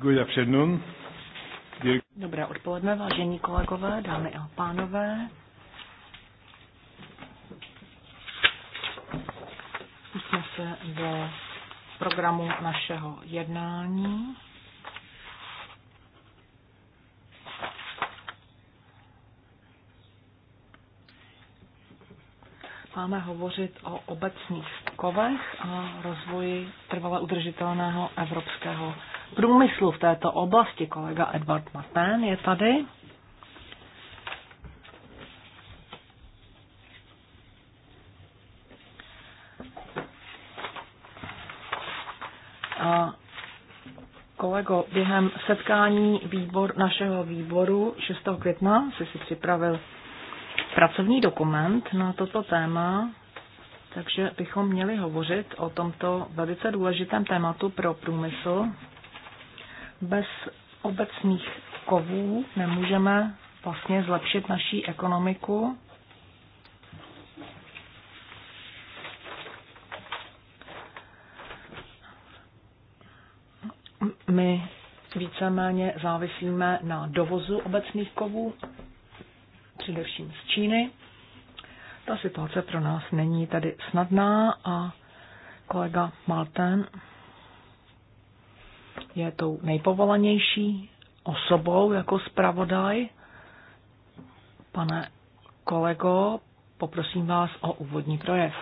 Good afternoon. Dobré odpoledne, vážení kolegové, dámy a pánové. Pustíme se do programu našeho jednání. máme hovořit o obecných kovech a rozvoji trvale udržitelného evropského průmyslu v této oblasti. Kolega Edward Martin je tady. A kolego, během setkání výbor, našeho výboru 6. května jsi si připravil pracovní dokument na toto téma, takže bychom měli hovořit o tomto velice důležitém tématu pro průmysl bez obecných kovů nemůžeme vlastně zlepšit naší ekonomiku. My víceméně závisíme na dovozu obecných kovů, především z Číny. Ta situace pro nás není tady snadná a kolega Malten je vlastně tou nejpovolanější osobou jako zpravodaj. Pane kolego, poprosím vás o úvodní projev.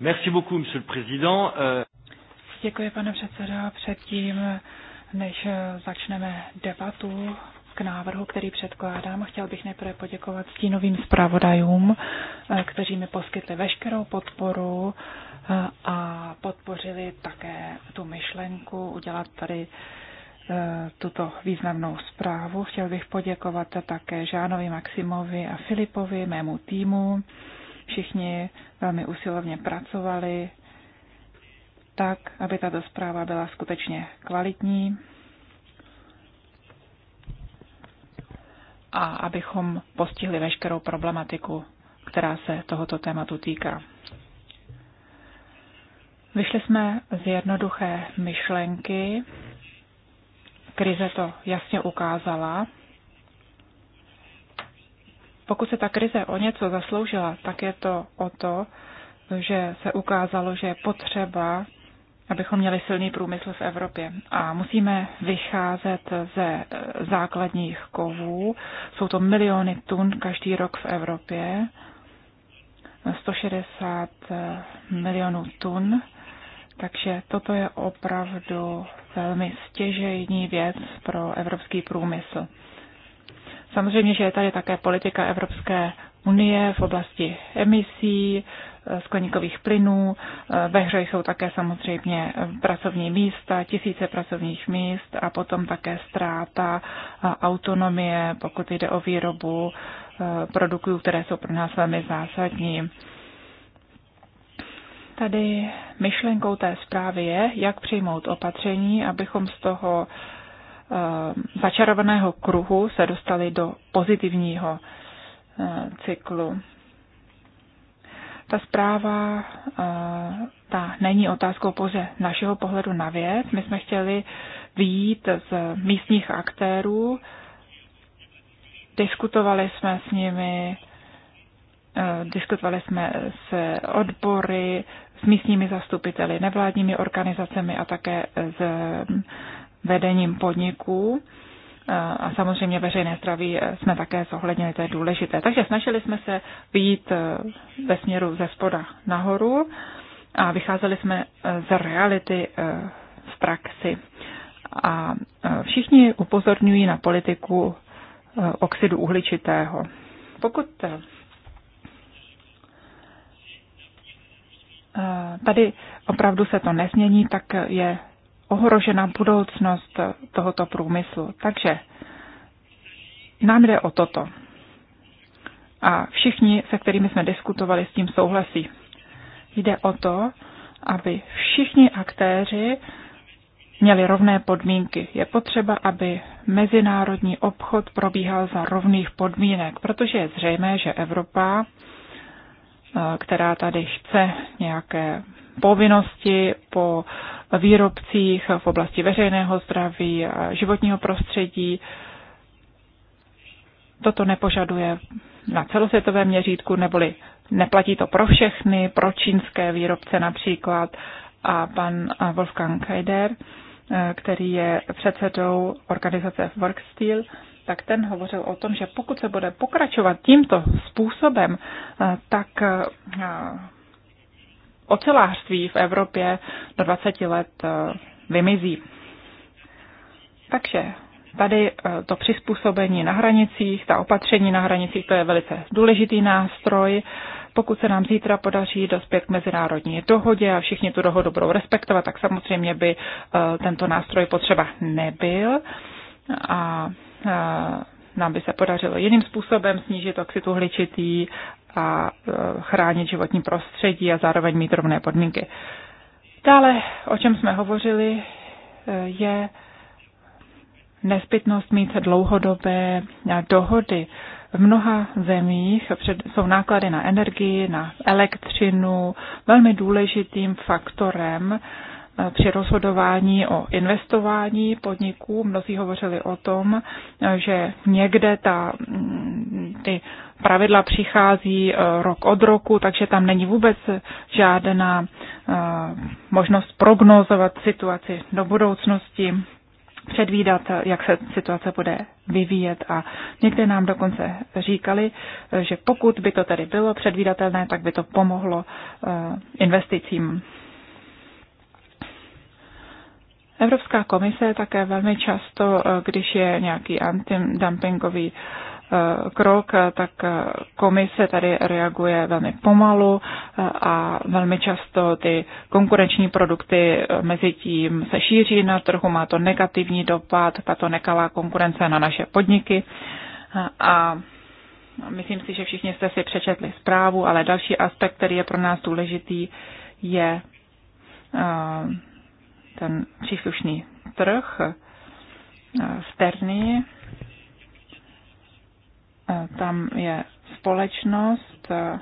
Merci beaucoup, monsieur le président. Děkuji, pane předsedo. Předtím, než začneme debatu, k návrhu, který předkládám. Chtěl bych nejprve poděkovat stínovým zpravodajům, eh, kteří mi poskytli veškerou podporu eh, a podpořili také tu myšlenku udělat tady eh, tuto významnou zprávu. Chtěl bych poděkovat také Žánovi Maximovi a Filipovi, mému týmu. Všichni velmi usilovně pracovali tak, aby tato zpráva byla skutečně kvalitní a abychom postihli veškerou problematiku, která se tohoto tématu týká. Vyšli jsme z jednoduché myšlenky, krize to jasně ukázala. Pokud se ta krize o něco zasloužila, tak je to o to, že se ukázalo, že je potřeba abychom měli silný průmysl v Evropě. A musíme vycházet ze eh, základních kovů. Jsou to miliony tun každý rok v Evropě. 160 eh, milionů tun. Takže toto je opravdu velmi stěžejní věc pro evropský průmysl. Samozřejmě, že je tady také politika Evropské unie v oblasti emisí, skleníkových plynů. Ve hře jsou také samozřejmě pracovní místa, tisíce pracovních míst a potom také ztráta autonomie, pokud jde o výrobu eh, produktů, které jsou pro nás velmi zásadní. Tady myšlenkou té zprávy je, jak přijmout opatření, abychom z toho eh, začarovaného kruhu se dostali do pozitivního eh, cyklu. Ta zpráva eh, ta není otázkou pouze našeho pohledu na věc. My jsme chtěli výjít z místních aktérů, diskutovali jsme s nimi, eh, diskutovali jsme s odbory, s místními zastupiteli, nevládními organizacemi a také s vedením podniků a samozřejmě veřejné zdraví eh, jsme také zohlednili, to je důležité. Takže snažili jsme se vyjít eh, ve směru ze spoda nahoru a vycházeli jsme eh, z reality v praxi. A všichni upozorňují na politiku oxidu uhličitého. Pokud tady opravdu se to nezmění, tak je ohrožena budoucnost tohoto průmyslu. Takže nám jde o toto. A všichni, se kterými jsme diskutovali, s tím souhlasí. Jde o to, aby všichni aktéři měli rovné podmínky. Je potřeba, aby mezinárodní obchod probíhal za rovných podmínek, protože je zřejmé, že Evropa Eh, která tady chce nějaké povinnosti po výrobcích v oblasti veřejného zdraví a životního prostředí. Toto nepožaduje na celosvětovém měřítku, neboli neplatí to pro všechny, pro čínské výrobce například. A pan Wolfgang Heider, eh, který je předsedou organizace Worksteel, tak ten hovořil o tom, že pokud se bude pokračovat tímto způsobem, eh, tak eh, ocelářství v Evropě do 20 let eh, vymizí. Takže tady to přizpůsobení na hranicích, ta opatření na hranicích, to je velice důležitý nástroj. Pokud se nám zítra podaří dospět k mezinárodní dohodě a všichni tu dohodu budou respektovat, tak samozřejmě by tento nástroj potřeba nebyl. A nám by se podařilo jiným způsobem snížit oxid uhličitý a e, chránit životní prostředí a zároveň mít rovné podmínky. Dále, o čem jsme hovořili, e, je nezbytnost mít dlouhodobé dohody. V mnoha zemích jsou náklady na energii, na elektřinu velmi důležitým faktorem, při rozhodování o investování podniků. Mnozí hovořili o tom, že někde ta, mm, ty pravidla přichází e, rok od roku, takže tam není vůbec žádná e, možnost prognozovat situaci do budoucnosti předvídat, jak se situace bude vyvíjet a někde nám dokonce říkali, e, že pokud by to tedy bylo předvídatelné, tak by to pomohlo investicím. Evropská komise také velmi často, eh, když je nějaký antidumpingový eh, krok, eh, tak komise tady reaguje velmi pomalu a velmi často ty konkurenční produkty mezi tím se šíří na trhu, má to negativní dopad, tato nekalá konkurence na naše podniky a myslím si, že všichni jste si přečetli zprávu, ale další aspekt, který je pro nás důležitý, je ten příslušný trh eh, v Ternii. Eh, tam je společnost, eh,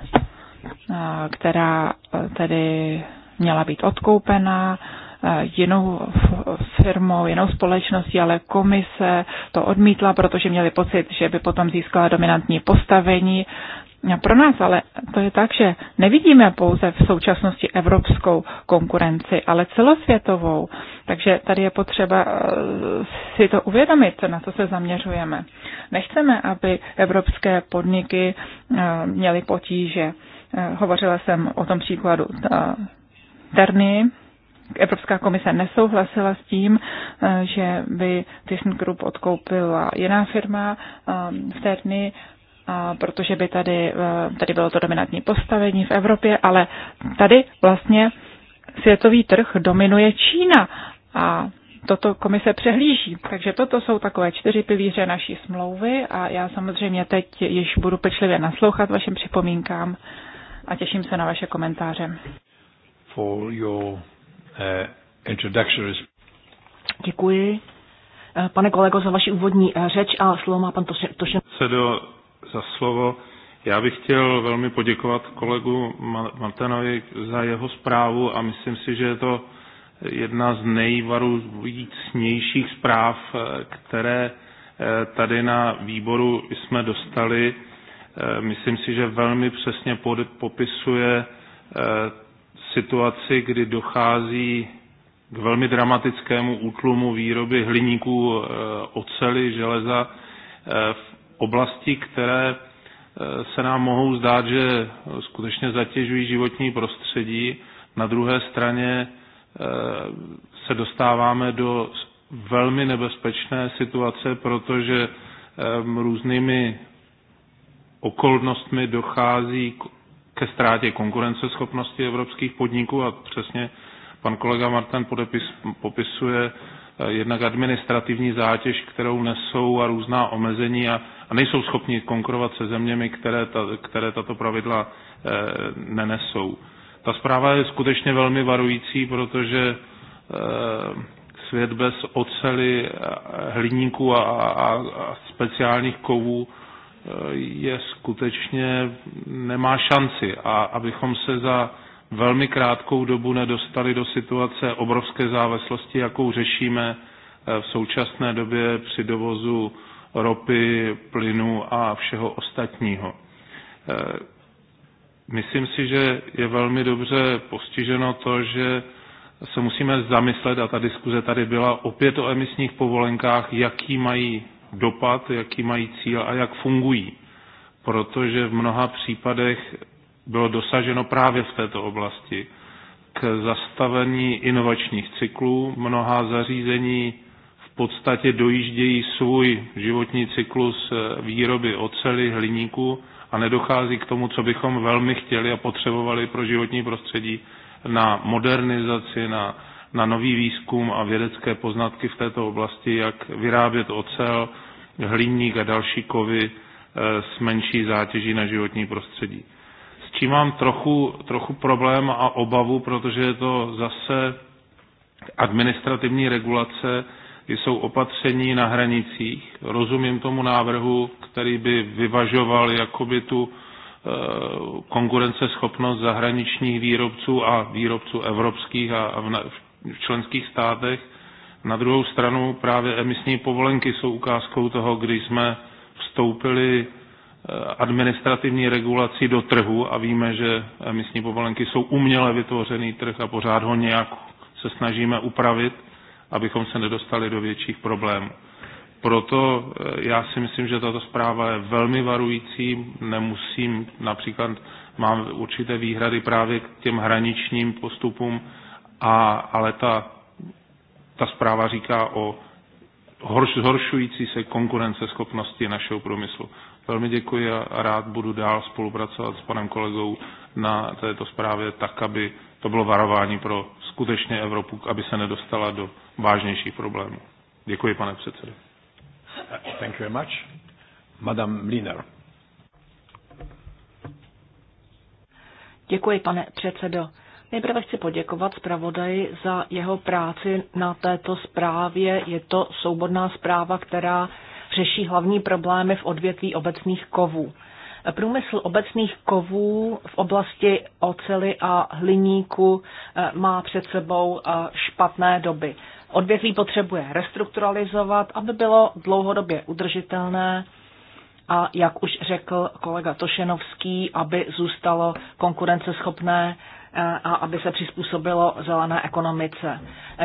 která tedy měla být odkoupena jinou firmou, jinou společností, ale komise to odmítla, protože měli pocit, že by potom získala dominantní postavení pro nás ale to je tak, že nevidíme pouze v současnosti evropskou konkurenci, ale celosvětovou. Takže tady je potřeba eh, si to uvědomit, na co se zaměřujeme. Nechceme, aby evropské podniky eh, měly potíže. Eh, hovořila jsem o tom příkladu Terny, Evropská komise nesouhlasila s tím, že by ThyssenKrupp odkoupila jiná firma v Terny protože by tady, eh, tady bylo to dominantní postavení v Evropě, ale tady vlastně světový trh dominuje Čína a toto komise přehlíží. Takže toto jsou takové čtyři pilíře naší smlouvy a já samozřejmě teď již budu pečlivě naslouchat vašim připomínkám a těším se na vaše komentáře. For your, uh, Děkuji. Eh, pane kolego, za vaši úvodní řeč a slovo má pan Tošen za slovo. Já bych chtěl velmi poděkovat kolegu Martinovi za jeho zprávu a myslím si, že je to jedna z nejvarujícnějších zpráv, eh, které eh, tady na výboru jsme dostali. Eh, myslím si, že velmi přesně popisuje situaci, kdy dochází k velmi dramatickému útlumu výroby hliníků, oceli, železa v oblasti, které eh, se nám mohou zdát, že eh, skutečně zatěžují životní prostředí. Na druhé straně eh, se dostáváme do velmi nebezpečné situace, protože různými okolnostmi dochází ke ztrátě konkurenceschopnosti evropských podniků a přesně pan kolega Martin podepis, popisuje Eh, jednak administrativní zátěž, kterou nesou a různá omezení a, a nejsou schopni konkurovat se zeměmi, které, ta, které tato pravidla e, nenesou. Ta zpráva je skutečně velmi varující, protože e, svět bez ocely, hliníku a, a, a speciálních kovů je skutečně nemá šanci a abychom se za velmi krátkou dobu nedostali do situace obrovské závislosti, jakou řešíme eh, v současné době při dovozu ropy, plynu a všeho ostatního. Eh, myslím si, že je velmi dobře postiženo to, že se musíme zamyslet, a ta diskuze tady byla opět o emisních povolenkách, jaký mají dopad, jaký mají cíl a jak fungují. Protože v mnoha případech bylo dosaženo právě v této oblasti k zastavení inovačních cyklů. Mnoha zařízení v podstatě dojíždějí svůj životní cyklus eh, výroby oceli, hliníku a nedochází k tomu, co bychom velmi chtěli a potřebovali pro životní prostředí na modernizaci, na, na nový výzkum a vědecké poznatky v této oblasti, jak vyrábět ocel, hliník a další kovy eh, s menší zátěží na životní prostředí čím mám trochu, trochu problém a obavu, protože je to zase administrativní regulace, jsou opatření na hranicích. Rozumím tomu návrhu, který by vyvažoval jakoby tu eh, konkurenceschopnost zahraničních výrobců a výrobců evropských a v členských státech. Na druhou stranu právě emisní povolenky jsou ukázkou toho, kdy jsme vstoupili Eh, administrativní regulací do trhu a víme, že emisní povolenky jsou uměle vytvořený trh a pořád ho nějak se snažíme upravit, abychom se nedostali do větších problémů. Proto eh, já si myslím, že tato zpráva je velmi varující. Nemusím, například mám určité výhrady právě k těm hraničním postupům, a, ale ta, ta zpráva říká o zhoršující se konkurenceschopnosti našeho průmyslu. Velmi děkuji a rád budu dál spolupracovat s panem kolegou na této zprávě tak, aby to bylo varování pro skutečně Evropu, aby se nedostala do vážnějších problémů. Děkuji, pane předsedo. Thank you very much. Madame Liner. Děkuji, pane předsedo. Nejprve chci poděkovat zpravodaji za jeho práci na této zprávě. Je to souborná zpráva, která řeší hlavní problémy v odvětví obecných kovů. Průmysl obecných kovů v oblasti ocely a hliníku eh, má před sebou eh, špatné doby. Odvětví potřebuje restrukturalizovat, aby bylo dlouhodobě udržitelné a, jak už řekl kolega Tošenovský, aby zůstalo konkurenceschopné a aby se přizpůsobilo zelené ekonomice.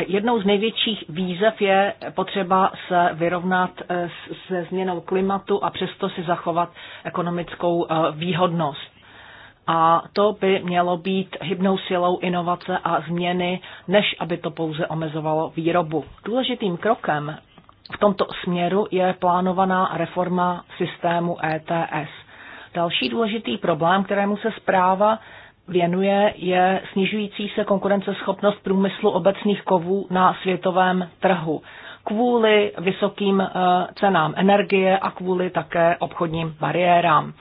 Jednou z největších výzev je potřeba se vyrovnat eh, se změnou klimatu a přesto si zachovat ekonomickou eh, výhodnost. A to by mělo být hybnou silou inovace a změny, než aby to pouze omezovalo výrobu. Důležitým krokem v tomto směru je plánovaná reforma systému ETS. Další důležitý problém, kterému se zpráva věnuje, je snižující se konkurenceschopnost průmyslu obecných kovů na světovém trhu kvůli vysokým eh, cenám energie a kvůli také obchodním bariérám.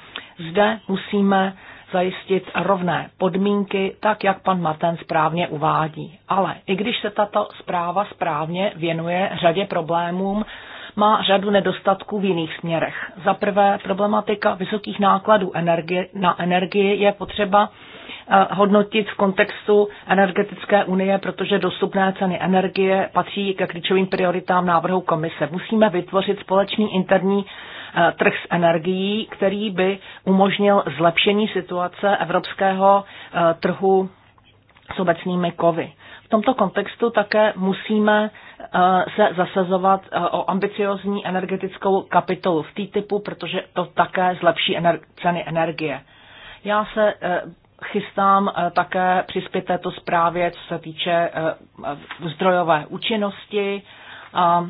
Zde musíme zajistit rovné podmínky, tak jak pan Maten správně uvádí. Ale i když se tato zpráva správně věnuje řadě problémům, má řadu nedostatků v jiných směrech. Za prvé, problematika vysokých nákladů energie, na energii je potřeba hodnotit v kontextu energetické unie, protože dostupné ceny energie patří ke klíčovým prioritám návrhu komise. Musíme vytvořit společný interní eh, trh s energií, který by umožnil zlepšení situace evropského eh, trhu s obecnými kovy. V tomto kontextu také musíme eh, se zasazovat o ambiciozní energetickou kapitolu v TTIPu, protože to také zlepší ener- ceny energie. Já se chystám eh, také přispět této zprávě, co se týče eh, eh, zdrojové účinnosti a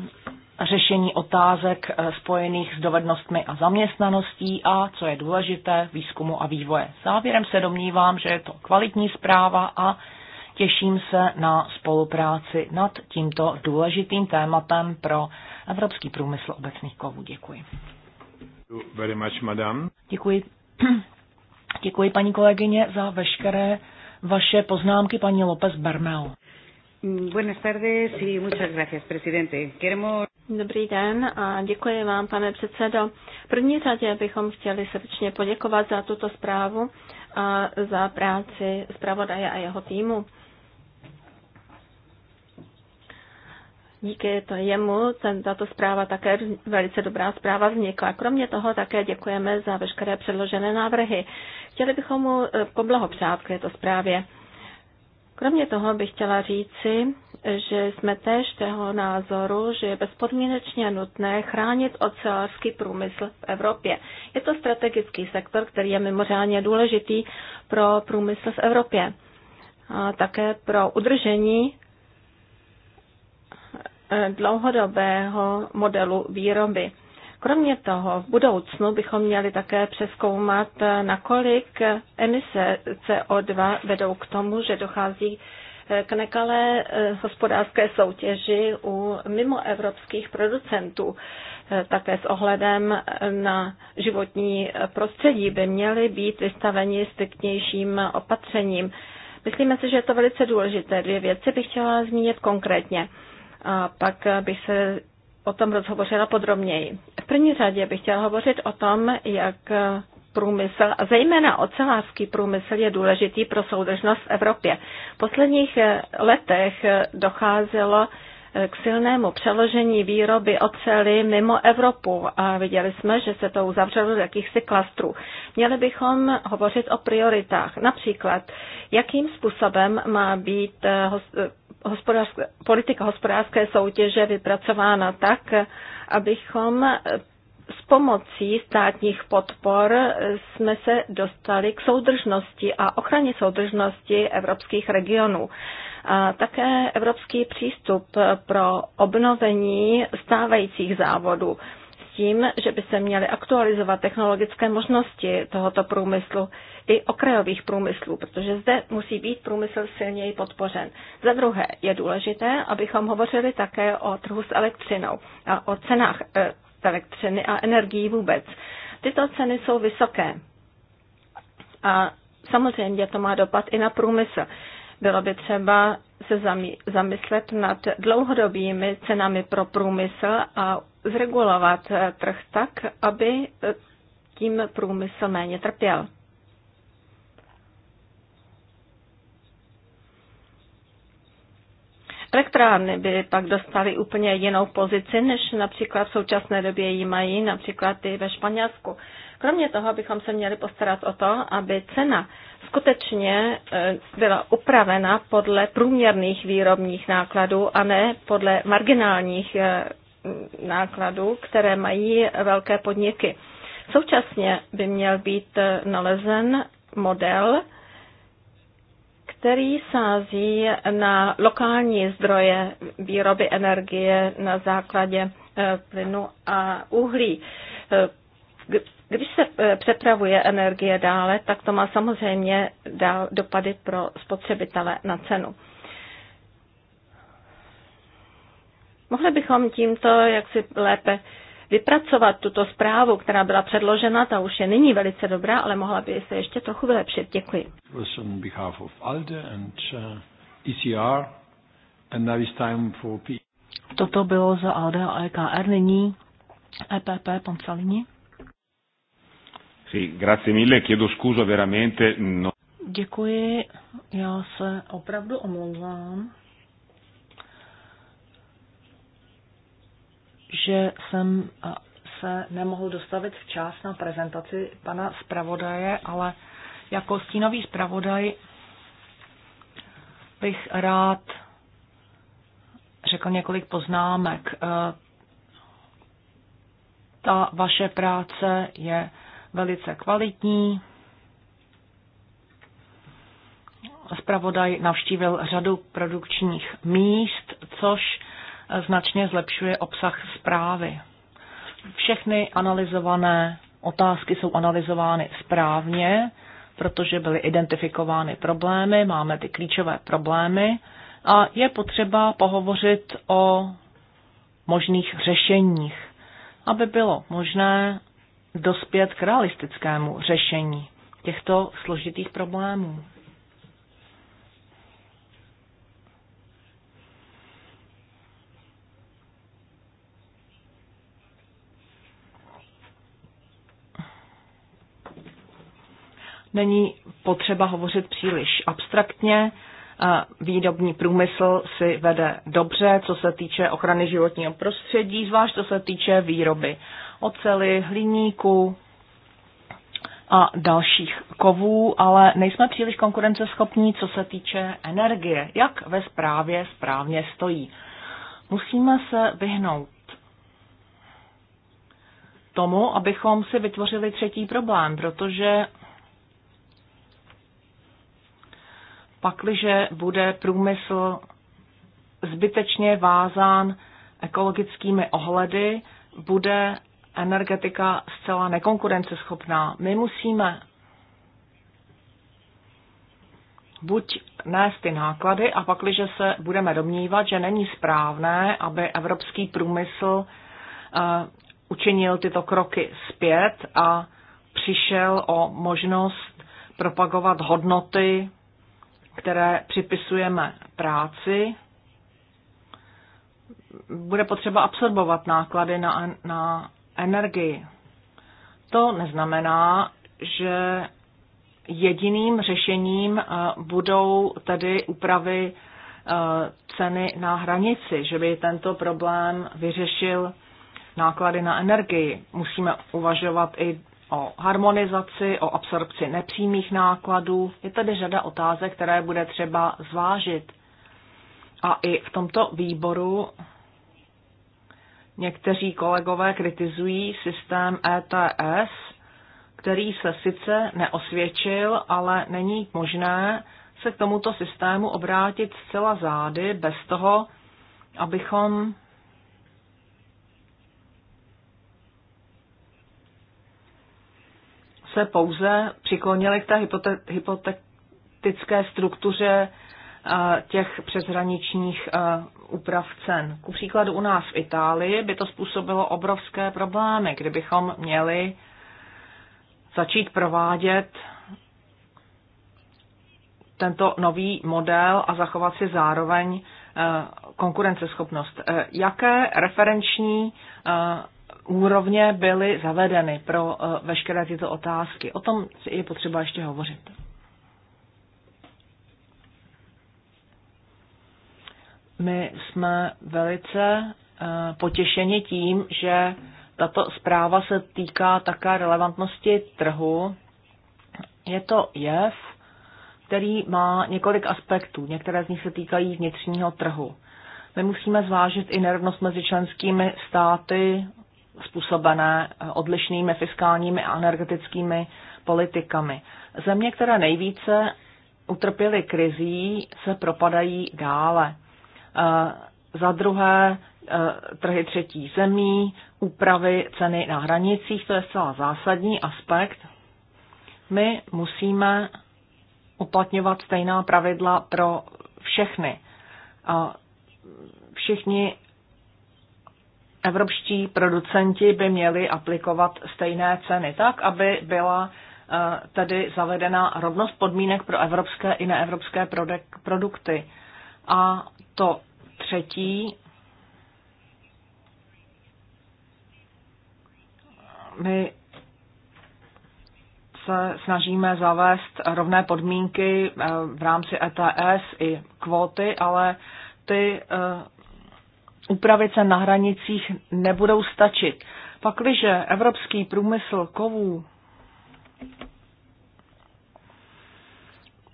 řešení otázek spojených s dovednostmi a zaměstnaností a, co je důležité, výzkumu a vývoje. Závěrem se domnívám, že je to kvalitní zpráva a těším se na spolupráci nad tímto důležitým tématem pro evropský průmysl obecných kovů. Děkuji. Very much, madam. Děkuji Děkuji paní kolegyně za veškeré vaše poznámky, paní López Bermel. Buenas tardes y muchas gracias, presidente. Queremos... Dobrý den a děkuji vám, pane předsedo. V první řadě bychom chtěli srdečně poděkovat za tuto zprávu a za práci zpravodaje a jeho týmu. Díky to jemu ten, tato zpráva také, velice dobrá zpráva vznikla. Kromě toho také děkujeme za veškeré předložené návrhy. Chtěli bychom mu eh, poblahopřát k této zprávě. Kromě toho bych chtěla říci, že jsme též toho názoru, že je bezpodmínečně nutné chránit ocelářský průmysl v Evropě. Je to strategický sektor, který je mimořádně důležitý pro průmysl v Evropě. A také pro udržení Eh, dlouhodobého modelu výroby. Kromě toho v budoucnu bychom měli také přeskoumat, eh, nakolik emise CO2 vedou k tomu, že dochází eh, k nekalé hospodářské soutěži u mimoevropských producentů. Také s ohledem na životní prostředí by měly být vystaveni striktnějším opatřením. Myslíme si, že je to velice důležité. Dvě věci bych chtěla zmínit konkrétně a pak bych se o tom rozhovořila podrobněji. V první řadě bych chtěla hovořit o tom, jak průmysl a zejména ocelářský průmysl je důležitý pro soudržnost v Evropě. V posledních letech docházelo Eh, k silnému přeložení výroby ocely mimo Evropu a viděli jsme, že se to uzavřelo do jakýchsi klastrů. Měli bychom hovořit o prioritách, například jakým způsobem má být eh, eh, hospodářské, politika hospodářské soutěže vypracována tak, abychom s pomocí státních podpor jsme se dostali k soudržnosti a ochraně soudržnosti evropských regionů. A také evropský přístup pro obnovení stávajících závodů s tím, že by se měly aktualizovat technologické možnosti tohoto průmyslu i okrajových průmyslů, protože zde musí být průmysl silněji podpořen. Za druhé je důležité, abychom hovořili také o trhu s elektřinou a o cenách eh, elektřiny a energií vůbec. Tyto ceny jsou vysoké a samozřejmě to má dopad i na průmysl. Bylo by třeba se zamyslet nad dlouhodobými cenami pro průmysl a zregulovat eh, trh tak, aby eh, tím průmysl méně trpěl. Elektrárny by pak dostaly úplně jinou pozici, než například v současné době ji mají, například i ve Španělsku. Kromě toho bychom se měli postarat o to, aby cena skutečně e, byla upravena podle průměrných výrobních nákladů a ne podle marginálních e, nákladů, které mají velké podniky. Současně by měl být e, nalezen model, který sází na lokální zdroje výroby energie na základě plynu a uhlí. Když se e, přepravuje energie dále, tak to má samozřejmě dál dopady pro spotřebitele na cenu. Mohli bychom tímto jak si lépe vypracovat tuto zprávu, která byla předložena, ta už je nyní velice dobrá, ale mohla by se ještě trochu vylepšit. Děkuji. Uh, e Toto bylo za ALDE a EKR, nyní EPP, pan Salini. Sì, grazie mille, chiedo scusa veramente. No. Děkuji, já se opravdu omlouvám, že jsem se nemohl dostavit včas na prezentaci pana zpravodaje, ale jako stínový zpravodaj bych rád řekl několik poznámek. E, ta vaše práce je velice kvalitní. Spravodaj navštívil řadu produkčních míst, což značně zlepšuje obsah zprávy. Všechny analyzované otázky jsou analyzovány správně, protože byly identifikovány problémy, máme ty klíčové problémy a je potřeba pohovořit o možných řešeních, aby bylo možné dospět k realistickému řešení těchto složitých problémů. Není potřeba hovořit příliš abstraktně, výrobní průmysl si vede dobře, co se týče ochrany životního prostředí, zvlášť co se týče výroby ocely, hliníku a dalších kovů, ale nejsme příliš konkurenceschopní, co se týče energie, jak ve zprávě správně stojí. Musíme se vyhnout tomu, abychom si vytvořili třetí problém, protože pakliže bude průmysl zbytečně vázán ekologickými ohledy, bude energetika zcela nekonkurenceschopná. My musíme buď nést ty náklady a pakliže se budeme domnívat, že není správné, aby evropský průmysl eh, učinil tyto kroky zpět a přišel o možnost propagovat hodnoty které připisujeme práci, bude potřeba absorbovat náklady na, na energii. To neznamená, že jediným řešením eh, budou tedy úpravy eh, ceny na hranici, že by tento problém vyřešil náklady na energii. Musíme uvažovat i o harmonizaci, o absorpci nepřímých nákladů. Je tady řada otázek, které bude třeba zvážit. A i v tomto výboru někteří kolegové kritizují systém ETS, který se sice neosvědčil, ale není možné se k tomuto systému obrátit zcela zády bez toho, abychom se pouze přiklonili k té hypotetické struktuře eh, těch přeshraničních eh, úprav cen. Ku příkladu u nás v Itálii by to způsobilo obrovské problémy, kdybychom měli začít provádět tento nový model a zachovat si zároveň eh, konkurenceschopnost. Jaké referenční úrovně byly zavedeny pro eh, veškeré tyto otázky. O tom je potřeba ještě hovořit. My jsme velice eh, potěšeni tím, že tato zpráva se týká také relevantnosti trhu. Je to jev, který má několik aspektů. Některé z nich se týkají vnitřního trhu. My musíme zvážit i nerovnost mezi členskými státy, způsobené odlišnými fiskálními a energetickými politikami. Země, které nejvíce utrpěly krizí, se propadají dále. Eh, za druhé, eh, trhy třetí zemí, úpravy ceny na hranicích, to je zcela zásadní aspekt. My musíme uplatňovat stejná pravidla pro všechny. A všichni evropští producenti by měli aplikovat stejné ceny tak, aby byla eh, tedy zavedena rovnost podmínek pro evropské i neevropské produkty. A to třetí, my se snažíme zavést rovné podmínky eh, v rámci ETS i kvóty, ale ty eh, úpravy cen na hranicích nebudou stačit. Pakliže evropský průmysl kovů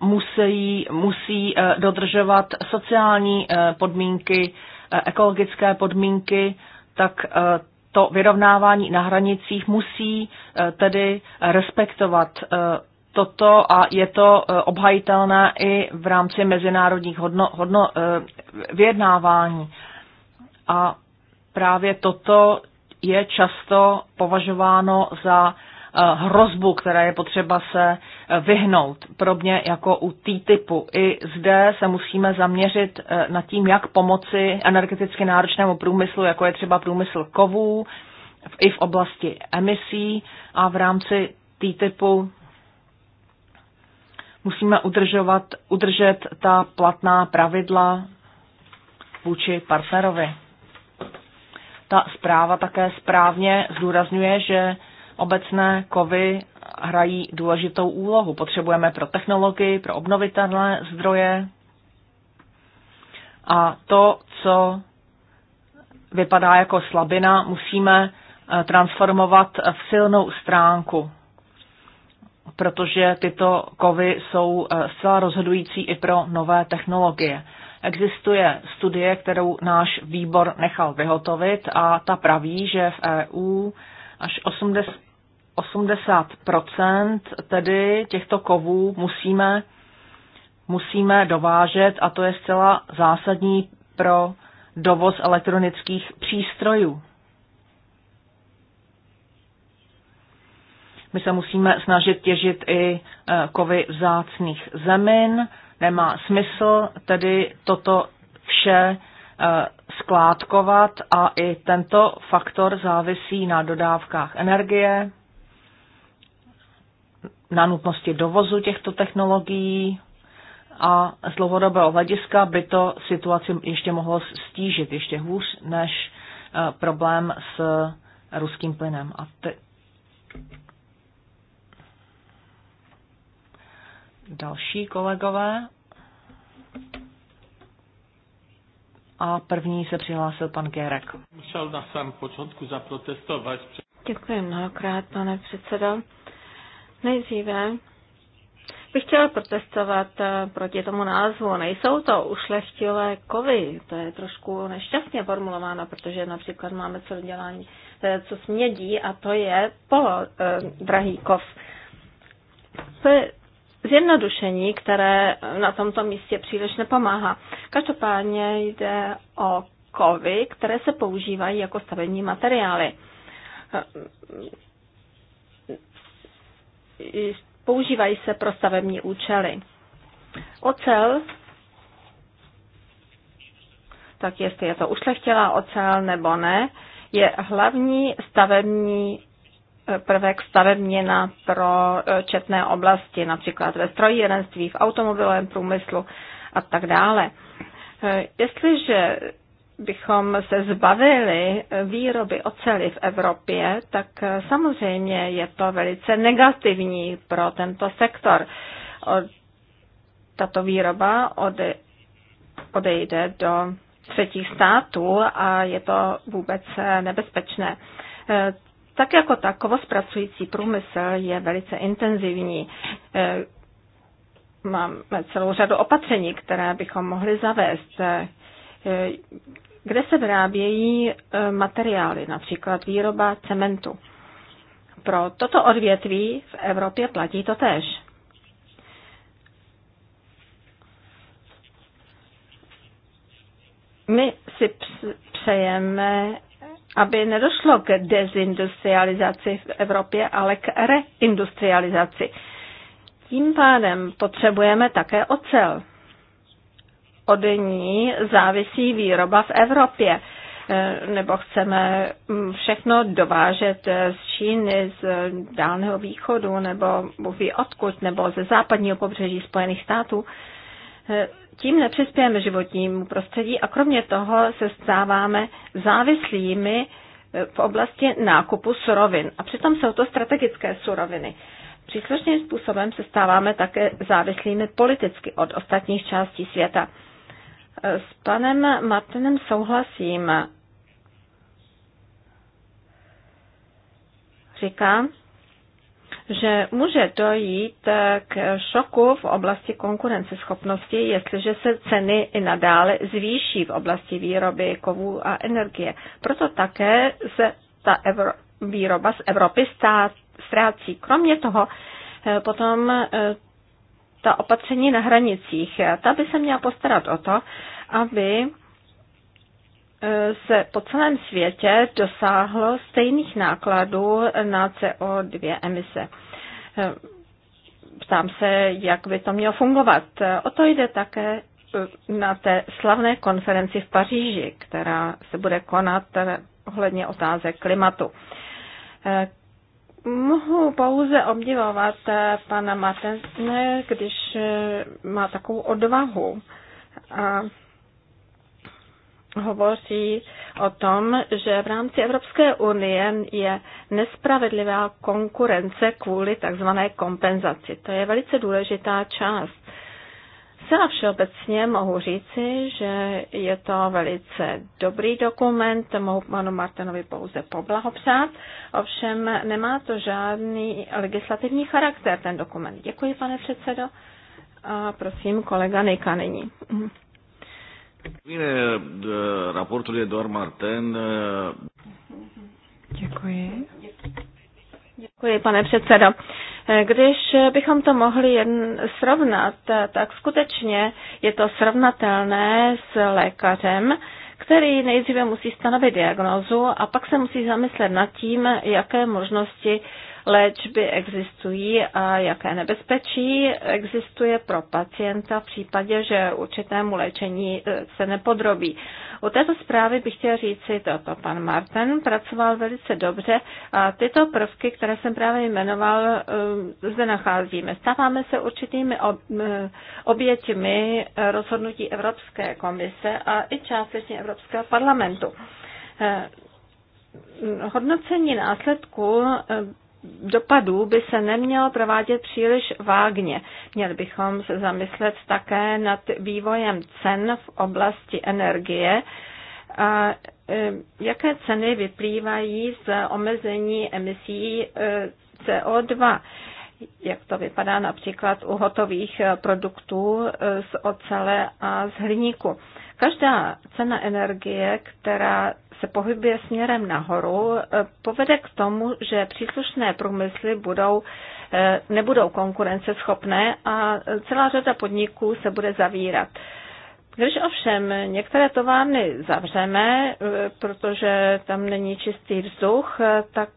musí, musí eh, dodržovat sociální eh, podmínky, eh, ekologické podmínky, tak to vyrovnávání na hranicích musí tedy respektovat toto a je to obhajitelné i v rámci mezinárodních hodno, hodno, vyjednávání. A právě toto je často považováno za eh, hrozbu, které je potřeba se eh, vyhnout, podobně jako u T-typu. I zde se musíme zaměřit eh, na tím, jak pomoci energeticky náročnému průmyslu, jako je třeba průmysl kovů, i v oblasti emisí a v rámci T-typu musíme udržovat, udržet ta platná pravidla vůči partnerovi. Ta zpráva také správně zdůrazňuje, že obecné kovy hrají důležitou úlohu. Potřebujeme pro technologii, pro obnovitelné zdroje. A to, co vypadá jako slabina, musíme eh, transformovat v silnou stránku, protože tyto kovy jsou eh, zcela rozhodující i pro nové technologie. Existuje studie, kterou náš výbor nechal vyhotovit a ta praví, že v EU až 80, 80 tedy těchto kovů musíme, musíme dovážet a to je zcela zásadní pro dovoz elektronických přístrojů. My se musíme snažit těžit i eh, kovy vzácných zemin, Nemá smysl tedy toto vše eh, skládkovat a i tento faktor závisí na dodávkách energie, na nutnosti dovozu těchto technologií a z dlouhodobého hlediska by to situaci ještě mohlo stížit ještě hůř než eh, problém s ruským plynem. A te... další kolegové. A první se přihlásil pan Gerek. Musel na samém počátku zaprotestovat. Děkuji mnohokrát, pane předsedo. Nejdříve bych chtěla protestovat eh, proti tomu názvu. Nejsou to ušlechtilé kovy, to je trošku nešťastně formulováno, protože například máme co dělání, eh, co smědí a to je polodrahý eh, kov. To je zjednodušení, které na tomto místě příliš nepomáhá. Každopádně jde o kovy, které se používají jako stavební materiály. Používají se pro stavební účely. Ocel, tak jestli je to ušlechtělá ocel nebo ne, je hlavní stavební prvek stavebněna pro četné oblasti, například ve strojírenství, v automobilovém průmyslu a tak dále. Jestliže bychom se zbavili výroby oceli v Evropě, tak samozřejmě je to velice negativní pro tento sektor. Tato výroba odejde do třetích států a je to vůbec nebezpečné tak jako takovost pracující průmysl je velice intenzivní. Eh, máme celou řadu opatření, které bychom mohli zavést. Eh, kde se vyrábějí eh, materiály, například výroba cementu? Pro toto odvětví v Evropě platí to tež. My si přejeme aby nedošlo k dezindustrializaci v Evropě, ale k reindustrializaci. Tím pádem potřebujeme také ocel. Od ní závisí výroba v Evropě. E, nebo chceme mm, všechno dovážet z Číny, z Dálného východu, nebo mluví odkud, nebo ze západního pobřeží Spojených států. E, tím nepřispějeme životnímu prostředí a kromě toho se stáváme závislými e, v oblasti nákupu surovin. A přitom jsou to strategické suroviny. Příslušným způsobem se stáváme také závislými politicky od ostatních částí světa. E, s panem Martinem souhlasím. Říkám, že může dojít k šoku v oblasti konkurenceschopnosti, jestliže se ceny i nadále zvýší v oblasti výroby kovů a energie. Proto také se ta evro, výroba z Evropy stát, ztrácí. Kromě toho eh, potom eh, ta opatření na hranicích, ta by se měla postarat o to, aby E, se po celém světě dosáhlo stejných nákladů na CO2 emise. E, ptám se, jak by to mělo fungovat. E, o to jde také na té slavné konferenci v Paříži, která se bude konat ohledně otázek klimatu. Mohu pouze obdivovat pana Martene, když má takovou odvahu a hovoří o tom, že v rámci Evropské unie je nespravedlivá konkurence kvůli takzvané kompenzaci. To je velice důležitá část. Zcela všeobecně mohu říci, že je to velice dobrý dokument, mohu panu Martinovi pouze poblahopřát, ovšem nemá to žádný legislativní charakter ten dokument. Děkuji, pane předsedo. A prosím, kolega Nejka nyní. Bine, e, raportul e doar Marten. E. Děkuji. Děkuji, pane předsedo. E, když bychom to mohli jen srovnat, tak skutečně je to srovnatelné s lékařem, který nejdříve musí stanovit diagnózu a pak se musí zamyslet nad tím, jaké možnosti léčby existují a jaké nebezpečí existuje pro pacienta v případě, že určitému léčení e, se nepodrobí. U této zprávy bych chtěla říci toto. Pan Martin pracoval velice dobře a tyto prvky, které jsem právě jmenoval, e, zde nacházíme. Stáváme se určitými e, oběťmi rozhodnutí Evropské komise a i částečně Evropského parlamentu. Hodnocení následků dopadů by se nemělo provádět příliš vágně. Měli bychom se zamyslet také nad vývojem cen v oblasti energie, a e, jaké ceny vyplývají z omezení emisí e, CO2. Jak to vypadá například u hotových produktů e, z ocele a z hliníku. Každá cena energie, která se pohybuje směrem nahoru, eh, povede k tomu, že příslušné průmysly budou, eh, nebudou konkurenceschopné a eh, celá řada podniků se bude zavírat. Když ovšem některé továrny zavřeme, protože tam není čistý vzduch, tak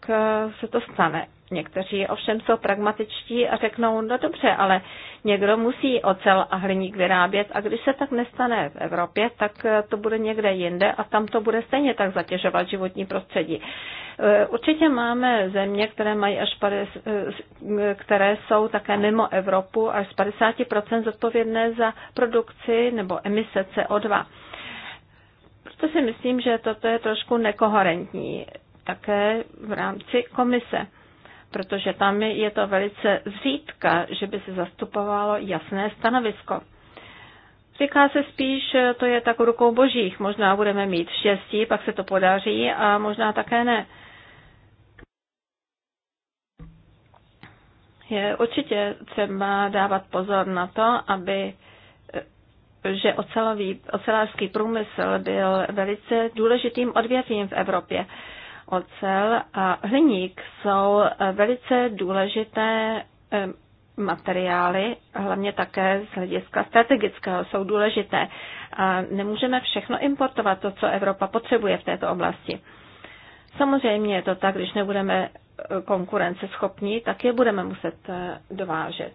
se to stane. Někteří ovšem jsou pragmatičtí a řeknou, no dobře, ale někdo musí ocel a hliník vyrábět a když se tak nestane v Evropě, tak eh, to bude někde jinde a tam to bude stejně tak zatěžovat životní prostředí. Eh, určitě máme země, které, mají až 50, eh, které jsou také mimo Evropu až z 50% zodpovědné za produkci nebo emise CO2. Proto si myslím, že toto je trošku nekoherentní také v rámci komise protože tam je to velice zřídka, že by se zastupovalo jasné stanovisko. Říká se spíš, to je tak rukou božích, možná budeme mít štěstí, pak se to podaří a možná také ne. Je určitě třeba dávat pozor na to, aby že ocelový, ocelářský průmysl byl velice důležitým odvětvím v Evropě ocel a hliník jsou eh, velice důležité eh, materiály, hlavně také z hlediska strategického, jsou důležité. A nemůžeme všechno importovat, to, co Evropa potřebuje v této oblasti. Samozřejmě je to tak, když nebudeme eh, konkurenceschopní, tak je budeme muset dovážet.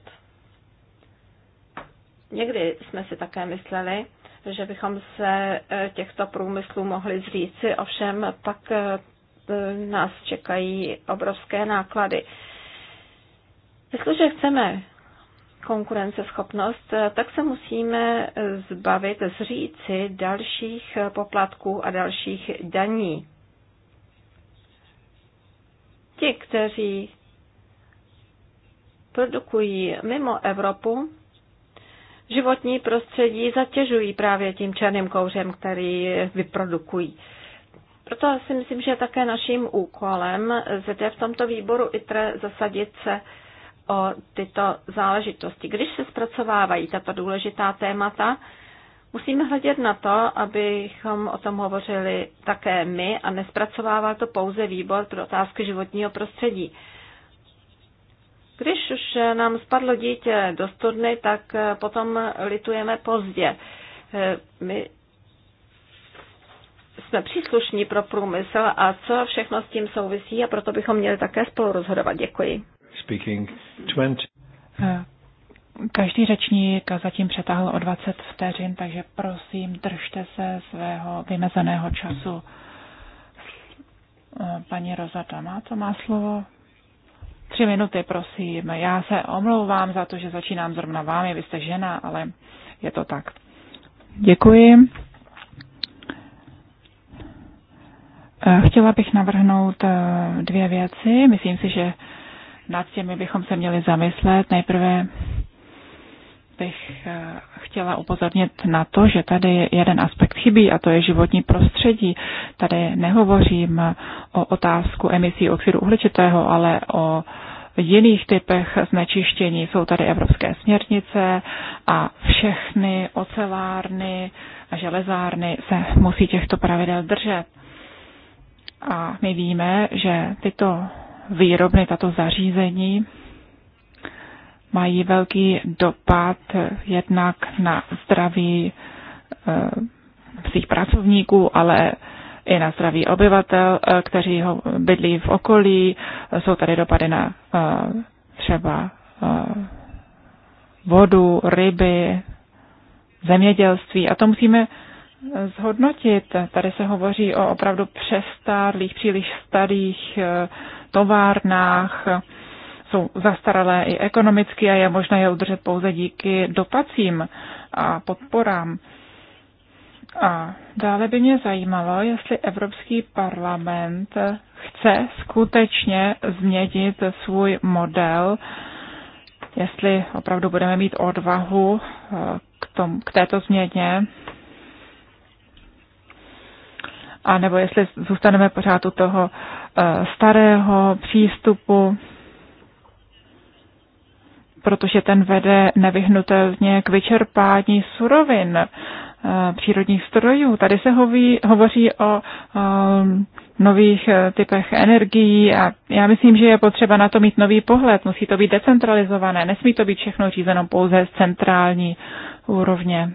Někdy jsme si také mysleli, že bychom se těchto průmyslů mohli zříci, ovšem pak Eh, nás čekají obrovské náklady. Jestliže chceme konkurenceschopnost, eh, tak se musíme eh, zbavit, zříci dalších poplatků a dalších daní. Ti, kteří produkují mimo Evropu, životní prostředí zatěžují právě tím černým kouřem, který vyprodukují. Proto si myslím, že je také naším úkolem zde v tomto výboru ITRE zasadit se o tyto záležitosti. Když se zpracovávají tato důležitá témata, musíme hledět na to, abychom o tom hovořili také my a nespracovával to pouze výbor pro otázky životního prostředí. Když už nám spadlo dítě do studny, tak potom litujeme pozdě. My jsme příslušní pro průmysl a co všechno s tím souvisí a proto bychom měli také spolu rozhodovat. Děkuji. Speaking 20. Eh, každý řečník zatím přetáhl o 20 vteřin, takže prosím, držte se svého vymezeného času. Eh, paní Rozata má to má slovo. Tři minuty, prosím. Já se omlouvám za to, že začínám zrovna vámi, vy jste žena, ale je to tak. Děkuji. Eh, chtěla bych navrhnout eh, dvě věci. Myslím si, že nad těmi bychom se měli zamyslet. Nejprve bych eh, chtěla upozornit na to, že tady jeden aspekt chybí a to je životní prostředí. Tady nehovořím o otázku emisí oxidu uhličitého, ale o jiných typech znečištění. Jsou tady evropské směrnice a všechny ocelárny a železárny se musí těchto pravidel držet. A my víme, že tyto výrobny, tato zařízení mají velký dopad jednak na zdraví eh, svých pracovníků, ale i na zdraví obyvatel, eh, kteří ho bydlí v okolí. Jsou tady dopady na eh, třeba vodu, ryby, zemědělství a to musíme zhodnotit. Tady se hovoří o opravdu přestárlých, příliš starých eh, továrnách, jsou zastaralé i ekonomicky a je možné je udržet pouze díky dotacím a podporám. A dále by mě zajímalo, jestli Evropský parlament chce skutečně změnit svůj model, jestli opravdu budeme mít odvahu eh, k, tom, k této změně a nebo jestli zůstaneme pořád u toho eh, starého přístupu, protože ten vede nevyhnutelně k vyčerpání surovin, eh, přírodních strojů. Tady se hoví, hovoří o ehm, nových eh, typech energií a já myslím, že je potřeba na to mít nový pohled. Musí to být decentralizované, nesmí to být všechno řízeno pouze z centrální úrovně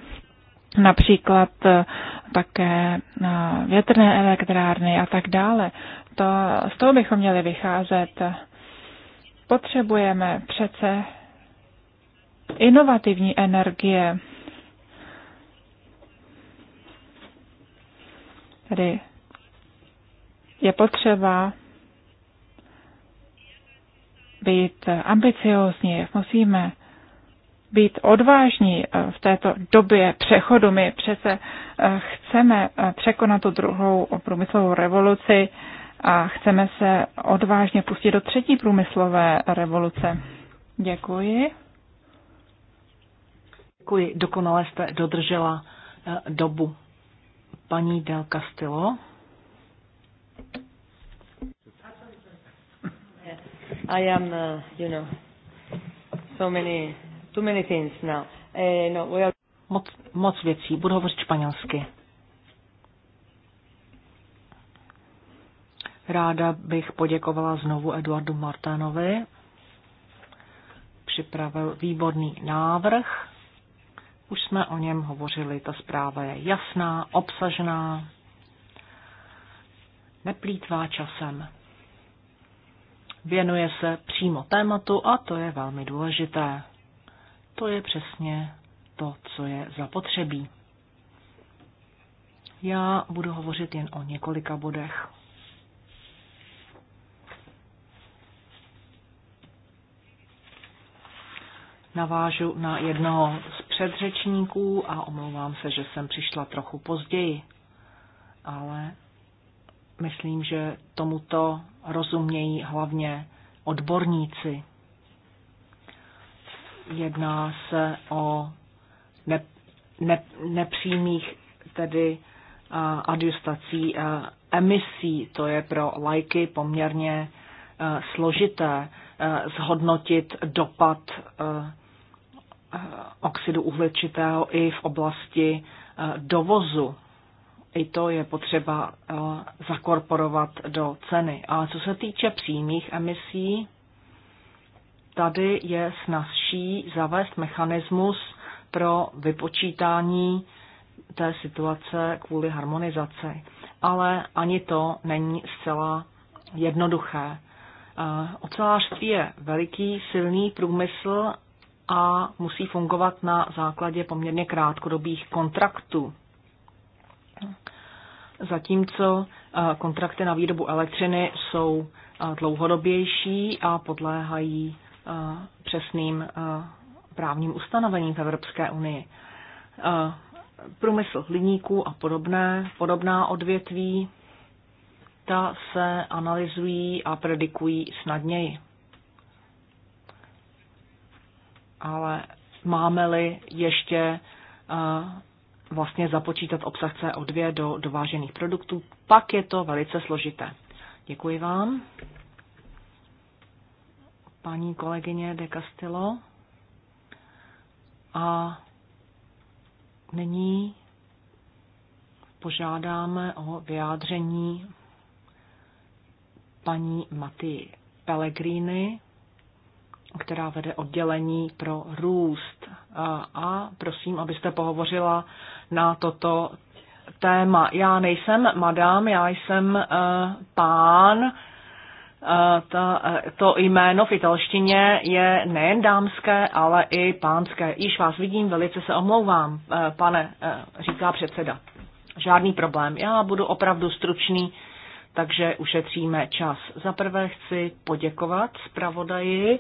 například eh, také eh, větrné elektrárny a tak dále. To, z toho bychom měli vycházet. Potřebujeme přece inovativní energie, tedy je potřeba být ambiciozní, musíme být odvážní eh, v této době přechodu. My přece eh, chceme eh, překonat tu druhou průmyslovou revoluci a chceme se odvážně pustit do třetí průmyslové revoluce. Děkuji. Děkuji. Dokonale jste dodržela dobu. Paní Del Castillo. I am, uh, you know, so many Too many things now. Eh, no, we are... moc, moc věcí. Budu hovořit španělsky. Ráda bych poděkovala znovu Eduardu Martánovi. Připravil výborný návrh. Už jsme o něm hovořili. Ta zpráva je jasná, obsažná, neplítvá časem. Věnuje se přímo tématu a to je velmi důležité. To je přesně to, co je zapotřebí. Já budu hovořit jen o několika bodech. Navážu na jednoho z předřečníků a omlouvám se, že jsem přišla trochu později, ale myslím, že tomuto rozumějí hlavně odborníci jedná se o ne, ne, nepřímých tedy uh, adjustací uh, emisí. To je pro lajky poměrně uh, složité uh, zhodnotit dopad uh, oxidu uhličitého i v oblasti dovozu. I to je potřeba zakorporovat do ceny. A co se týče přímých emisí, tady je snazší zavést mechanismus pro vypočítání té situace kvůli harmonizaci. Ale ani to není zcela jednoduché. Eh, ocelářství je veliký, silný průmysl a musí fungovat na základě poměrně krátkodobých kontraktů. Zatímco eh, kontrakty na výrobu elektřiny jsou eh, dlouhodobější a podléhají přesným právním ustanovením v Evropské unii. Průmysl hliníků a podobné, podobná odvětví, ta se analyzují a predikují snadněji. Ale máme-li ještě vlastně započítat obsah CO2 do dovážených produktů, pak je to velice složité. Děkuji vám paní kolegyně de Castillo. A nyní požádáme o vyjádření paní Maty Pellegrini, která vede oddělení pro růst. A, prosím, abyste pohovořila na toto téma. Já nejsem madám, já jsem uh, pán, ta, to jméno v italštině je nejen dámské, ale i pánské. Již vás vidím, velice se omlouvám, eh, pane, eh, říká předseda. Žádný problém, já budu opravdu stručný, takže ušetříme čas. Za prvé chci poděkovat zpravodaji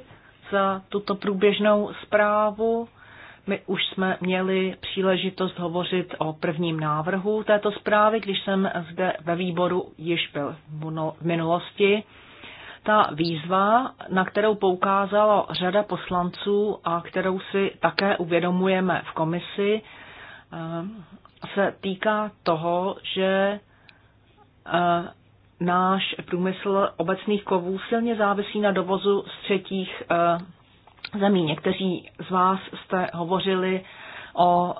za tuto průběžnou zprávu. My už jsme měli příležitost hovořit o prvním návrhu této zprávy, když jsem zde ve výboru již byl v minulosti ta výzva, na kterou poukázalo řada poslanců a kterou si také uvědomujeme v komisi, eh, se týká toho, že eh, náš průmysl obecných kovů silně závisí na dovozu z třetích eh, zemí. Někteří z vás jste hovořili o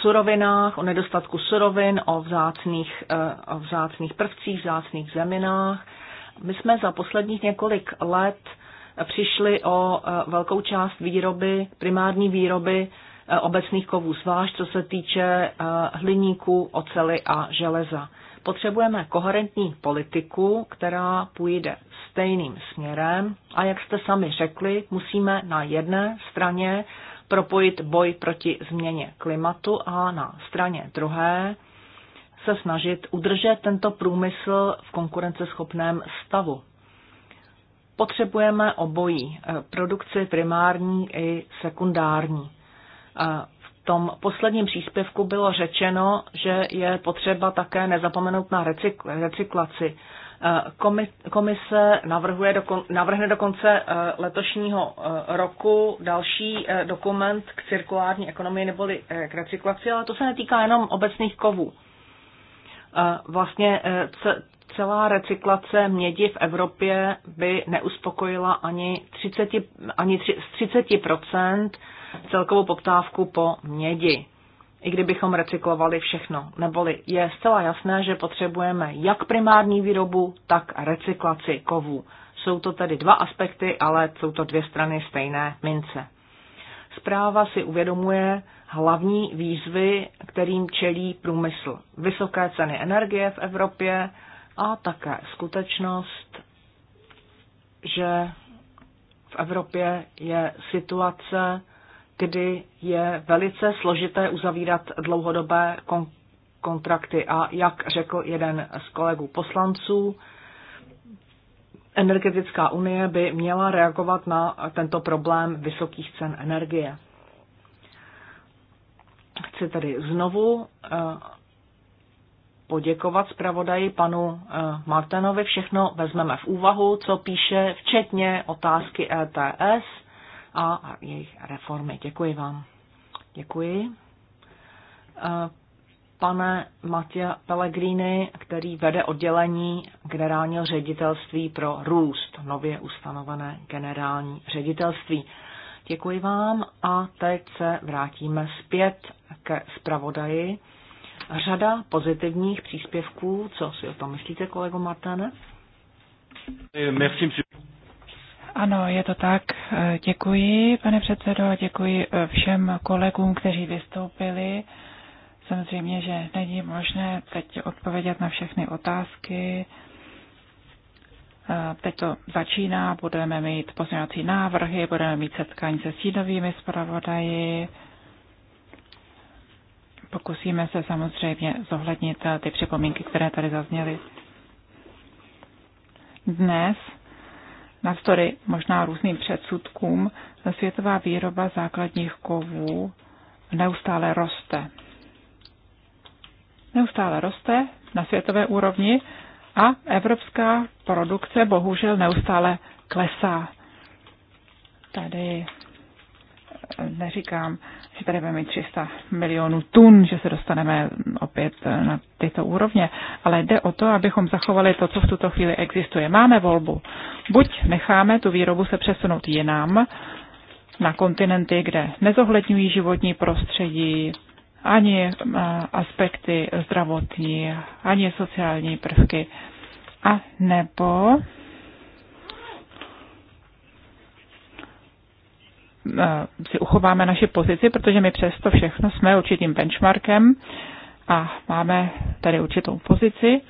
surovinách, o nedostatku surovin, o vzácných, o vzácných prvcích, vzácných zeminách. My jsme za posledních několik let přišli o e, velkou část výroby, primární výroby e, obecných kovů, zvlášť co se týče e, hliníku, ocely a železa. Potřebujeme koherentní politiku, která půjde stejným směrem a jak jste sami řekli, musíme na jedné straně propojit boj proti změně klimatu a na straně druhé se snažit udržet tento průmysl v konkurenceschopném stavu. Potřebujeme obojí, eh, produkci primární i sekundární. Eh, v tom posledním příspěvku bylo řečeno, že je potřeba také nezapomenout na recyklaci. Eh, komise navrhuje navrhne do konce letošního roku další dokument k cirkulární ekonomii neboli k recyklaci, ale to se netýká jenom obecných kovů vlastně e, celá recyklace mědi v Evropě by neuspokojila ani, 30, ani 30 celkovou poptávku po mědi i kdybychom recyklovali všechno. Neboli je zcela jasné, že potřebujeme jak primární výrobu, tak recyklaci kovů. Jsou to tedy dva aspekty, ale jsou to dvě strany stejné mince. Zpráva si uvědomuje hlavní výzvy, kterým čelí průmysl. Vysoké ceny energie v Evropě a také skutečnost, že v Evropě je situace, kdy je velice složité uzavírat dlouhodobé kontrakty. A jak řekl jeden z kolegů poslanců, energetická unie by měla reagovat na tento problém vysokých cen energie. Chci tedy znovu eh, poděkovat zpravodaji panu eh, Martinovi. Všechno vezmeme v úvahu, co píše, včetně otázky ETS a jejich reformy. Děkuji vám. Děkuji eh, pane Matia Pellegrini, který vede oddělení generálního ředitelství pro růst, nově ustanovené generální ředitelství. Děkuji vám a teď se vrátíme zpět ke zpravodaji. Řada pozitivních příspěvků, co si o tom myslíte, kolego Martane? ano, je to tak. Děkuji, pane předsedo, a děkuji eh, všem kolegům, kteří vystoupili. Samozřejmě, že není možné teď odpovědět na všechny otázky. Teď to začíná, budeme mít pozměňovací návrhy, budeme mít setkání se sídovými zpravodaji. Pokusíme se samozřejmě zohlednit eh, ty připomínky, které tady zazněly. Dnes, navzdory možná různým předsudkům, světová výroba základních kovů neustále roste neustále roste na světové úrovni a evropská produkce bohužel neustále klesá. Tady eh, neříkám, že tady budeme mít 300 milionů tun, že se dostaneme opět eh, na tyto úrovně, ale jde o to, abychom zachovali to, co v tuto chvíli existuje. Máme volbu. Buď necháme tu výrobu se přesunout jinam, na kontinenty, kde nezohledňují životní prostředí, ani eh, aspekty zdravotní, ani sociální prvky. A nebo eh, si uchováme naši pozici, protože my přesto všechno jsme určitým benchmarkem a máme tady určitou pozici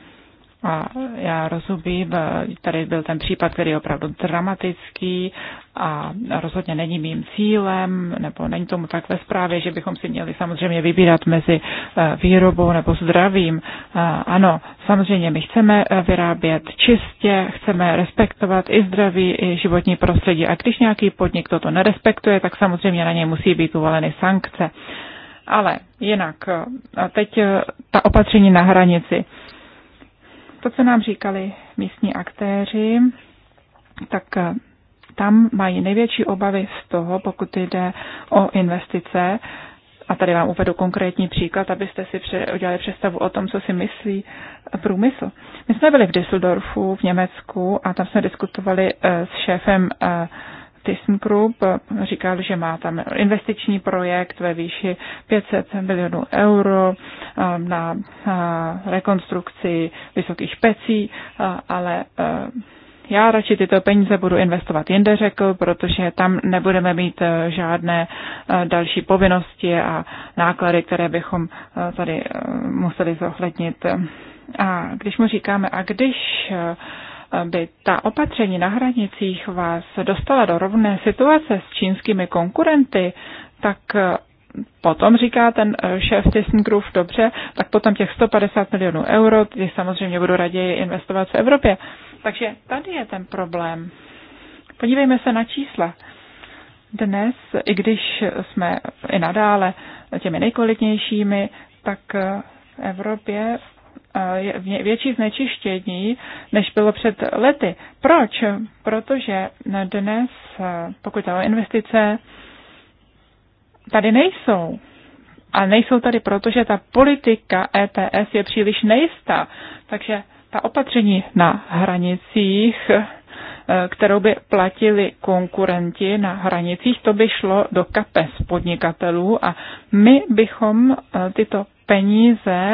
a já rozumím, eh, tady byl ten případ, který je opravdu dramatický a rozhodně není mým cílem, nebo není tomu tak ve zprávě, že bychom si měli samozřejmě vybírat mezi eh, výrobou nebo zdravím. Eh, ano, samozřejmě my chceme vyrábět čistě, chceme respektovat i zdraví, i životní prostředí. A když nějaký podnik toto nerespektuje, tak samozřejmě na něj musí být uvaleny sankce. Ale jinak, teď ta opatření na hranici to, co nám říkali místní aktéři, tak eh, tam mají největší obavy z toho, pokud jde o investice. A tady vám uvedu konkrétní příklad, abyste si udělali představu o tom, co si myslí průmysl. My jsme byli v Düsseldorfu v Německu a tam jsme diskutovali eh, s šéfem eh, ThyssenKrupp říkal, že má tam investiční projekt ve výši 500 milionů euro eh, na eh, rekonstrukci vysokých pecí, eh, ale já radši tyto peníze budu investovat jinde, řekl, protože tam nebudeme mít žádné další povinnosti a náklady, které bychom tady museli zohlednit. A když mu říkáme, a když aby ta opatření na hranicích vás dostala do rovné situace s čínskými konkurenty, tak eh, potom říká ten eh, šéf ThyssenKrupp, dobře, tak potom těch 150 milionů euro, ty samozřejmě budu raději investovat v Evropě. Takže tady je ten problém. Podívejme se na čísla. Dnes, i když jsme i nadále těmi nejkvalitnějšími, tak v eh, Evropě větší znečištění, než bylo před lety. Proč? Protože dnes, pokud o investice, tady nejsou. A nejsou tady, protože ta politika ETS je příliš nejistá. Takže ta opatření na hranicích, kterou by platili konkurenti na hranicích, to by šlo do kapes podnikatelů a my bychom eh, tyto peníze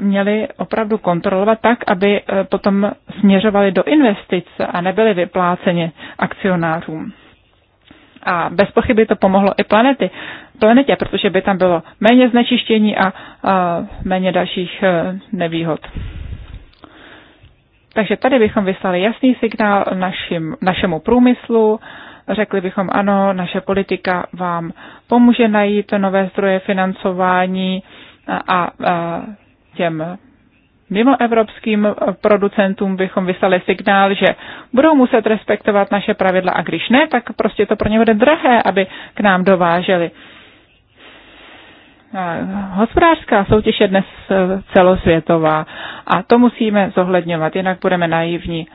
měli opravdu kontrolovat tak, aby e, potom směřovali do investic a nebyly vypláceni akcionářům. A bez pochyby to pomohlo i planety, planetě, protože by tam bylo méně znečištění a, a méně dalších e, nevýhod. Takže tady bychom vyslali jasný signál našim, našemu průmyslu, řekli bychom ano, naše politika vám pomůže najít nové zdroje financování a, a těm mimoevropským eh, producentům bychom vyslali signál, že budou muset respektovat naše pravidla a když ne, tak prostě to pro ně bude drahé, aby k nám dováželi. Hospodářská soutěž je dnes eh, celosvětová a to musíme zohledňovat, jinak budeme naivní.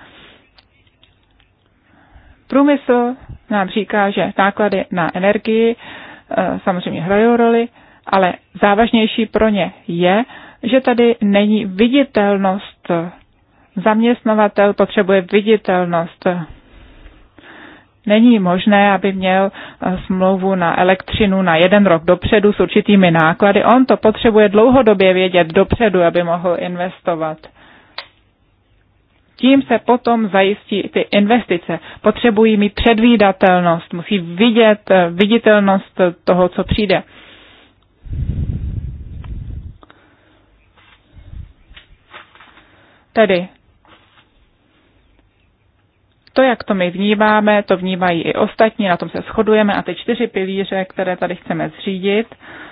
Průmysl nám říká, že náklady na energii eh, samozřejmě hrajou roli, ale závažnější pro ně je, že tady není viditelnost. Zaměstnavatel potřebuje viditelnost. Není možné, aby měl eh, smlouvu na elektřinu na jeden rok dopředu s určitými náklady. On to potřebuje dlouhodobě vědět dopředu, aby mohl investovat. Tím se potom zajistí ty investice. Potřebují mít předvídatelnost, musí vidět eh, viditelnost toho, co přijde. Tedy to, jak to my vnímáme, to vnímají i ostatní, na tom se shodujeme a ty čtyři pilíře, které tady chceme zřídit,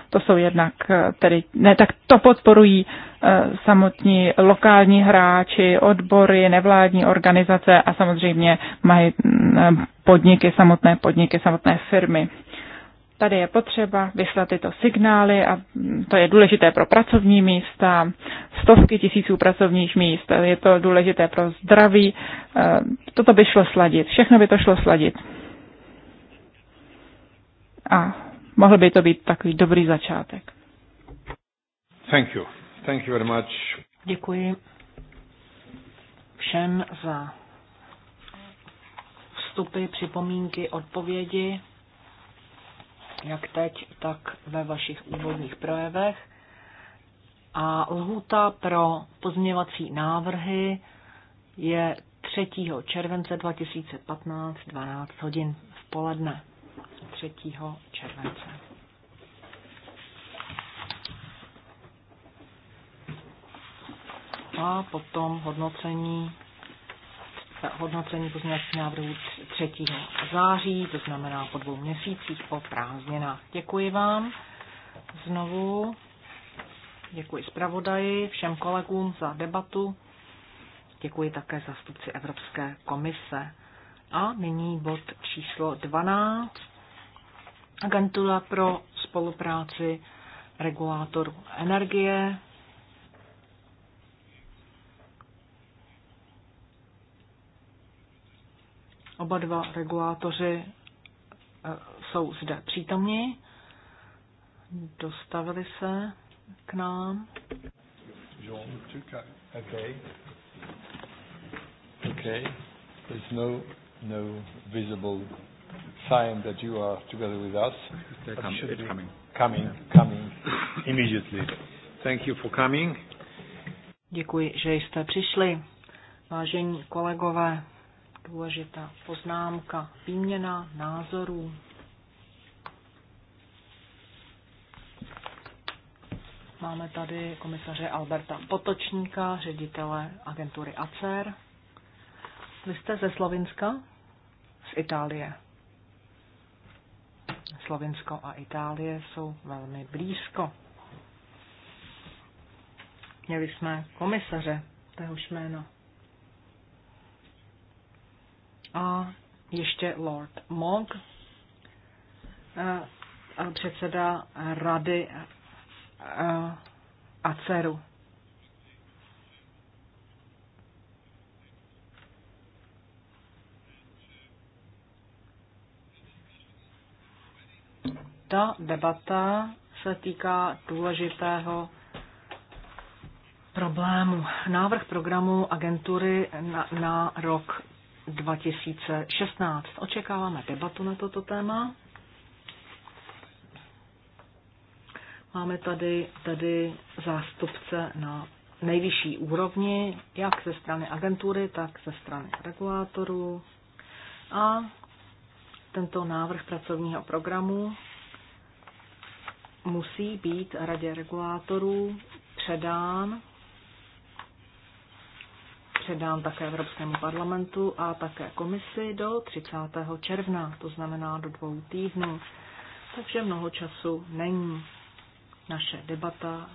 to jsou jednak eh, tedy, ne, tak to podporují eh, samotní lokální hráči, odbory, nevládní organizace a samozřejmě mají mm, podniky, samotné podniky, samotné firmy. Tady je potřeba vyslat tyto signály a to je důležité pro pracovní místa, stovky tisíců pracovních míst, je to důležité pro zdraví. Eh, toto by šlo sladit, všechno by to šlo sladit. A mohl by to být takový dobrý začátek. Thank you. Thank you very much. Děkuji všem za vstupy, připomínky, odpovědi jak teď, tak ve vašich úvodních projevech. A lhůta pro pozměvací návrhy je 3. července 2015 12 hodin v poledne. 3. července. A potom hodnocení hodnocení pozměňovacích návrhů 3. září, to znamená po dvou měsících po prázdninách. Děkuji vám znovu. Děkuji zpravodaji, všem kolegům za debatu. Děkuji také zastupci Evropské komise. A nyní bod číslo 12. Agentura pro spolupráci regulátorů energie, Oba dva regulátoři eh, jsou zde přítomni, dostavili se k nám. Okay. Okay. There's no, no visible sign that you are together with us. They're com- it's coming. Coming, coming immediately. Thank you for coming. Děkuji, že jste přišli. Vážení kolegové, důležitá poznámka, výměna názorů. Máme tady komisaře Alberta Potočníka, ředitele agentury ACER. Vy jste ze Slovinska? Z Itálie. Slovinsko a Itálie jsou velmi blízko. Měli jsme komisaře téhož jména a ještě Lord Mog, eh, předseda rady eh, ACERu. Ta debata se týká důležitého problému. Návrh programu agentury na, na rok 2016. Očekáváme debatu na toto téma. Máme tady, tady zástupce na nejvyšší úrovni, jak ze strany agentury, tak ze strany regulátorů. A tento návrh pracovního programu musí být radě regulátorů předán předán také Evropskému parlamentu a také komisi do 30. června, to znamená do dvou týdnů. Takže mnoho času není. Naše debata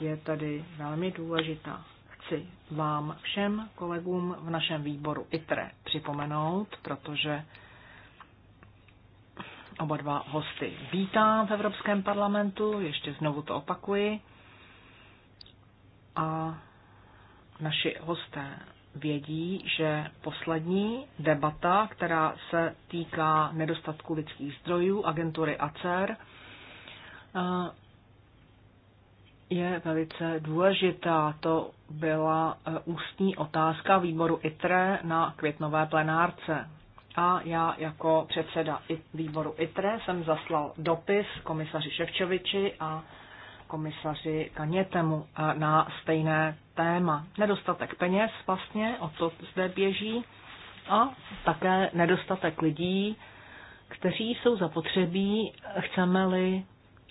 je tady velmi důležitá. Chci vám všem kolegům v našem výboru ITRE připomenout, protože oba dva hosty vítám v Evropském parlamentu, ještě znovu to opakuji. A naši hosté vědí, že poslední debata, která se týká nedostatku lidských zdrojů agentury ACER, eh, je velice důležitá. To byla eh, ústní otázka výboru ITRE na květnové plenárce. A já jako předseda výboru ITRE jsem zaslal dopis komisaři Ševčoviči a komisaři Kanětemu na stejné téma. Nedostatek peněz vlastně, o to zde běží, a také nedostatek lidí, kteří jsou zapotřebí, chceme-li,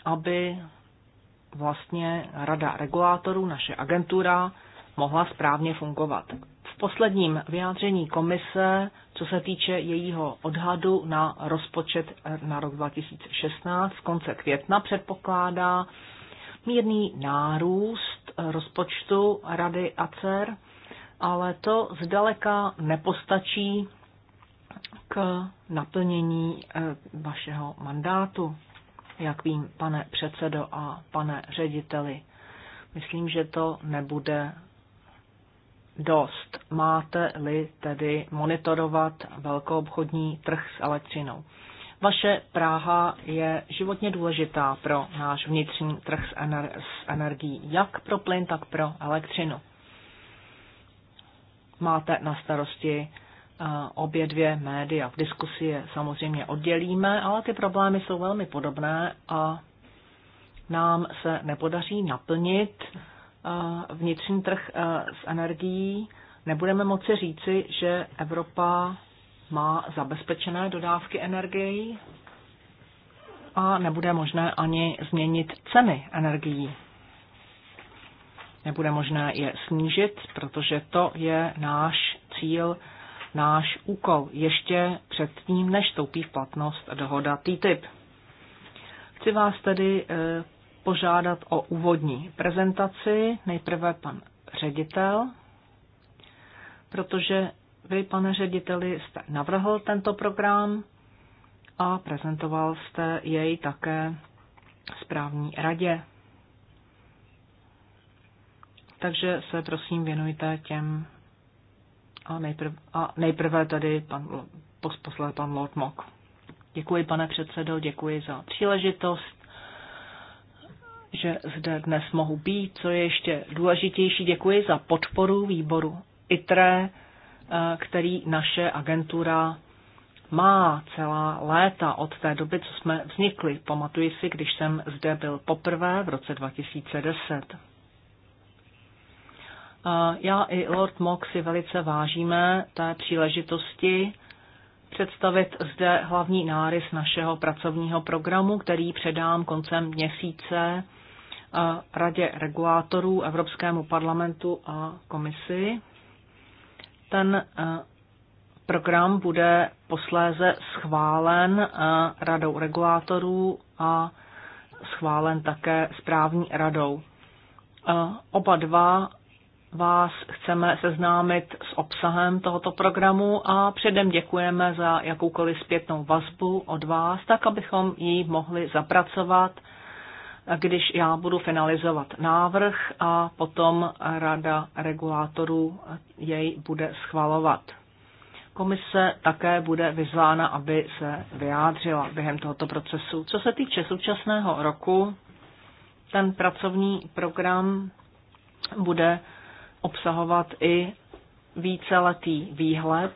aby vlastně rada regulátorů, naše agentura, mohla správně fungovat. V posledním vyjádření komise, co se týče jejího odhadu na rozpočet na rok 2016 konce května, předpokládá mírný nárůst eh, rozpočtu Rady ACER, ale to zdaleka nepostačí k naplnění eh, vašeho mandátu, jak vím, pane předsedo a pane řediteli. Myslím, že to nebude dost. Máte-li tedy monitorovat velkoobchodní trh s elektřinou. Vaše práha je životně důležitá pro náš vnitřní trh s, ener- s energií, jak pro plyn, tak pro elektřinu. Máte na starosti eh, obě dvě média. V diskusi je samozřejmě oddělíme, ale ty problémy jsou velmi podobné a nám se nepodaří naplnit eh, vnitřní trh eh, s energií, nebudeme moci říci, že Evropa má zabezpečené dodávky energií a nebude možné ani změnit ceny energií. Nebude možné je snížit, protože to je náš cíl, náš úkol ještě předtím, než stoupí v platnost dohoda TTIP. Chci vás tedy eh, požádat o úvodní prezentaci. Nejprve pan ředitel, protože vy, pane řediteli, jste navrhl tento program a prezentoval jste jej také správní radě. Takže se prosím věnujte těm a nejprve, a nejprve tady pan, posposlal pan Lord Mock. Děkuji, pane předsedo, děkuji za příležitost že zde dnes mohu být. Co je ještě důležitější, děkuji za podporu výboru ITRE Eh, který naše agentura má celá léta od té doby, co jsme vznikli. Pamatuji si, když jsem zde byl poprvé v roce 2010. Eh, já i Lord Mock si velice vážíme té příležitosti představit zde hlavní nárys našeho pracovního programu, který předám koncem měsíce eh, Radě regulátorů, Evropskému parlamentu a komisi. Ten eh, program bude posléze schválen eh, radou regulátorů a schválen také správní radou. Eh, oba dva vás chceme seznámit s obsahem tohoto programu a předem děkujeme za jakoukoliv zpětnou vazbu od vás, tak abychom ji mohli zapracovat když já budu finalizovat návrh a potom Rada regulátorů jej bude schvalovat. Komise také bude vyzvána, aby se vyjádřila během tohoto procesu. Co se týče současného roku, ten pracovní program bude obsahovat i víceletý výhled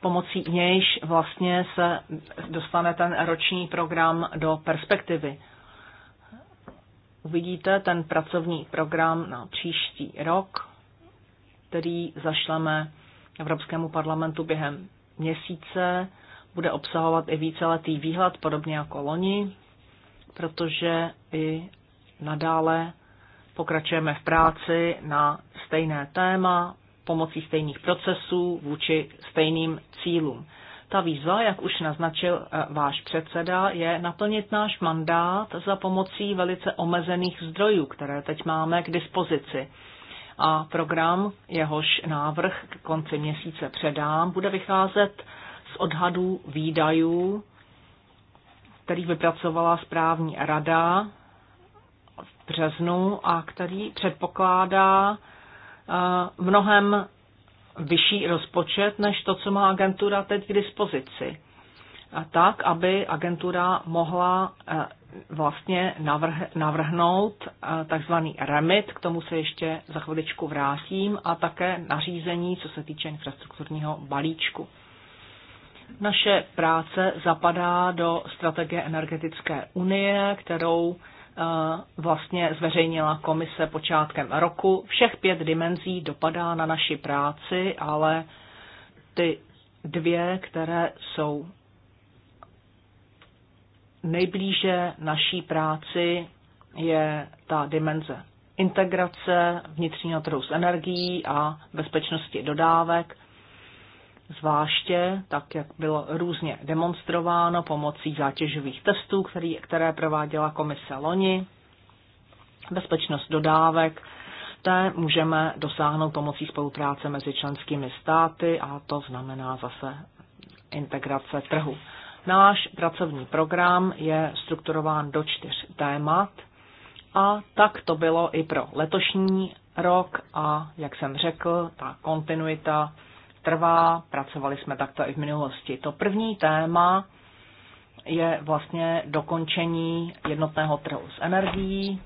pomocí nějž vlastně se dostane ten roční program do perspektivy. Uvidíte ten pracovní program na příští rok, který zašleme Evropskému parlamentu během měsíce. Bude obsahovat i víceletý výhled, podobně jako loni, protože i nadále pokračujeme v práci na stejné téma, pomocí stejných procesů vůči stejným cílům. Ta výzva, jak už naznačil eh, váš předseda, je naplnit náš mandát za pomocí velice omezených zdrojů, které teď máme k dispozici. A program, jehož návrh k konci měsíce předám, bude vycházet z odhadů výdajů, který vypracovala správní rada v březnu a který předpokládá mnohem vyšší rozpočet než to, co má agentura teď k dispozici. A tak, aby agentura mohla e, vlastně navrh, navrhnout e, takzvaný remit, k tomu se ještě za chviličku vrátím, a také nařízení, co se týče infrastrukturního balíčku. Naše práce zapadá do strategie energetické unie, kterou Eh, vlastně zveřejnila komise počátkem roku. Všech pět dimenzí dopadá na naši práci, ale ty dvě, které jsou nejblíže naší práci, je ta dimenze integrace vnitřního trhu s energií a bezpečnosti dodávek zvláště tak, jak bylo různě demonstrováno pomocí zátěžových testů, který, které prováděla komise loni, bezpečnost dodávek, té můžeme dosáhnout pomocí spolupráce mezi členskými státy a to znamená zase integrace trhu. Náš pracovní program je strukturován do čtyř témat a tak to bylo i pro letošní rok a, jak jsem řekl, ta kontinuita trvá, pracovali jsme takto i v minulosti. To první téma je vlastně dokončení jednotného trhu s energií.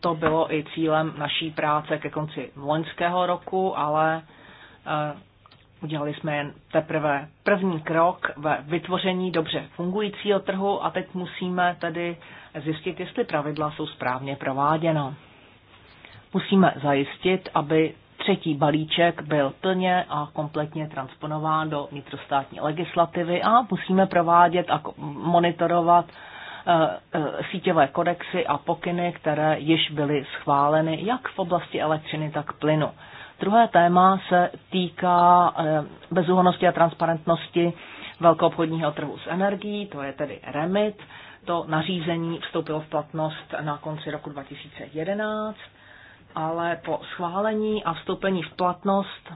To bylo i cílem naší práce ke konci loňského roku, ale eh, Udělali jsme jen teprve první krok ve vytvoření dobře fungujícího trhu a teď musíme tedy zjistit, jestli pravidla jsou správně prováděna. Musíme zajistit, aby Třetí balíček byl plně a kompletně transponován do vnitrostátní legislativy a musíme provádět a monitorovat eh, eh, síťové kodexy a pokyny, které již byly schváleny jak v oblasti elektřiny, tak plynu. Druhé téma se týká eh, bezúhonosti a transparentnosti velkoobchodního trhu s energií, to je tedy REMIT. To nařízení vstoupilo v platnost na konci roku 2011 ale po schválení a vstoupení v platnost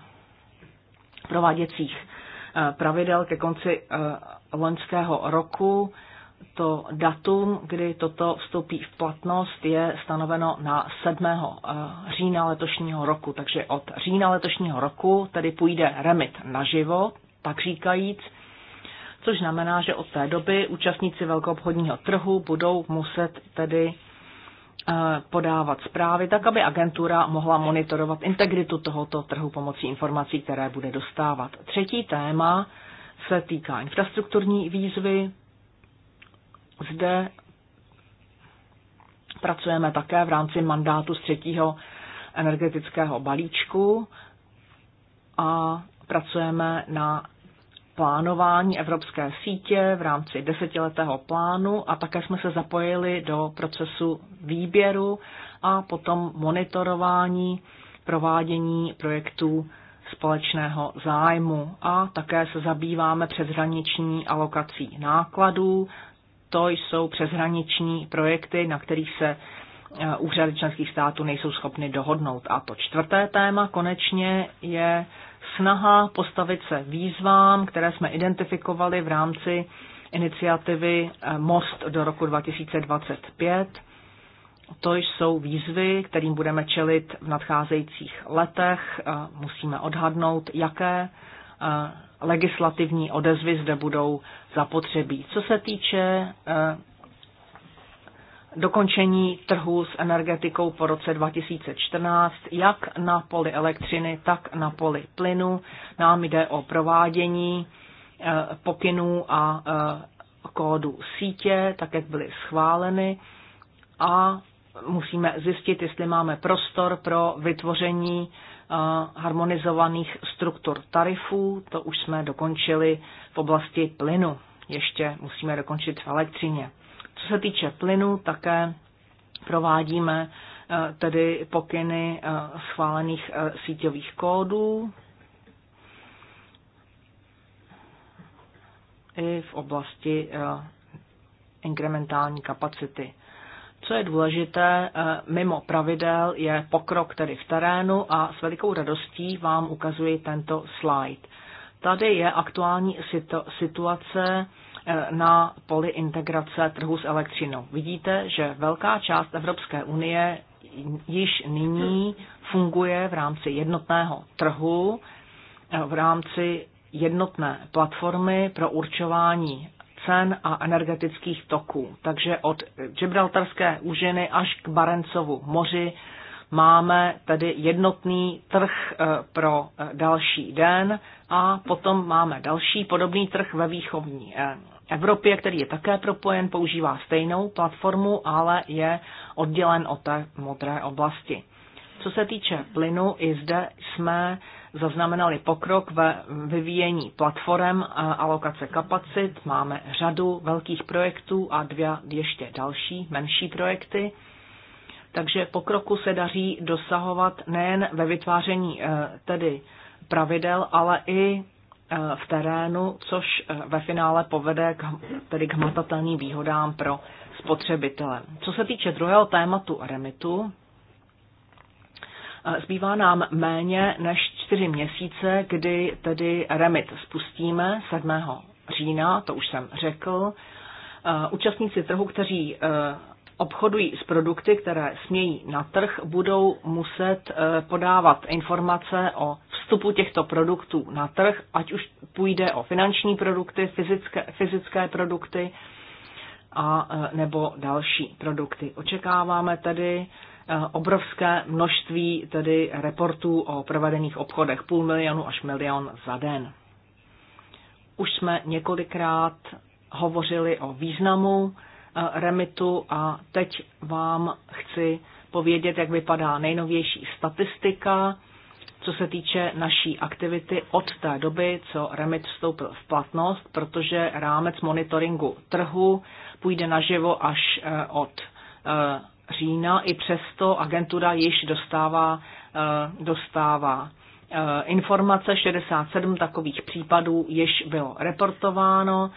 prováděcích eh, pravidel ke konci eh, loňského roku to datum, kdy toto vstoupí v platnost, je stanoveno na 7. Eh, října letošního roku. Takže od října letošního roku tedy půjde remit naživo, tak říkajíc, což znamená, že od té doby účastníci velkoobchodního trhu budou muset tedy Eh, podávat zprávy, tak aby agentura mohla monitorovat integritu tohoto trhu pomocí informací, které bude dostávat. Třetí téma se týká infrastrukturní výzvy. Zde pracujeme také v rámci mandátu z třetího energetického balíčku a pracujeme na plánování evropské sítě v rámci desetiletého plánu a také jsme se zapojili do procesu výběru a potom monitorování provádění projektů společného zájmu a také se zabýváme přeshraniční alokací nákladů. To jsou přeshraniční projekty, na kterých se eh, úřady členských států nejsou schopny dohodnout. A to čtvrté téma konečně je snaha postavit se výzvám, které jsme identifikovali v rámci iniciativy eh, Most do roku 2025. To jsou výzvy, kterým budeme čelit v nadcházejících letech. Eh, musíme odhadnout, jaké eh, legislativní odezvy zde budou zapotřebí. Co se týče dokončení trhu s energetikou po roce 2014, jak na poli elektřiny, tak na poli plynu. Nám jde o provádění eh, pokynů a eh, kódu sítě, tak jak byly schváleny a musíme zjistit, jestli máme prostor pro vytvoření eh, harmonizovaných struktur tarifů. To už jsme dokončili v oblasti plynu. Ještě musíme dokončit v elektřině. Co se týče plynu, také provádíme eh, tedy pokyny eh, schválených eh, síťových kódů i v oblasti inkrementální kapacity. Co je důležité, mimo pravidel je pokrok tedy v terénu a s velikou radostí vám ukazuji tento slide. Tady je aktuální situace na poli integrace trhu s elektřinou. Vidíte, že velká část Evropské unie již nyní funguje v rámci jednotného trhu, v rámci jednotné platformy pro určování cen a energetických toků. Takže od Gibraltarské úžiny až k Barencovu moři máme tedy jednotný trh eh, pro eh, další den a potom máme další podobný trh ve východní eh, Evropě, který je také propojen, používá stejnou platformu, ale je oddělen od té modré oblasti. Co se týče plynu, i zde jsme zaznamenali pokrok ve vyvíjení platform alokace kapacit. Máme řadu velkých projektů a dvě ještě další menší projekty. Takže pokroku se daří dosahovat nejen ve vytváření eh, tedy pravidel, ale i v terénu, což eh, ve finále povede k, tedy k hmatatelným výhodám pro spotřebitele. Co se týče druhého tématu remitu, eh, zbývá nám méně než čtyři měsíce, kdy tedy remit spustíme 7. října, to už jsem řekl. Eh, účastníci trhu, kteří obchodují s produkty, které smějí na trh, budou muset eh, podávat informace o vstupu těchto produktů na trh, ať už půjde o finanční produkty, fyzické, fyzické produkty a eh, nebo další produkty. Očekáváme tedy eh, obrovské množství tedy reportů o provedených obchodech, půl milionu až milion za den. Už jsme několikrát hovořili o významu Eh, remitu a teď vám chci povědět, jak vypadá nejnovější statistika, co se týče naší aktivity od té doby, co remit vstoupil v platnost, protože rámec monitoringu trhu půjde naživo až eh, od eh, října. I přesto agentura již dostává, dostává informace, 67 takových případů již bylo reportováno,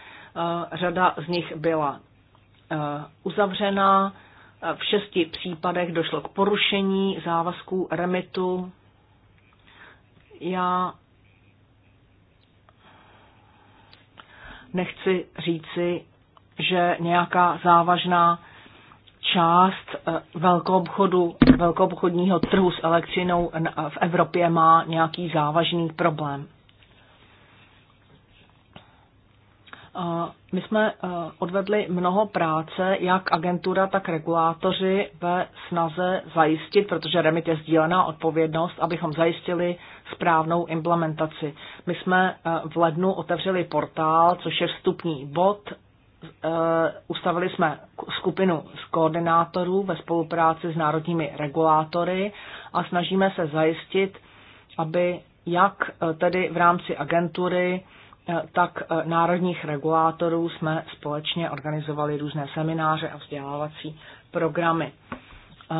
řada z nich byla Eh, uzavřena. Eh, v šesti případech došlo k porušení závazků remitu. Já nechci říci, že nějaká závažná část eh, velkoobchodu, velkoobchodního trhu s elektřinou v Evropě má nějaký závažný problém. My jsme e, odvedli mnoho práce, jak agentura, tak regulátoři ve snaze zajistit, protože REMIT je sdílená odpovědnost, abychom zajistili správnou implementaci. My jsme e, v lednu otevřeli portál, což je vstupní bod. E, ustavili jsme skupinu z koordinátorů ve spolupráci s národními regulátory a snažíme se zajistit, aby jak tedy v rámci agentury, Eh, tak eh, národních regulátorů jsme společně organizovali různé semináře a vzdělávací programy. Eh,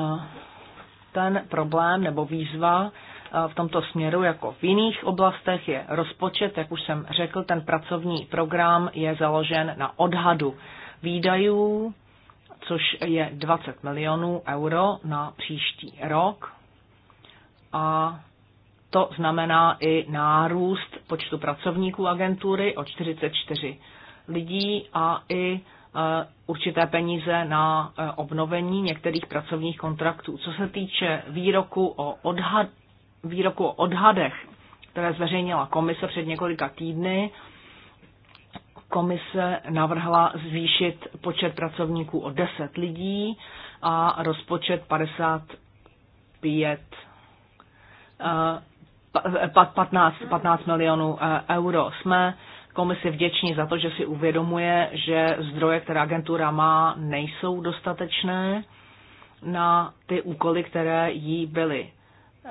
ten problém nebo výzva v tomto směru, jako v jiných oblastech, je rozpočet. Jak už jsem řekl, ten pracovní program je založen na odhadu výdajů, což je 20 milionů euro na příští rok. A to znamená i nárůst počtu pracovníků agentury o 44 lidí a i e, určité peníze na e, obnovení některých pracovních kontraktů. Co se týče výroku o, odhad, výroku o odhadech, které zveřejnila komise před několika týdny, komise navrhla zvýšit počet pracovníků o 10 lidí a rozpočet 55 15, 15 milionů eh, euro. Jsme komisi vděční za to, že si uvědomuje, že zdroje, které agentura má, nejsou dostatečné na ty úkoly, které jí byly eh,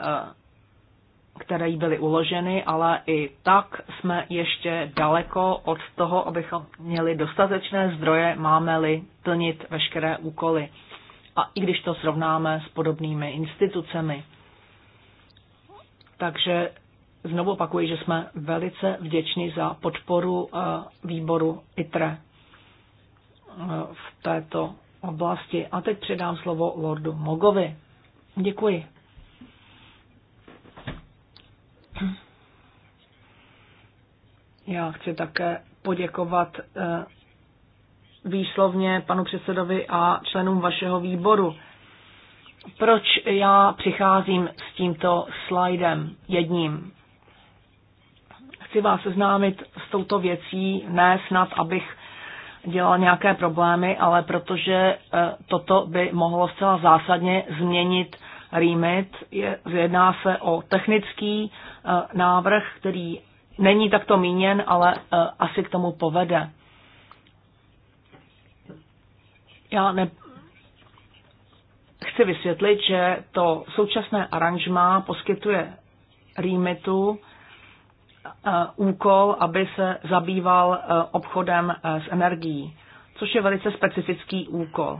které jí byly uloženy, ale i tak jsme ještě daleko od toho, abychom měli dostatečné zdroje, máme-li plnit veškeré úkoly. A i když to srovnáme s podobnými institucemi. Takže znovu opakuji, že jsme velice vděční za podporu eh, výboru ITRE eh, v této oblasti. A teď předám slovo Lordu Mogovi. Děkuji. Já chci také poděkovat eh, výslovně panu předsedovi a členům vašeho výboru. Proč já přicházím s tímto slajdem jedním? Chci vás seznámit s touto věcí, ne snad, abych dělal nějaké problémy, ale protože e, toto by mohlo zcela zásadně změnit remit. Jedná se o technický e, návrh, který není takto míněn, ale e, asi k tomu povede. Já ne, chci vysvětlit, že to současné aranžma poskytuje rýmitu eh, úkol, aby se zabýval eh, obchodem eh, s energií, což je velice specifický úkol.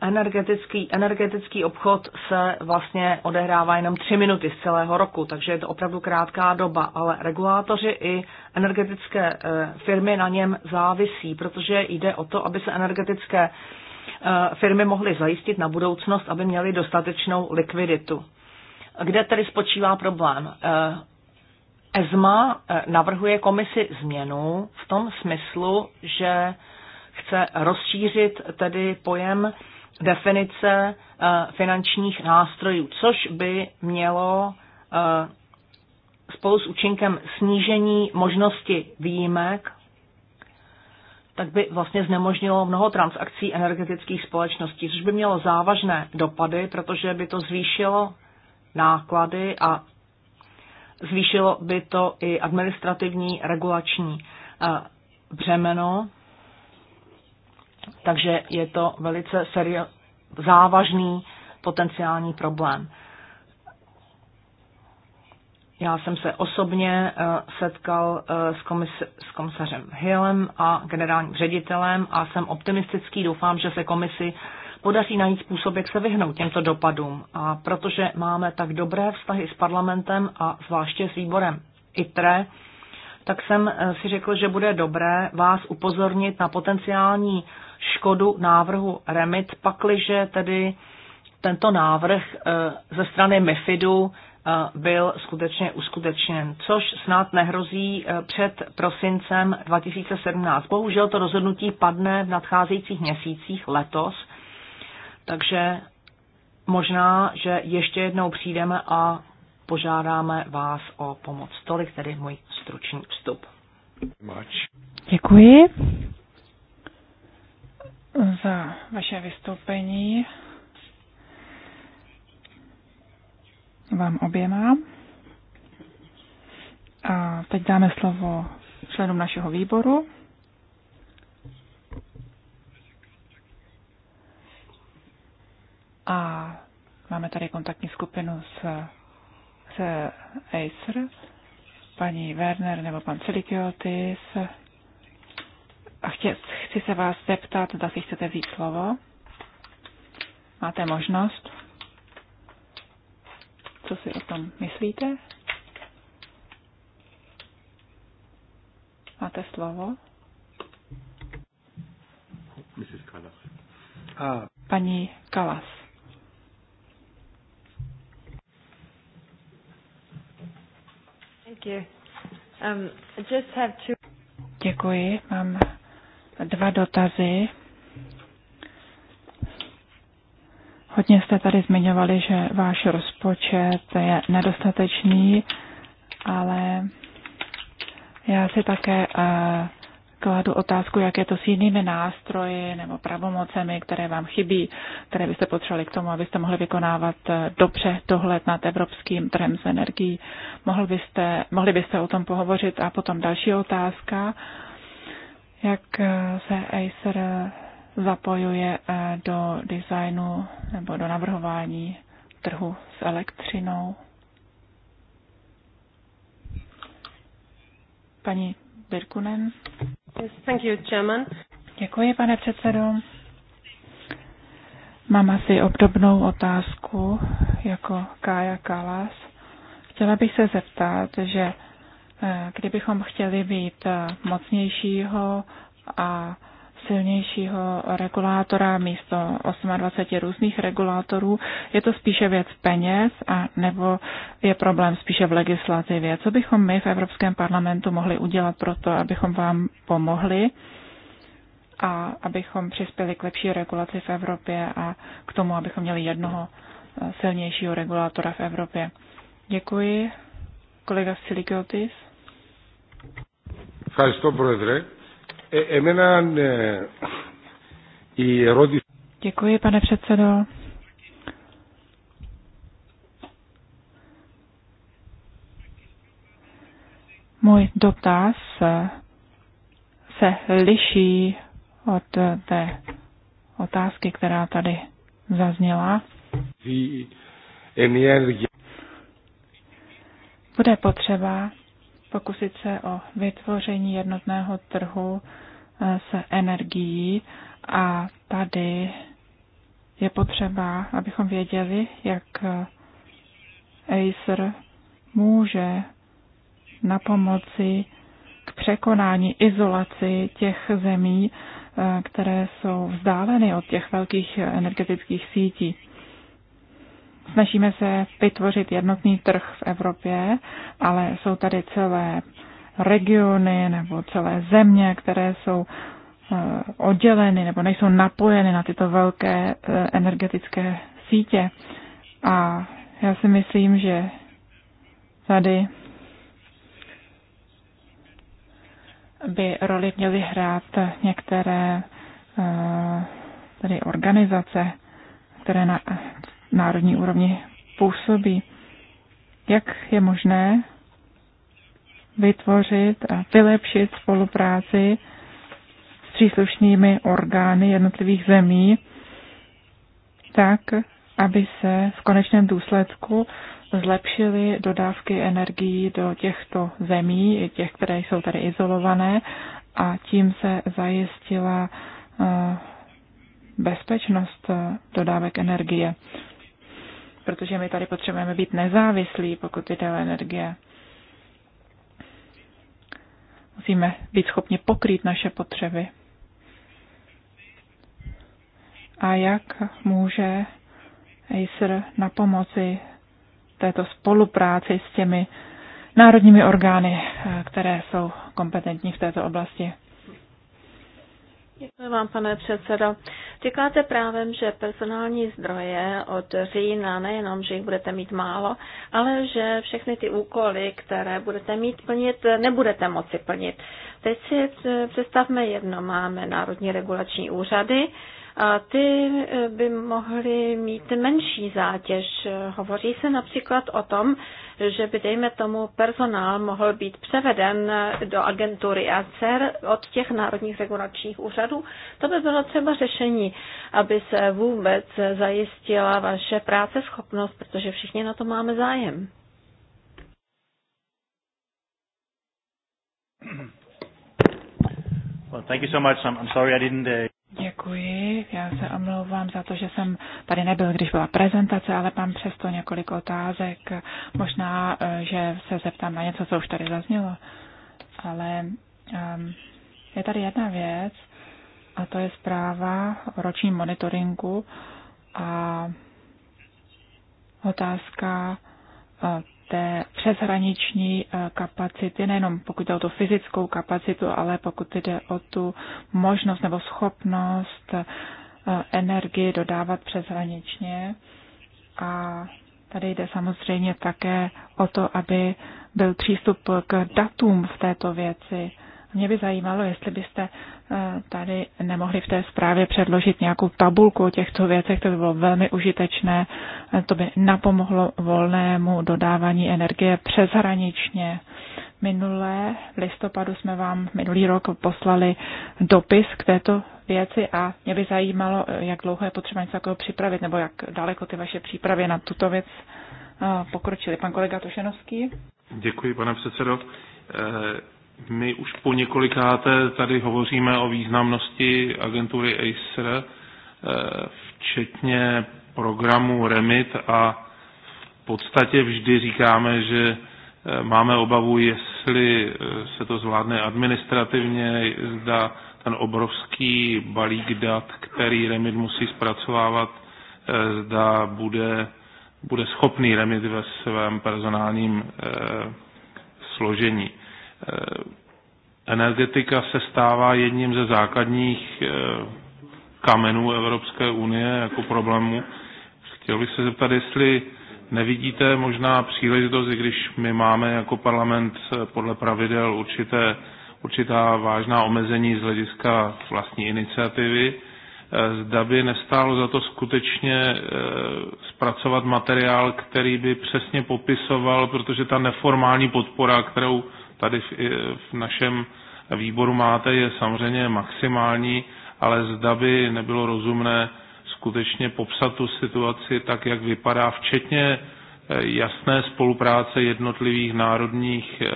Energetický, energetický obchod se vlastně odehrává jenom tři minuty z celého roku, takže je to opravdu krátká doba, ale regulátoři i energetické firmy na něm závisí, protože jde o to, aby se energetické Eh, firmy mohly zajistit na budoucnost, aby měly dostatečnou likviditu. Kde tedy spočívá problém? Eh, ESMA eh, navrhuje komisi změnu v tom smyslu, že chce rozšířit tedy pojem definice finančních nástrojů, což by mělo spolu s účinkem snížení možnosti výjimek tak by vlastně znemožnilo mnoho transakcí energetických společností, což by mělo závažné dopady, protože by to zvýšilo náklady a zvýšilo by to i administrativní regulační eh, břemeno. Takže je to velice serio- závažný potenciální problém. Já jsem se osobně eh, setkal eh, s, komis- s komisařem Hillem a generálním ředitelem a jsem optimistický. Doufám, že se komisi podaří najít způsob, jak se vyhnout těmto dopadům. A protože máme tak dobré vztahy s parlamentem a zvláště s výborem ITRE, tak jsem eh, si řekl, že bude dobré vás upozornit na potenciální škodu návrhu REMIT, pakliže tedy tento návrh ze strany MIFIDu byl skutečně uskutečněn, což snad nehrozí e, před prosincem 2017. Bohužel to rozhodnutí padne v nadcházejících měsících letos, takže možná, že ještě jednou přijdeme a požádáme vás o pomoc. Tolik tedy můj stručný vstup. Děkuji za vaše vystoupení. vám oběma. A teď dáme slovo členům našeho výboru. A máme tady kontaktní skupinu s, s Acer, paní Werner nebo pan Celikiotis. A chtě, chci se vás zeptat, zda si chcete vzít slovo. Máte možnost. Co si o tom myslíte? Máte slovo? Mrs. Kalas. Paní Kalas. Thank you. Um, I just have two... Děkuji, mám dva dotazy. Hodně jste tady zmiňovali, že váš rozpočet je nedostatečný, ale já si také eh, kladu otázku, jak je to s jinými nástroji nebo pravomocemi, které vám chybí, které byste potřebovali k tomu, abyste mohli vykonávat eh, dobře dohled nad evropským trhem s energií. Mohl byste, mohli byste o tom pohovořit a potom další otázka, jak eh, se Acer zapojuje eh, do designu nebo do navrhování trhu s elektřinou. Paní Birkunen. Yes, thank you, Chairman. Děkuji, pane předsedo. Mám asi obdobnou otázku jako Kája Kalas. Chtěla bych se zeptat, že eh, kdybychom chtěli být eh, mocnějšího a silnějšího regulátora místo 28 různých regulátorů. Je to spíše věc peněz a nebo je problém spíše v legislativě. Co bychom my v Evropském parlamentu mohli udělat pro to, abychom vám pomohli a abychom přispěli k lepší regulaci v Evropě a k tomu, abychom měli jednoho eh, silnějšího regulátora v Evropě. Děkuji. Kolega Silikiotis. Ευχαριστώ, Πρόεδρε. Děkuji, pane předsedo. Můj dotaz se liší od té otázky, která tady zazněla. Bude potřeba pokusit se o vytvoření jednotného trhu eh, s energií a tady je potřeba, abychom věděli, jak eh, Acer může na pomoci k překonání izolaci těch zemí, eh, které jsou vzdáleny od těch velkých energetických sítí. Snažíme se vytvořit jednotný trh v Evropě, ale jsou tady celé regiony nebo celé země, které jsou eh, odděleny nebo nejsou napojeny na tyto velké eh, energetické sítě. A já si myslím, že tady by roli měly hrát některé eh, tady organizace, které na, národní úrovni působí. Jak je možné vytvořit a vylepšit spolupráci s příslušnými orgány jednotlivých zemí, tak, aby se v konečném důsledku zlepšily dodávky energií do těchto zemí, i těch, které jsou tady izolované, a tím se zajistila eh, bezpečnost eh, dodávek energie protože my tady potřebujeme být nezávislí, pokud jde o energie. Musíme být schopni pokrýt naše potřeby. A jak může Acer na pomoci této spolupráci s těmi národními orgány, které jsou kompetentní v této oblasti? Děkuji vám, pane předsedo. Říkáte právem, že personální zdroje od října nejenom, že jich budete mít málo, ale že všechny ty úkoly, které budete mít plnit, nebudete moci plnit. Teď si eh, představme jedno, máme národní regulační úřady, a ty eh, by mohly mít menší zátěž. Hovoří se například o tom, že by, dejme tomu, personál mohl být převeden eh, do agentury a od těch národních regulačních úřadů. To by bylo třeba řešení, aby se vůbec zajistila vaše práce schopnost, protože všichni na to máme zájem. Well, thank you so much. I'm, I'm sorry I didn't uh, Děkuji, já se omlouvám za to, že jsem tady nebyl, když byla prezentace, ale mám přesto několik otázek. Možná, eh, že se zeptám na něco, co už tady zaznělo, ale um, je tady jedna věc, a to je zpráva o ročním monitoringu a otázka eh, té přeshraniční eh, kapacity, nejenom pokud jde o tu fyzickou kapacitu, ale pokud jde o tu možnost nebo schopnost eh, energii dodávat přeshraničně. A tady jde samozřejmě také o to, aby byl přístup k datům v této věci mě by zajímalo, jestli byste eh, tady nemohli v té zprávě předložit nějakou tabulku o těchto věcech, to by bylo velmi užitečné, eh, to by napomohlo volnému dodávání energie přeshraničně. Minulé v listopadu jsme vám minulý rok poslali dopis k této věci a mě by zajímalo, eh, jak dlouho je potřeba něco takového připravit, nebo jak daleko ty vaše přípravy na tuto věc pokročily. Pan kolega Tošenovský. Děkuji, pane předsedo. My už po několikáté tady hovoříme o významnosti agentury ACER, eh, včetně programu REMIT a v podstatě vždy říkáme, že eh, máme obavu, jestli eh, se to zvládne administrativně, zda ten obrovský balík dat, který REMIT musí zpracovávat, zda bude, bude schopný REMIT ve svém personálním složení. Eh, energetika se stává jedním ze základních eh, kamenů Evropské unie jako problému. Chtěl bych se zeptat, jestli nevidíte možná příležitost, i když my máme jako parlament eh, podle pravidel určité, určitá vážná omezení z hlediska vlastní iniciativy, zda by nestálo za to skutečně zpracovat materiál, který by přesně popisoval, protože ta neformální podpora, kterou tady v, v našem výboru máte, je samozřejmě maximální, ale zda by nebylo rozumné skutečně popsat tu situaci tak, jak vypadá, včetně e, jasné spolupráce jednotlivých národních e,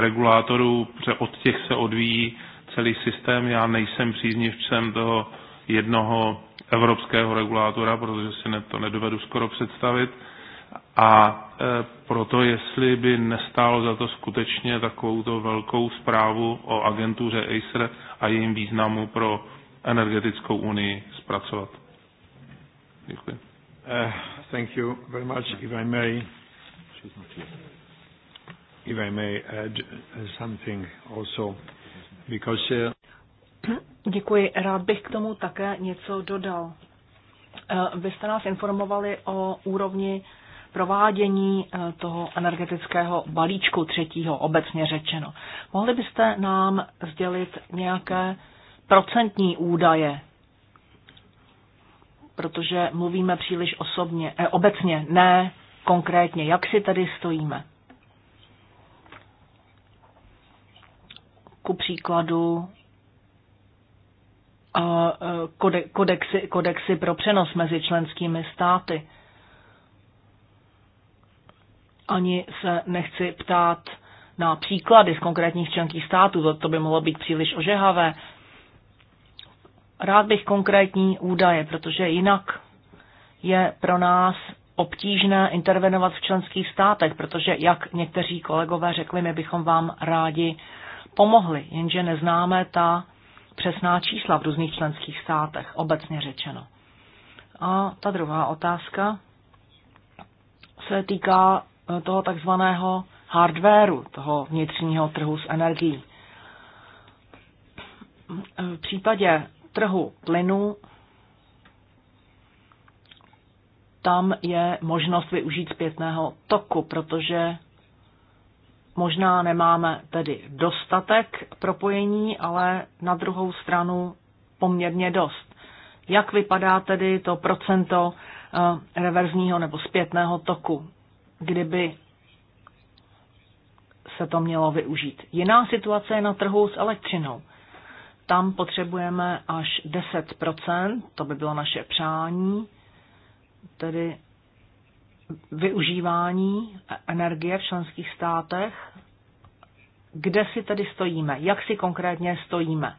regulátorů, protože od těch se odvíjí celý systém. Já nejsem příznivcem toho jednoho evropského regulátora, protože si to nedovedu skoro představit. A Eh, proto jestli by nestálo za to skutečně takovou velkou zprávu o agentuře Acer a jejím významu pro energetickou unii zpracovat. Děkuji. Uh, thank you very much. If I may, if I may add eh, something also, because uh... Děkuji. Rád bych k tomu také něco dodal. Vy jste nás informovali o úrovni provádění eh, toho energetického balíčku třetího, obecně řečeno. Mohli byste nám sdělit nějaké procentní údaje, protože mluvíme příliš osobně, eh, obecně, ne konkrétně. Jak si tady stojíme? Ku příkladu eh, eh, kodexy, kodexy pro přenos mezi členskými státy ani se nechci ptát na příklady z konkrétních členských států, to, to by mohlo být příliš ožehavé. Rád bych konkrétní údaje, protože jinak je pro nás obtížné intervenovat v členských státech, protože, jak někteří kolegové řekli, my bychom vám rádi pomohli, jenže neznáme ta přesná čísla v různých členských státech, obecně řečeno. A ta druhá otázka se týká Eh, toho takzvaného hardwareu, toho vnitřního trhu s energií. Eh, v případě trhu plynu tam je možnost využít zpětného toku, protože možná nemáme tedy dostatek propojení, ale na druhou stranu poměrně dost. Jak vypadá tedy to procento eh, reverzního nebo zpětného toku? kdyby se to mělo využít. Jiná situace je na trhu s elektřinou. Tam potřebujeme až 10%, to by bylo naše přání, tedy využívání energie v členských státech. Kde si tedy stojíme? Jak si konkrétně stojíme?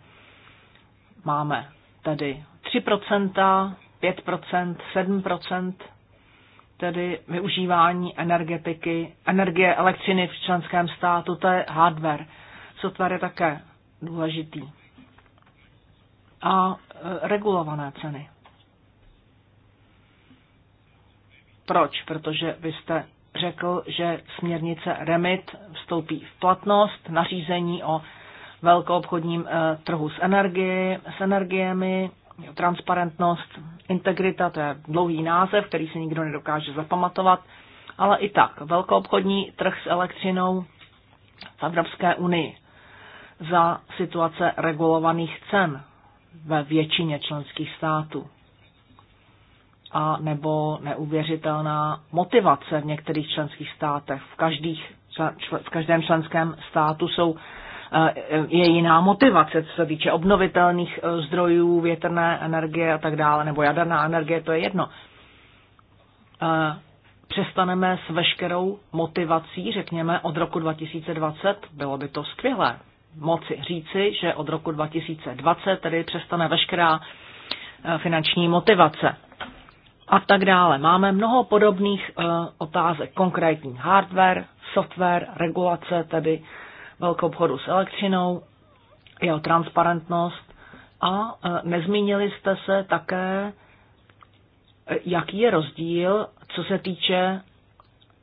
Máme tedy 3%, 5%, 7%, tedy využívání energetiky, energie, elektřiny v členském státu, to je hardware. Software je také důležitý. A e, regulované ceny. Proč? Protože vy jste řekl, že směrnice REMIT vstoupí v platnost, nařízení o velkoobchodním e, trhu s, energie, s energiemi Vlastně transparentnost, integrita, to je dlouhý název, který si nikdo nedokáže zapamatovat, ale i tak, velkoobchodní trh s elektřinou v Evropské unii za situace regulovaných cen ve většině členských států a nebo neuvěřitelná motivace v některých členských státech. V, každých, v každém členském státu jsou Eh, je jiná motivace, co se týče obnovitelných eh, zdrojů, větrné energie a tak dále, nebo jaderná energie, to je jedno. Eh, přestaneme s veškerou motivací, řekněme, od roku 2020, bylo by to skvělé moci říci, že od roku 2020 tedy přestane veškerá finanční motivace a tak dále. Máme mnoho podobných otázek, konkrétní hardware, software, regulace, tedy velkou obchodu s elektřinou, jeho transparentnost a e, nezmínili jste se také, e, jaký je rozdíl, co se týče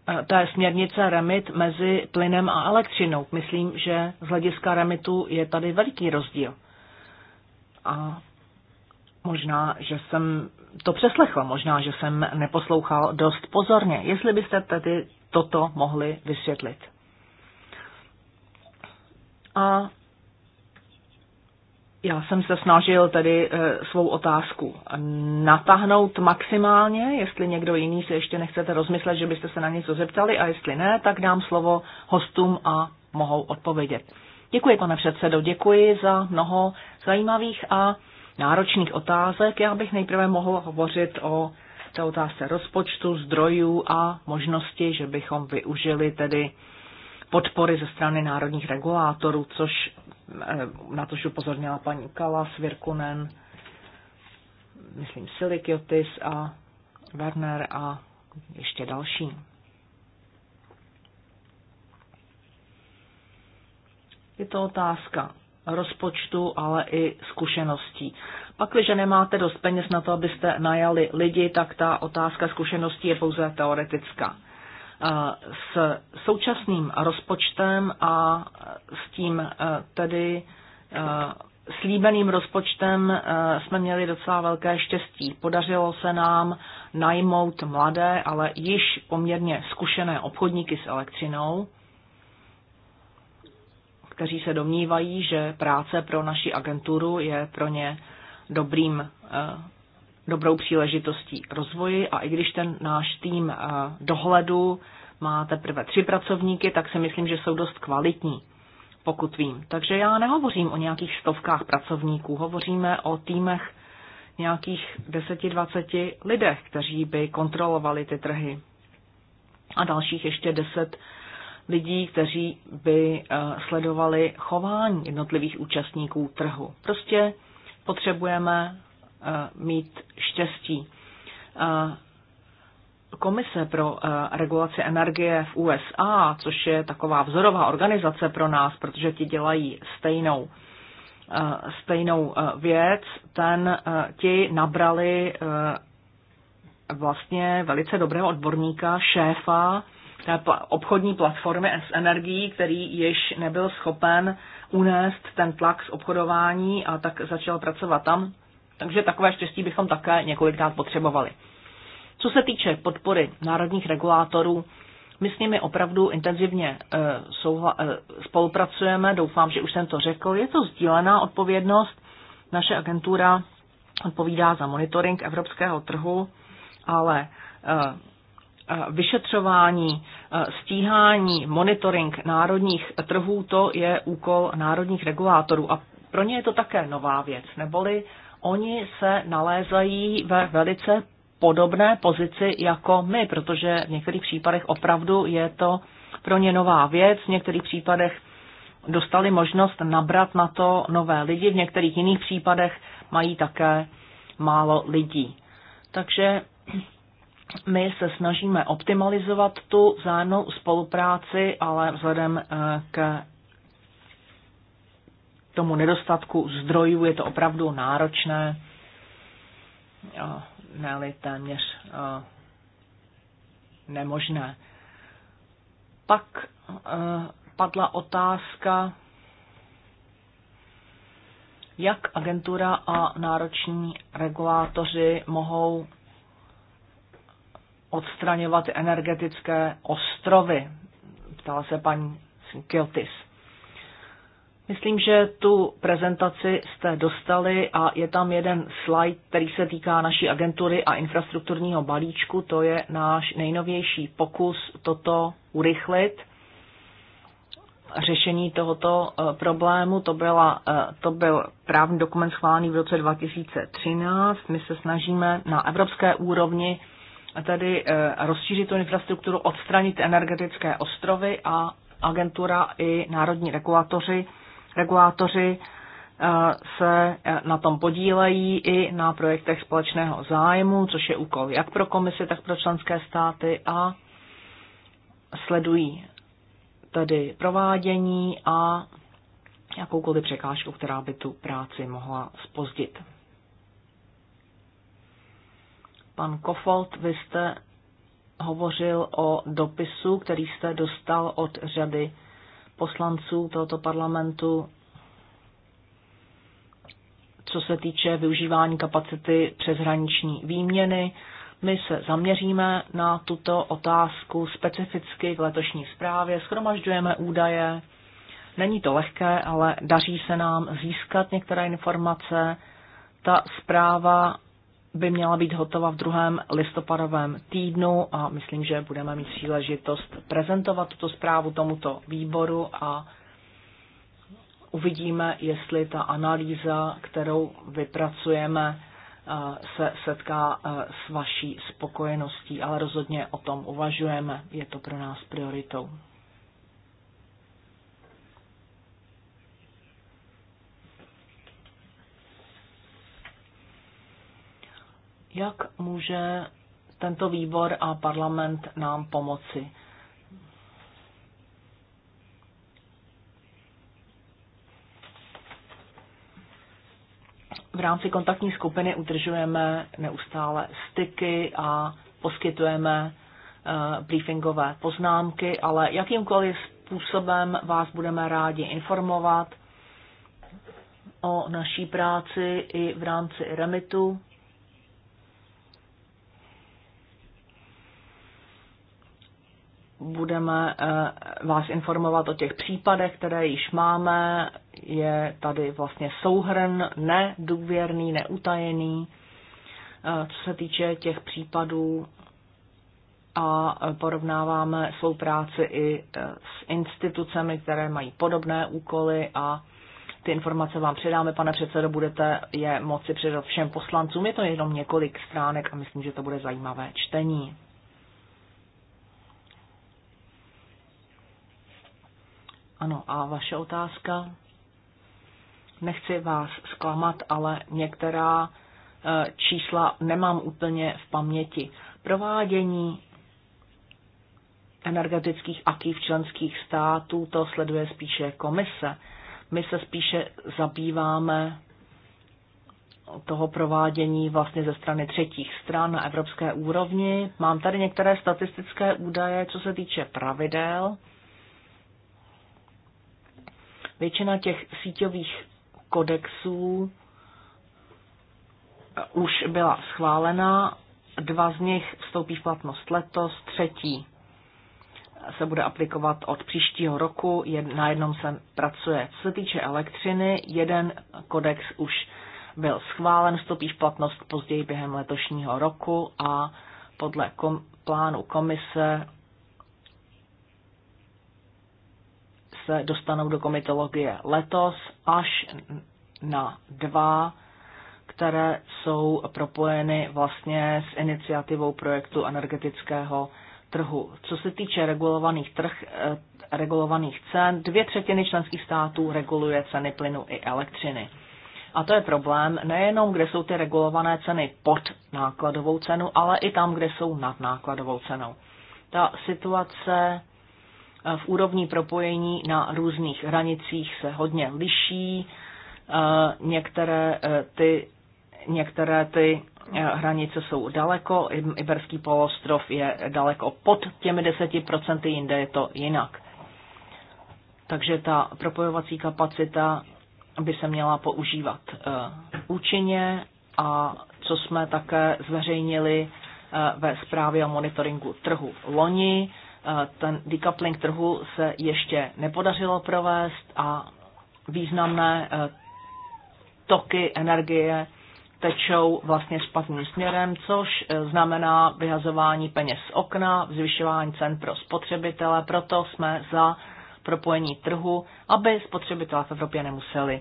e, té směrnice remit mezi plynem a elektřinou. Myslím, že z hlediska remitu je tady veliký rozdíl. A možná, že jsem to přeslechl, možná, že jsem neposlouchal dost pozorně. Jestli byste tedy toto mohli vysvětlit. A já jsem se snažil tedy eh, svou otázku natáhnout maximálně, jestli někdo jiný si ještě nechcete rozmyslet, že byste se na něco zeptali a jestli ne, tak dám slovo hostům a mohou odpovědět. Děkuji, pane předsedo, děkuji za mnoho zajímavých a náročných otázek. Já bych nejprve mohl hovořit o té otázce rozpočtu, zdrojů a možnosti, že bychom využili tedy podpory ze strany národních regulátorů, což eh, na tož upozornila paní Kala, Svirkunen, myslím Silikiotis a Werner a ještě další. Je to otázka rozpočtu, ale i zkušeností. Pak, když nemáte dost peněz na to, abyste najali lidi, tak ta otázka zkušeností je pouze teoretická. Eh, s současným rozpočtem a s tím eh, tedy eh, slíbeným rozpočtem jsme měli docela velké štěstí. Podařilo se nám najmout mladé, ale již poměrně zkušené obchodníky s elektřinou, kteří se domnívají, že práce pro naši agenturu je pro ně dobrým dobrou příležitostí rozvoji a i když ten náš tým eh, dohledu má teprve tři pracovníky, tak si myslím, že jsou dost kvalitní, pokud vím. Takže já nehovořím o nějakých stovkách pracovníků, hovoříme o týmech nějakých 10-20 lidech, kteří by kontrolovali ty trhy. A dalších ještě 10 lidí, kteří by eh, sledovali chování jednotlivých účastníků trhu. Prostě potřebujeme Eh, mít štěstí. Eh, Komise pro eh, regulaci energie v USA, což je taková vzorová organizace pro nás, protože ti dělají stejnou stejnou věc, ten ti nabrali vlastně velice dobrého odborníka, šéfa té obchodní platformy s energií, který již nebyl schopen unést ten tlak z obchodování a tak začal pracovat tam. Takže takové štěstí bychom také několikrát potřebovali. Co se týče podpory národních regulátorů, my s nimi opravdu intenzivně eh, eh, spolupracujeme, doufám, že už jsem to řekl. Je to sdílená odpovědnost. Naše agentura odpovídá za monitoring evropského trhu, ale eh, vyšetřování, stíhání, monitoring národních trhů, to je úkol národních regulátorů. A pro ně je to také nová věc, neboli oni se nalézají ve velice podobné pozici jako my, protože v některých případech opravdu je to pro ně nová věc, v některých případech dostali možnost nabrat na to nové lidi, v některých jiných případech mají také málo lidí. Takže my se snažíme optimalizovat tu vzájemnou spolupráci, ale vzhledem eh, k tomu nedostatku zdrojů je to opravdu náročné, ne téměř nemožné. Pak padla otázka, jak agentura a nároční regulátoři mohou odstraňovat energetické ostrovy, ptala se paní Kiltis. Myslím, že tu prezentaci jste dostali a je tam jeden slide, který se týká naší agentury a infrastrukturního balíčku. To je náš nejnovější pokus toto urychlit. Řešení tohoto eh, problému, to, byla, eh, to byl právní dokument schválený v roce 2013. My se snažíme na evropské úrovni tedy eh, rozšířit tu infrastrukturu, odstranit energetické ostrovy a agentura i národní regulatoři Regulátoři eh, se eh, na tom podílejí i na projektech společného zájmu, což je úkol jak pro komisi, tak pro členské státy a sledují tedy provádění a jakoukoliv překážku, která by tu práci mohla spozdit. Pan Kofold, vy jste hovořil o dopisu, který jste dostal od řady poslanců tohoto parlamentu, co se týče využívání kapacity přeshraniční výměny. My se zaměříme na tuto otázku specificky v letošní zprávě, schromažďujeme údaje. Není to lehké, ale daří se nám získat některé informace. Ta zpráva by měla být hotova v druhém listopadovém týdnu a myslím, že budeme mít příležitost prezentovat tuto zprávu tomuto výboru a uvidíme, jestli ta analýza, kterou vypracujeme, eh, se setká eh, s vaší spokojeností, ale rozhodně o tom uvažujeme. Je to pro nás prioritou. Jak může tento výbor a parlament nám pomoci? v rámci kontaktní skupiny udržujeme neustále styky a poskytujeme eh, briefingové poznámky, ale jakýmkoliv způsobem vás budeme rádi informovat o naší práci i v rámci remitu. budeme eh, vás informovat o těch případech, které již máme. Je tady vlastně souhrn nedůvěrný, neutajený, eh, co se týče těch případů a eh, porovnáváme svou práci i s institucemi, které mají podobné úkoly a ty informace vám předáme, pane předsedo, budete je moci předat všem poslancům. Je to jenom několik stránek a myslím, že to bude zajímavé čtení. Ano, a vaše otázka? Nechci vás zklamat, ale některá e, čísla nemám úplně v paměti. Provádění energetických aký v členských států, to sleduje spíše komise. My se spíše zabýváme toho provádění vlastně ze strany třetích stran na evropské úrovni. Mám tady některé statistické údaje, co se týče pravidel. Většina těch síťových kodexů eh, už byla schválena, dva z nich vstoupí v platnost letos, třetí se bude aplikovat od příštího roku, jed, na jednom se pracuje. Co se týče elektřiny, jeden kodex už byl schválen, vstoupí v platnost později během letošního roku a podle kom, plánu komise se dostanou do komitologie letos až na dva, které jsou propojeny vlastně s iniciativou projektu energetického trhu. Co se týče regulovaných, trh, eh, regulovaných cen, dvě třetiny členských států reguluje ceny plynu i elektřiny. A to je problém nejenom, kde jsou ty regulované ceny pod nákladovou cenu, ale i tam, kde jsou nad nákladovou cenou. Ta situace v úrovni propojení na různých hranicích se hodně liší. Eh, některé eh, ty, některé ty eh, hranice jsou daleko, Iberský poloostrov je daleko pod těmi 10%, jinde je to jinak. Takže ta propojovací kapacita by se měla používat účinně a co jsme také zveřejnili ve zprávě o monitoringu trhu loni, Eh, ten decoupling trhu se ještě nepodařilo provést a významné eh, toky energie tečou vlastně špatným směrem, což eh, znamená vyhazování peněz z okna, zvyšování cen pro spotřebitele. Proto jsme za propojení trhu, aby spotřebitelé v Evropě nemuseli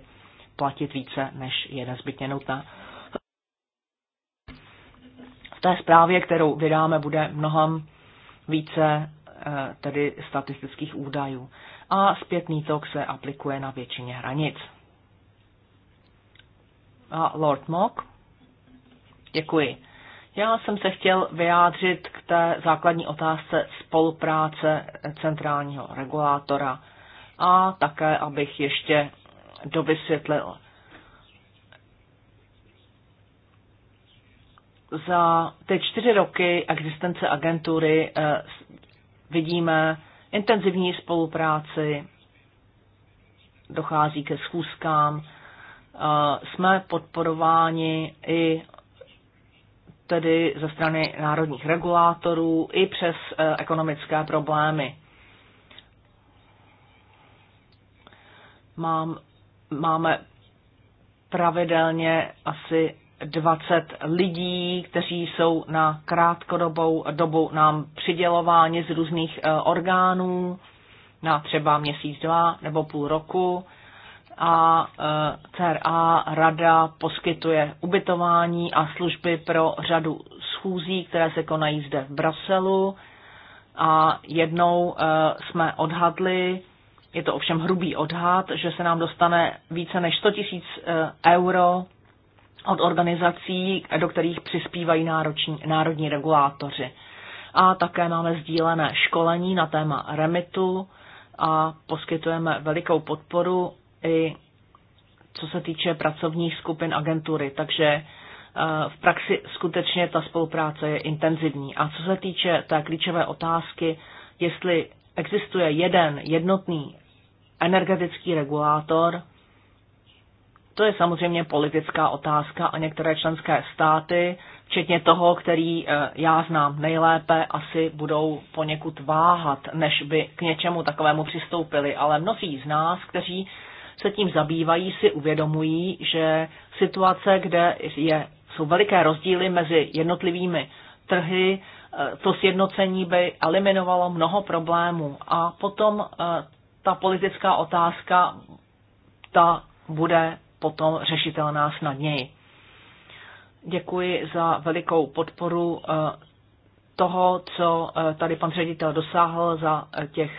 platit více, než je nezbytně nutné. V té zprávě, kterou vydáme, bude mnohem více Eh, tedy statistických údajů. A zpětný tok se aplikuje na většině hranic. A Lord Mock? Děkuji. Já jsem se chtěl vyjádřit k té základní otázce spolupráce centrálního regulátora a také, abych ještě dovysvětlil. Za ty čtyři roky existence agentury eh, vidíme intenzivní spolupráci, dochází ke schůzkám, eh, jsme podporováni i tedy ze strany národních regulátorů i přes eh, ekonomické problémy. Mám, máme pravidelně asi 20 lidí, kteří jsou na krátkodobou dobu nám přidělováni z různých eh, orgánů na třeba měsíc, dva nebo půl roku a eh, CRA rada poskytuje ubytování a služby pro řadu schůzí, které se konají zde v Bruselu. A jednou eh, jsme odhadli, je to ovšem hrubý odhad, že se nám dostane více než 100 tisíc euro od organizací, do kterých přispívají nároční, národní regulátoři. A také máme sdílené školení na téma remitu a poskytujeme velikou podporu i co se týče pracovních skupin agentury. Takže eh, v praxi skutečně ta spolupráce je intenzivní. A co se týče té klíčové otázky, jestli existuje jeden jednotný energetický regulátor, to je samozřejmě politická otázka a některé členské státy, včetně toho, který eh, já znám nejlépe, asi budou poněkud váhat, než by k něčemu takovému přistoupili. Ale mnozí z nás, kteří se tím zabývají, si uvědomují, že situace, kde je, jsou veliké rozdíly mezi jednotlivými trhy, eh, to sjednocení by eliminovalo mnoho problémů. A potom eh, ta politická otázka, ta bude potom řešitelná snadněji. Děkuji za velikou podporu eh, toho, co eh, tady pan ředitel dosáhl za eh, těch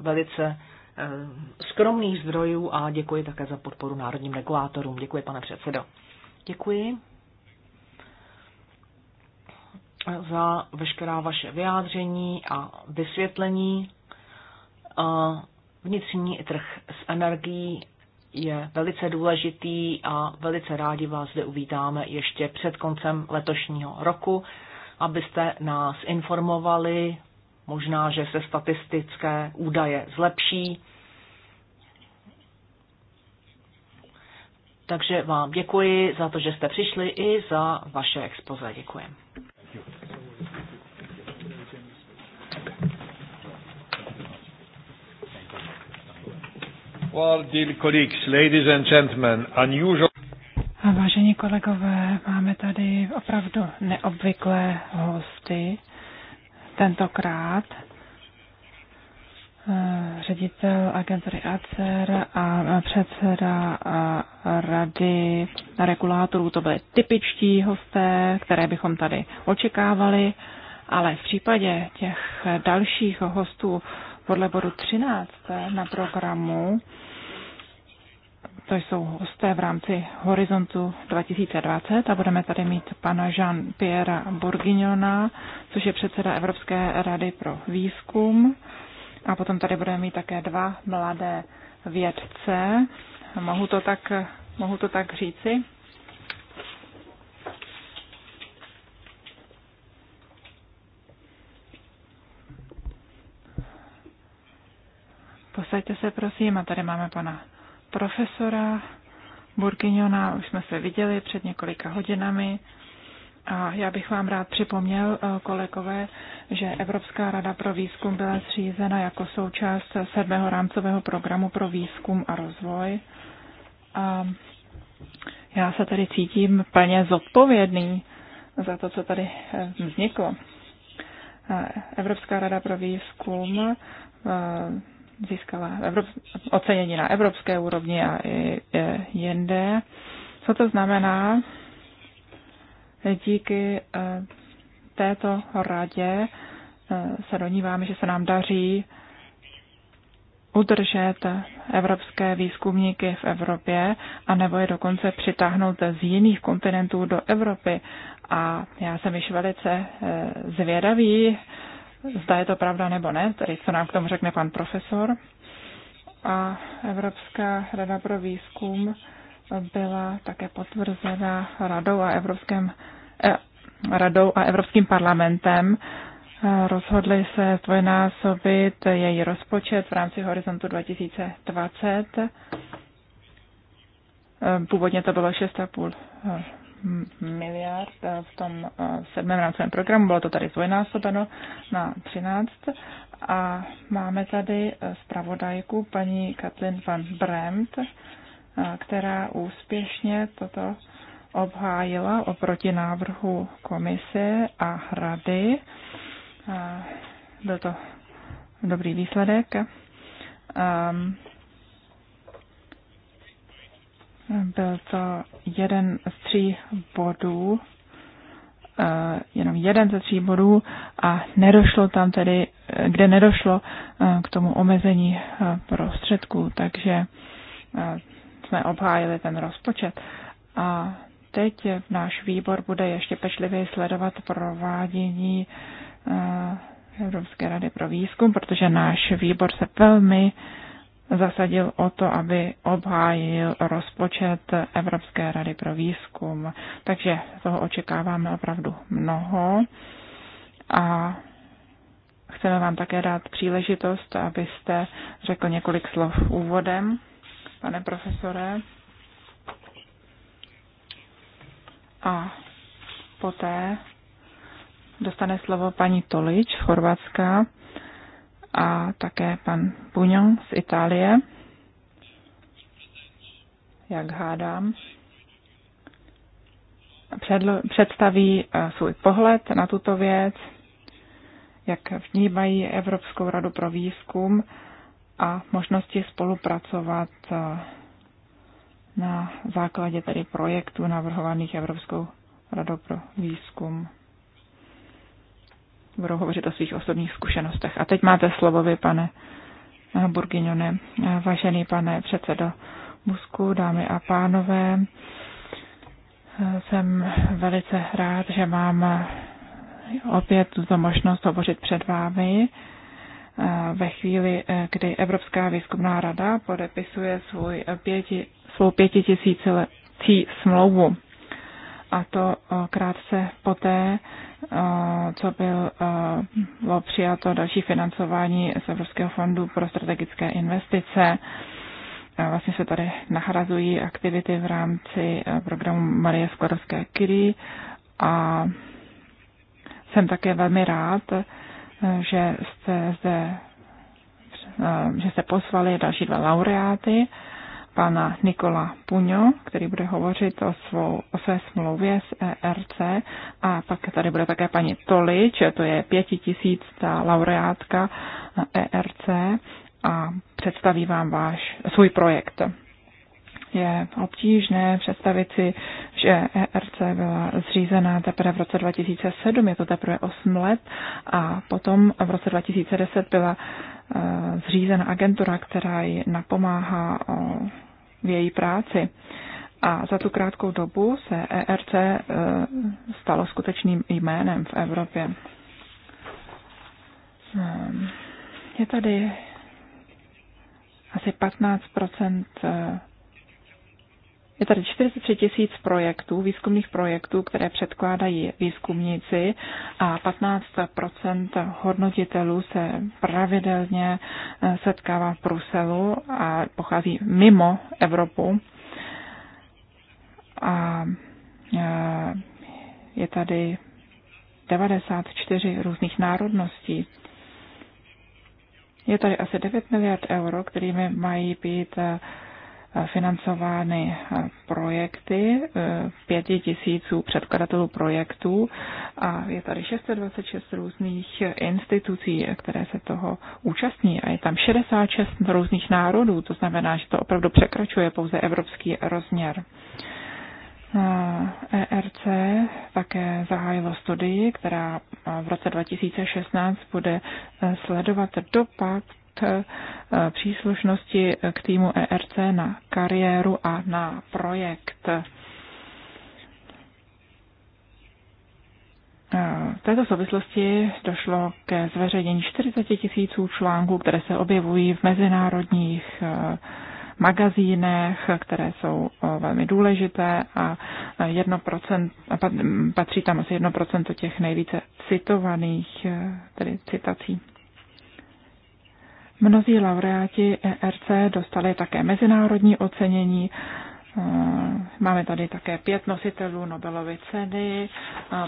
velice skromných zdrojů a děkuji také za podporu národním regulátorům. Děkuji, pane předsedo. Děkuji za veškerá vaše vyjádření a vysvětlení. Vnitřní trh s energií je velice důležitý a velice rádi vás zde uvítáme ještě před koncem letošního roku, abyste nás informovali, možná, že se statistické údaje zlepší. Takže vám děkuji za to, že jste přišli i za vaše expoze. Děkuji. A vážení kolegové, máme tady opravdu neobvyklé hosty. Tentokrát eh, ředitel agentury ACER a předseda eh, rady regulátorů. To byly typičtí hosté, které bychom tady očekávali, ale v případě těch dalších hostů podle bodu 13 na programu to jsou hosté v rámci Horizontu 2020 a budeme tady mít pana Jean-Pierre Bourguignona, což je předseda Evropské rady pro výzkum. A potom tady budeme mít také dva mladé vědce. Mohu to tak, mohu to tak říci? Posaďte se prosím a tady máme pana profesora Burgiňona už jsme se viděli před několika hodinami. A já bych vám rád připomněl, eh, kolegové, že Evropská rada pro výzkum byla zřízena jako součást sedmého rámcového programu pro výzkum a rozvoj. A já se tady cítím plně zodpovědný za to, co tady eh, vzniklo. Eh, Evropská rada pro výzkum získala Evrop, ocenění na evropské úrovni a i jinde. Co to znamená? Díky eh, této radě eh, se doníváme, že se nám daří udržet evropské výzkumníky v Evropě, anebo je dokonce přitáhnout z jiných kontinentů do Evropy. A já jsem již velice eh, zvědavý, zda je to pravda nebo ne, tedy co nám k tomu řekne pan profesor. A Evropská rada pro výzkum byla také potvrzena radou a Evropském, eh, radou a Evropským parlamentem. Rozhodli se dvojnásobit její rozpočet v rámci horizontu 2020. Původně to bylo 6,5 miliard eh, v tom eh, sedmém rámcovém programu, bylo to tady zdvojnásobeno na 13 a máme tady eh, zpravodajku paní Katlin van Bremt, která úspěšně toto obhájila oproti návrhu komise a rady. Byl to dobrý výsledek. Ehm, byl to jeden z tří bodů, eh, jenom jeden ze tří bodů a nedošlo tam tedy, eh, kde nedošlo eh, k tomu omezení prostředků, takže jsme obhájili ten rozpočet. A teď náš výbor bude ještě pečlivě sledovat provádění Evropské rady pro výzkum, protože náš výbor se velmi zasadil o to, aby obhájil rozpočet Evropské rady pro výzkum. Takže toho očekáváme opravdu mnoho a chceme vám také dát příležitost, abyste řekl několik slov úvodem, pane profesore. A poté dostane slovo paní Tolič, Chorvatska a také pan Pugnon z Itálie, jak hádám, předl- představí eh, svůj pohled na tuto věc, jak vnímají Evropskou radu pro výzkum a možnosti spolupracovat eh, na základě tedy projektů navrhovaných Evropskou radou pro výzkum budou hovořit o svých osobních zkušenostech. A teď máte slovo vy, pane eh, Burginione, eh, vážený pane předsedo Musku, dámy a pánové. Eh, jsem velice rád, že mám opět tuto možnost hovořit před vámi ve chvíli, kdy Evropská výzkumná rada podepisuje svůj pěti, svou pětitisíciletí smlouvu a to eh, krátce poté, eh, co eh, bylo přijato další financování z Evropského fondu pro strategické investice. Vlastně se tady nahrazují aktivity v rámci programu Marie Skorovské Curie a jsem také velmi rád, že jste zde že se pozvali další dva laureáty pana Nikola Puňo, který bude hovořit o, svou, o své smlouvě s ERC a pak tady bude také paní Tolič, to je pětitisícta laureátka ERC a představí vám váš, svůj projekt. Je obtížné představit si, že ERC byla zřízená teprve v roce 2007, je to teprve 8 let, a potom v roce 2010 byla Eh, zřízena agentura, která ji napomáhá v její práci. A za tu krátkou dobu se ERC eh, stalo skutečným jménem v Evropě. Eh, je tady asi 15 je tady 43 tisíc projektů, výzkumných projektů, které předkládají výzkumníci a 15 hodnotitelů se pravidelně eh, setkává v Bruselu a pochází mimo Evropu. A eh, je tady 94 různých národností. Je tady asi 9 miliard euro, kterými mají být eh, financovány eh, projekty eh, pěti tisíců předkladatelů projektů a je tady 626 různých institucí, které se toho účastní a je tam 66 různých národů, to znamená, že to opravdu překračuje pouze evropský rozměr. ERC eh, e také zahájilo studii, která v roce 2016 bude sledovat dopad Eh, příslušnosti k týmu ERC na kariéru a na projekt. Eh, v této souvislosti došlo ke zveřejnění 40 tisíců článků, které se objevují v mezinárodních eh, magazínech, které jsou velmi důležité a 1%, patří tam asi 1% těch nejvíce citovaných tedy citací. Mnozí laureáti ERC dostali také mezinárodní ocenění. Eh, máme tady také pět nositelů Nobelovy ceny,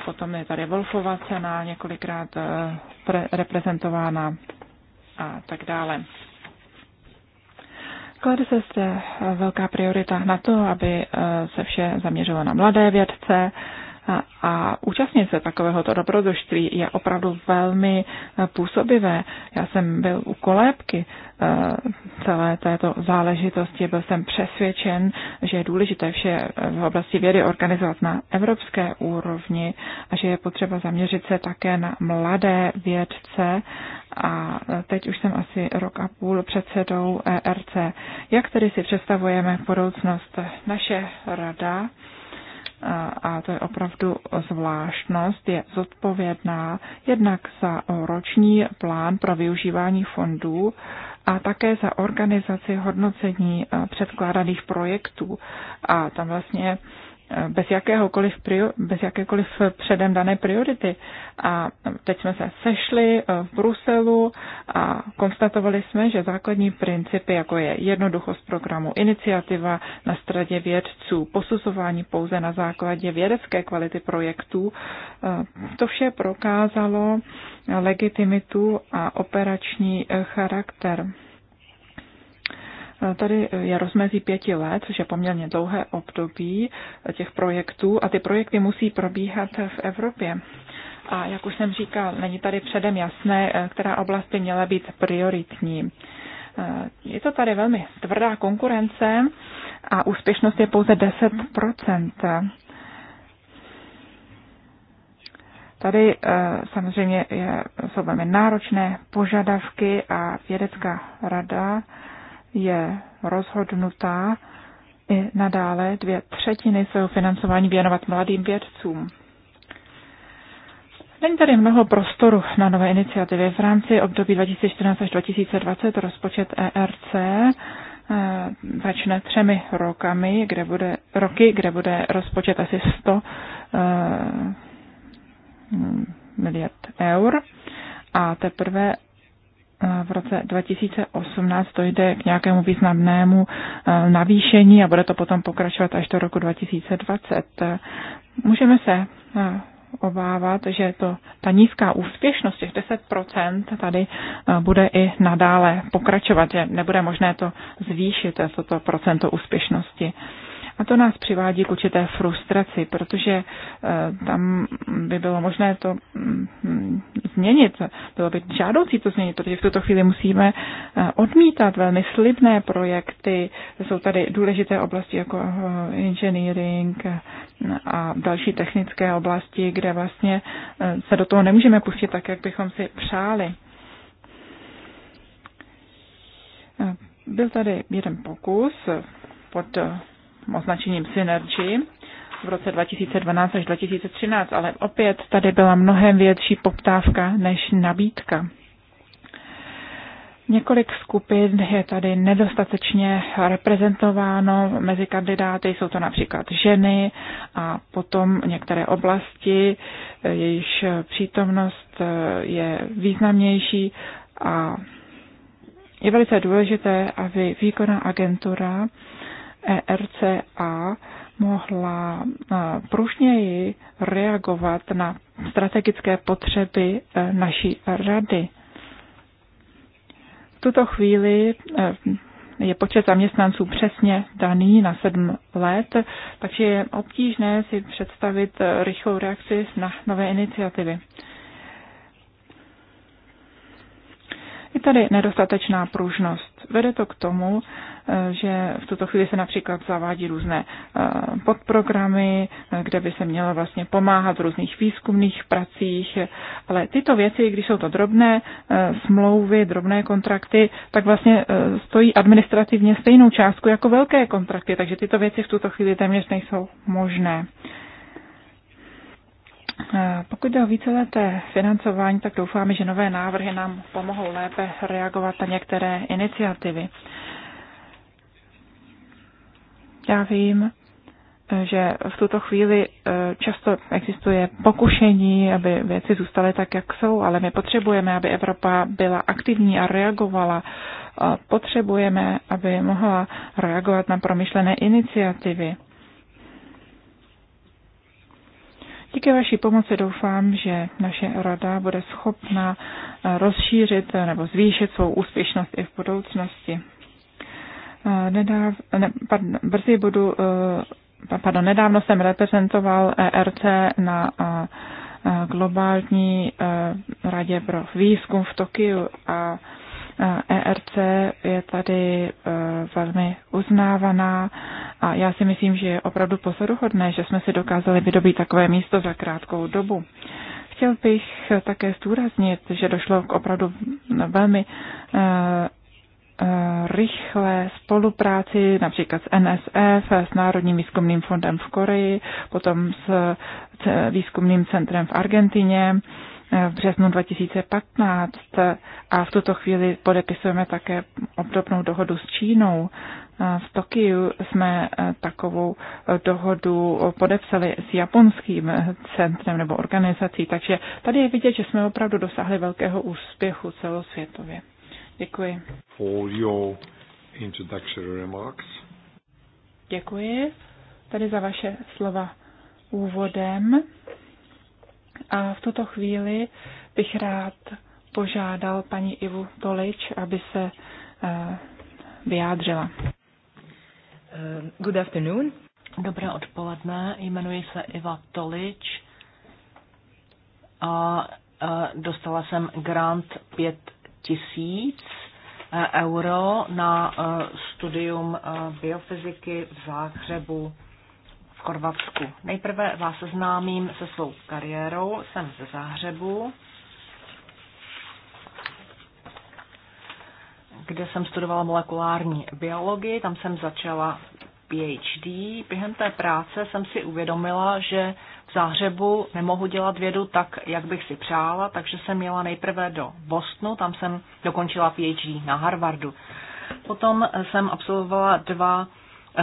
potom je tady Wolfova cena, několikrát eh, reprezentována a tak dále. Klade se zde velká priorita na to, aby eh, se vše zaměřilo na mladé vědce, a účastnit se takovéhoto dobrodružství je opravdu velmi e, působivé. Já jsem byl u kolébky e, celé této záležitosti, byl jsem přesvědčen, že je důležité vše v oblasti vědy organizovat na evropské úrovni a že je potřeba zaměřit se také na mladé vědce a teď už jsem asi rok a půl předsedou ERC. Jak tedy si představujeme budoucnost? Naše rada a to je opravdu zvláštnost, je zodpovědná jednak za roční plán pro využívání fondů a také za organizaci hodnocení předkládaných projektů. A tam vlastně bez, jakéhokoliv, bez jakékoliv předem dané priority. A teď jsme se sešli eh, v Bruselu a konstatovali jsme, že základní principy, jako je jednoduchost programu, iniciativa na straně vědců, posuzování pouze na základě vědecké kvality projektů, eh, to vše prokázalo legitimitu a operační eh, charakter. Tady je rozmezí pěti let, což je poměrně dlouhé období těch projektů a ty projekty musí probíhat v Evropě. A jak už jsem říkal, není tady předem jasné, která oblast by měla být prioritní. Je to tady velmi tvrdá konkurence a úspěšnost je pouze 10 Tady eh, samozřejmě jsou velmi náročné požadavky a vědecká rada je rozhodnutá i nadále dvě třetiny svého financování věnovat mladým vědcům. Není tady mnoho prostoru na nové iniciativy. V rámci období 2014 až 2020 rozpočet ERC eh, začne třemi rokami, kde bude, roky, kde bude rozpočet asi 100 eh, mm, miliard eur a teprve v roce 2018 to jde k nějakému významnému e, navýšení a bude to potom pokračovat až do roku 2020. Můžeme se e, obávat, že to, ta nízká úspěšnost těch 10% tady e, bude i nadále pokračovat, že nebude možné to zvýšit, toto procento úspěšnosti. A to nás přivádí k určité frustraci, protože eh, tam by bylo možné to mm, mm, změnit. Bylo by žádoucí to změnit, protože v tuto chvíli musíme eh, odmítat velmi slibné projekty. Jsou tady důležité oblasti jako eh, engineering a další technické oblasti, kde vlastně se do toho nemůžeme pustit tak, jak bychom si přáli. Byl tady jeden pokus pod označením Synergy v roce 2012 až 2013, ale opět tady byla mnohem větší poptávka než nabídka. Několik skupin je tady nedostatečně reprezentováno mezi kandidáty, jsou to například ženy a potom některé oblasti, jejichž přítomnost je významnější a je velice důležité, aby výkonná agentura ERCA mohla e, pružněji reagovat na strategické potřeby e, naší rady. V tuto chvíli e, je počet zaměstnanců přesně daný na sedm let, takže je obtížné si představit rychlou reakci na nové iniciativy. Je tady nedostatečná pružnost. Vede to k tomu, že v tuto chvíli se například zavádí různé eh, podprogramy, eh, kde by se mělo vlastně pomáhat v různých výzkumných pracích, ale tyto věci, když jsou to drobné eh, smlouvy, drobné kontrakty, tak vlastně stojí administrativně stejnou částku jako velké kontrakty, takže tyto věci v tuto chvíli téměř nejsou možné. Pokud jde o víceleté financování, tak doufáme, že nové návrhy nám pomohou lépe reagovat na některé iniciativy. Já vím, eh, že v tuto chvíli eh, často existuje pokušení, aby věci zůstaly tak, jak jsou, ale my potřebujeme, aby Evropa byla aktivní a reagovala. Potřebujeme, aby mohla reagovat na promyšlené iniciativy. Díky vaší pomoci doufám, že naše rada bude schopna eh, rozšířit nebo zvýšit svou úspěšnost i v budoucnosti nedáv, ne, pardon, brzy budu, eh, pardon, nedávno jsem reprezentoval ERC na eh, eh, globální radě pro výzkum v Tokiu a ERC e je tady velmi uznávaná a já si myslím, že je opravdu pozoruhodné, že jsme si dokázali vydobít takové místo za krátkou dobu. Chtěl bych také zdůraznit, že došlo k opravdu velmi rychlé spolupráci například s NSF, s Národním výzkumným fondem v Koreji, potom s výzkumným centrem v Argentině eh, v březnu 2015 a v tuto chvíli podepisujeme také obdobnou dohodu s Čínou. Eh, v Tokiu jsme eh, takovou dohodu podepsali s japonským centrem nebo organizací, takže tady je vidět, že jsme opravdu dosáhli velkého úspěchu celosvětově. Děkuji. For your introductory remarks. Děkuji tady za vaše slova úvodem. A v tuto chvíli bych rád požádal paní Ivu Tolič, aby se eh, vyjádřila. Eh, good afternoon. Dobré odpoledne, jmenuji se Iva Tolič a eh, dostala jsem grant 5 tisíc eh, euro na eh, studium eh, biofyziky v Záhřebu v Chorvatsku. Nejprve vás seznámím se svou kariérou. Jsem ze Záhřebu, kde jsem studovala molekulární biologii. Tam jsem začala PhD. Během té práce jsem si uvědomila, že v Záhřebu, nemohu dělat vědu tak, jak bych si přála, takže jsem jela nejprve do Bostonu, tam jsem dokončila PhD na Harvardu. Potom jsem absolvovala dva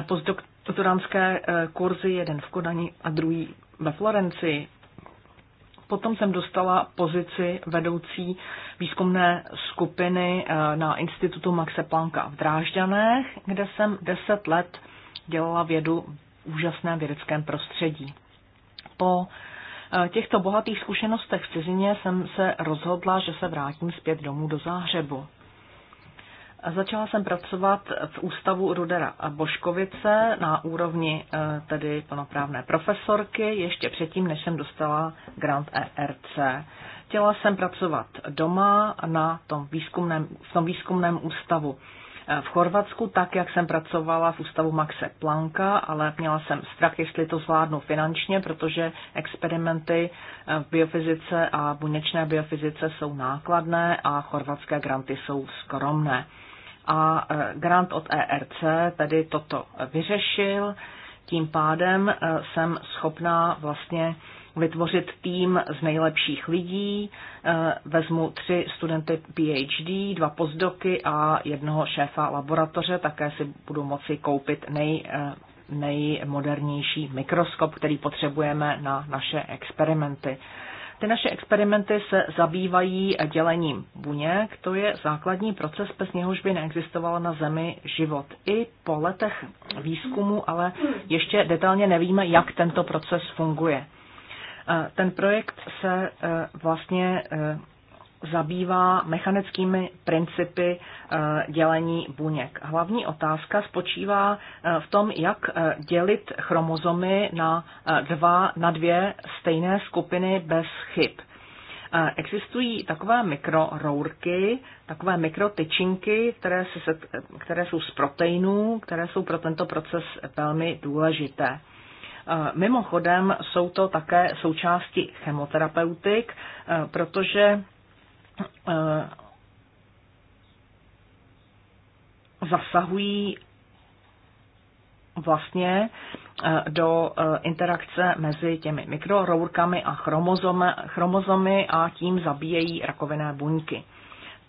postdoktorantské eh, kurzy, jeden v Kodani a druhý ve Florencii. Potom jsem dostala pozici vedoucí výzkumné skupiny eh, na Institutu Maxe Plancka v Drážďanech, kde jsem deset let dělala vědu v úžasném vědeckém prostředí po eh, těchto bohatých zkušenostech v cizině jsem se rozhodla, že se vrátím zpět domů do Záhřebu. Začala jsem pracovat v ústavu Rudera Boškovice na úrovni eh, tedy plnoprávné profesorky ještě předtím, než jsem dostala grant ERC. Chtěla jsem pracovat doma na tom výzkumném, v tom výzkumném ústavu v Chorvatsku, tak jak jsem pracovala v ústavu Maxe Planka, ale měla jsem strach, jestli to zvládnu finančně, protože experimenty v biofyzice a buněčné biofyzice jsou nákladné a chorvatské granty jsou skromné. A e, grant od ERC tedy toto vyřešil, tím pádem e, jsem schopná vlastně vytvořit tým z nejlepších lidí. Eh, vezmu tři studenty PhD, dva postdoky a jednoho šéfa laboratoře. Také si budu moci koupit nej, eh, nejmodernější mikroskop, který potřebujeme na naše experimenty. Ty naše experimenty se zabývají dělením buněk, to je základní proces, bez něhož by neexistoval na Zemi život. I po letech výzkumu, ale ještě detailně nevíme, jak tento proces funguje. Ten projekt se e, vlastně e, zabývá mechanickými principy e, dělení buněk. Hlavní otázka spočívá v tom, jak dělit chromozomy na, dva, na dvě stejné skupiny bez chyb. Existují takové mikrorourky, takové mikrotyčinky, které, se, které jsou z proteinů, které jsou pro tento proces velmi důležité. Eh, mimochodem jsou to také součásti chemoterapeutik, eh, protože eh, zasahují vlastně do interakce mezi těmi mikrorourkami a chromozomy a tím zabíjejí rakovinné buňky.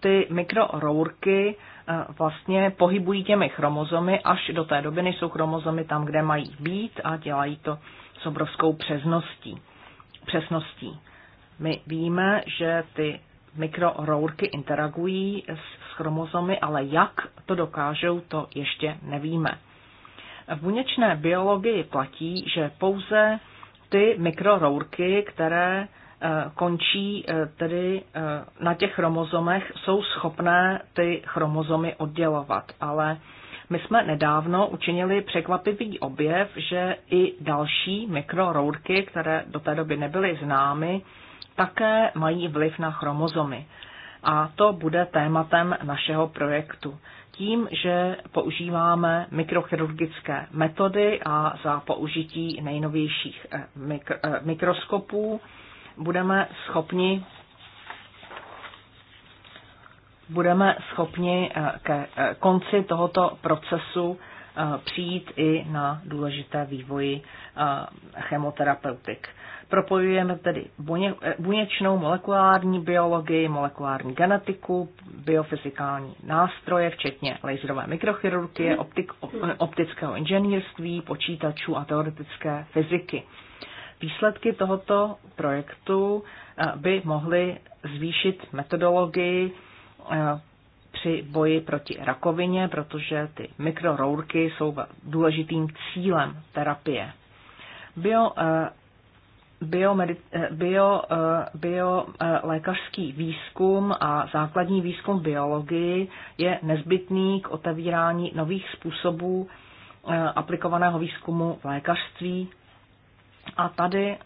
Ty mikrorourky Eh, vlastně pohybují těmi chromozomy až do té doby, než jsou chromozomy tam, kde mají být a dělají to s obrovskou přesností. přesností. My víme, že ty mikrorourky interagují s, s chromozomy, ale jak to dokážou, to ještě nevíme. V buněčné biologii platí, že pouze ty mikrorourky, které Eh, končí eh, tedy eh, na těch chromozomech, jsou schopné ty chromozomy oddělovat. Ale my jsme nedávno učinili překvapivý objev, že i další mikroroudky, které do té doby nebyly známy, také mají vliv na chromozomy. A to bude tématem našeho projektu. Tím, že používáme mikrochirurgické metody a za použití nejnovějších mikroskopů, budeme schopni budeme schopni eh, ke eh, konci tohoto procesu eh, přijít i na důležité vývoji chemoterapeutik. Propojujeme tedy buněčnou molekulární biologii, molekulární genetiku, biofyzikální nástroje, včetně laserové mikrochirurgie, optik, optického inženýrství, počítačů a teoretické fyziky. Výsledky tohoto projektu eh, by mohly zvýšit metodologii eh, při boji proti rakovině, protože ty mikrorourky jsou důležitým cílem terapie. Bio, eh, bio, bio, bio lékařský výzkum a základní výzkum biologii je nezbytný k otevírání nových způsobů aplikovaného výzkumu v lékařství a tady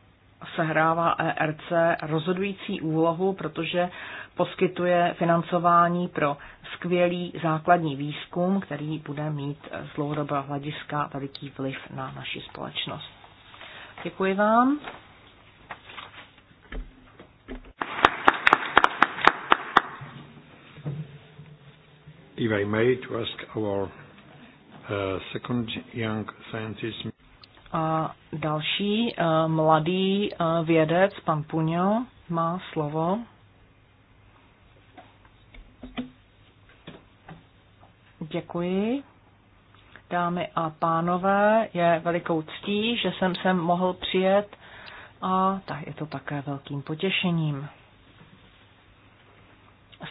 sehrává ERC rozhodující úlohu, protože poskytuje financování pro skvělý základní výzkum, který bude mít z dlouhodobého hlediska veliký vliv na naši společnost. Děkuji vám. If I may, to ask our uh, second young scientist. A další eh, mladý eh, vědec, pan Puňo, má slovo. Děkuji. Dámy a pánové, je velikou ctí, že jsem sem mohl přijet a tak je to také velkým potěšením.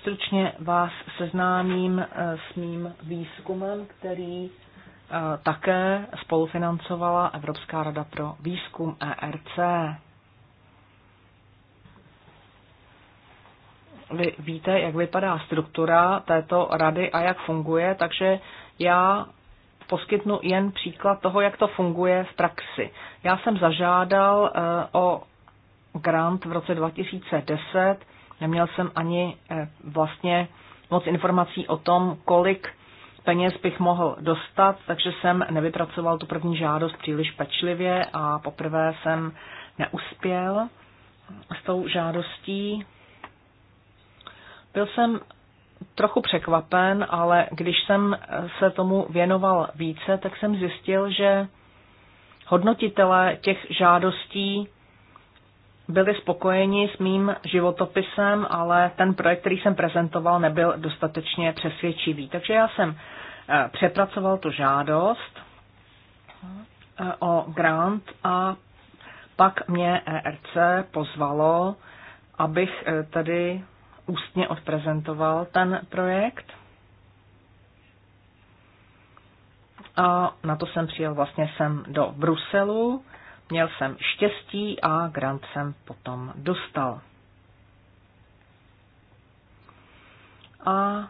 Stručně vás seznámím eh, s mým výzkumem, který E, také spolufinancovala Evropská rada pro výzkum ERC. Vy víte, jak vypadá struktura této rady a jak funguje, takže já poskytnu jen příklad toho, jak to funguje v praxi. Já jsem zažádal e, o grant v roce 2010, neměl jsem ani e, vlastně moc informací o tom, kolik peněz bych mohl dostat, takže jsem nevypracoval tu první žádost příliš pečlivě a poprvé jsem neuspěl s tou žádostí. Byl jsem trochu překvapen, ale když jsem se tomu věnoval více, tak jsem zjistil, že hodnotitele těch žádostí byli spokojeni s mým životopisem, ale ten projekt, který jsem prezentoval, nebyl dostatečně přesvědčivý. Takže já jsem eh, přepracoval tu žádost eh, o grant a pak mě ERC pozvalo, abych eh, tedy ústně odprezentoval ten projekt. A na to jsem přijel vlastně sem do Bruselu Měl jsem štěstí a grant jsem potom dostal. A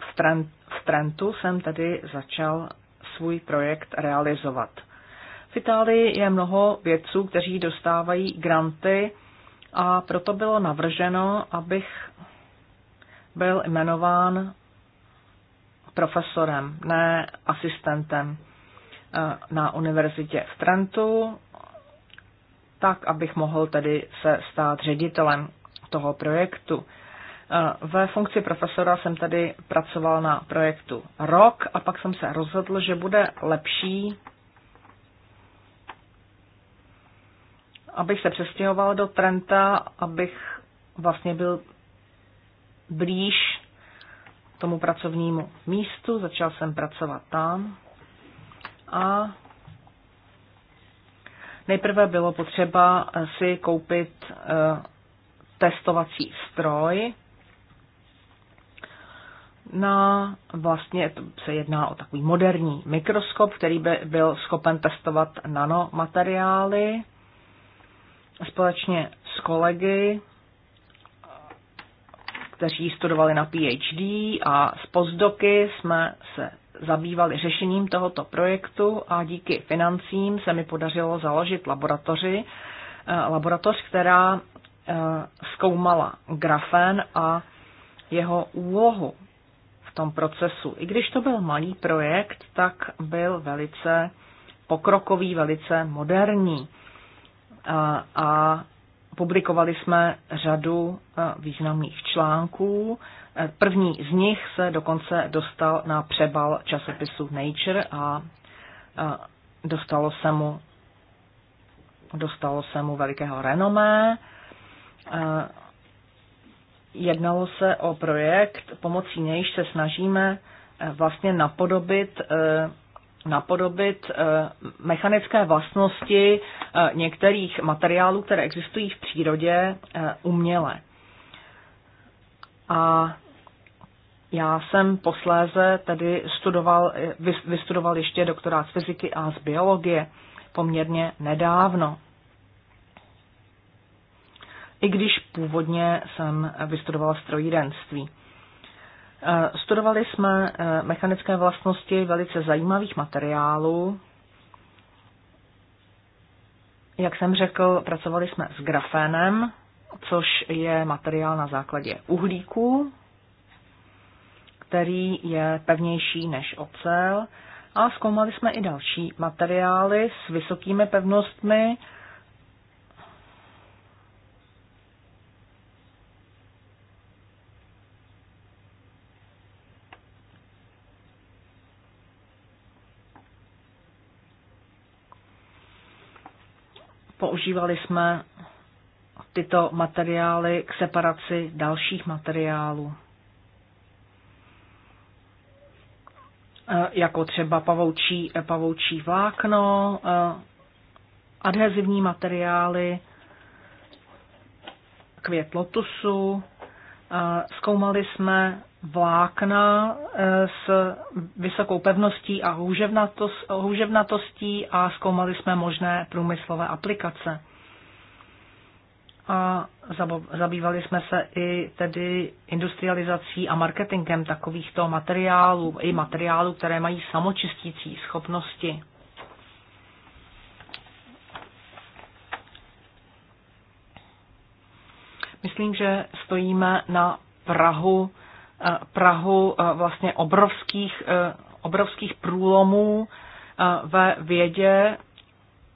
v, Trentu jsem tedy začal svůj projekt realizovat. V Itálii je mnoho vědců, kteří dostávají granty a proto bylo navrženo, abych byl jmenován profesorem, ne asistentem. Eh, na univerzitě v Trentu, tak abych mohl tedy se stát ředitelem toho projektu. Eh, ve funkci profesora jsem tady pracoval na projektu rok a pak jsem se rozhodl, že bude lepší, abych se přestěhoval do Trenta, abych vlastně byl blíž tomu pracovnímu místu. Začal jsem pracovat tam. A nejprve bylo potřeba si koupit eh, testovací stroj. Na no, vlastně to se jedná o takový moderní mikroskop, který by byl schopen testovat nanomateriály. Společně s kolegy kteří studovali na PhD a s pozdoky jsme se zabývali řešením tohoto projektu a díky financím se mi podařilo založit laboratoři, eh, laboratoř, která eh, zkoumala grafen a jeho úlohu v tom procesu. I když to byl malý projekt, tak byl velice pokrokový, velice moderní eh, a publikovali jsme řadu eh, významných článků. Eh, první z nich se dokonce dostal na přebal časopisu Nature a eh, dostalo se mu, dostalo se mu velikého renomé. Jednalo se o projekt, pomocí nějž se snažíme vlastně napodobit napodobit eh, mechanické vlastnosti eh, některých materiálů, které existují v přírodě, eh, uměle. A já jsem posléze tedy studoval, vystudoval ještě doktorát z fyziky a z biologie poměrně nedávno. I když původně jsem vystudoval strojírenství. Eh, studovali jsme eh, mechanické vlastnosti velice zajímavých materiálů. Jak jsem řekl, pracovali jsme s grafénem, což je materiál na základě uhlíku, který je pevnější než ocel. A zkoumali jsme i další materiály s vysokými pevnostmi, používali jsme tyto materiály k separaci dalších materiálů. E, jako třeba pavoučí, e, pavoučí vlákno, e, adhezivní materiály, květ lotusu. Zkoumali jsme vlákna eh, s vysokou pevností a houževnatostí a zkoumali jsme možné průmyslové aplikace. A zabývali jsme se i tedy industrializací a marketingem takovýchto materiálů, i materiálů, které mají samočistící schopnosti. Myslím, že stojíme na Prahu Eh, prahu eh, vlastně obrovských, eh, obrovských průlomů ve vědě.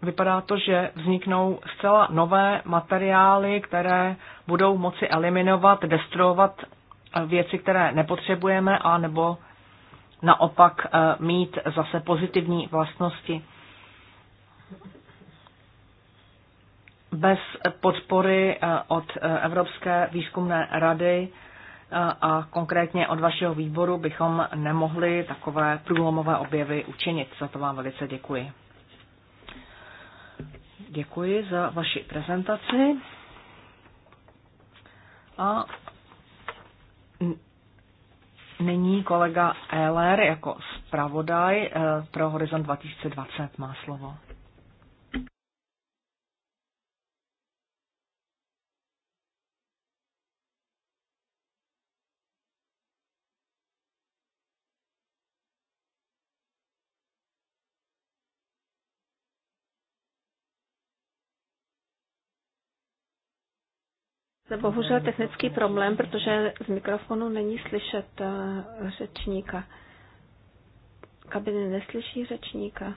Vypadá to, že vzniknou zcela nové materiály, které budou moci eliminovat, destruovat věci, které nepotřebujeme, a nebo naopak mít zase pozitivní vlastnosti. Bez podpory od Evropské výzkumné rady a konkrétně od vašeho výboru bychom nemohli takové průlomové objevy učinit. Za to vám velice děkuji. Děkuji za vaši prezentaci. A nyní kolega Eller jako zpravodaj eh, pro Horizont 2020 má slovo. Bohužel technický problém, protože z mikrofonu není slyšet eh, řečníka. Kabiny neslyší řečníka.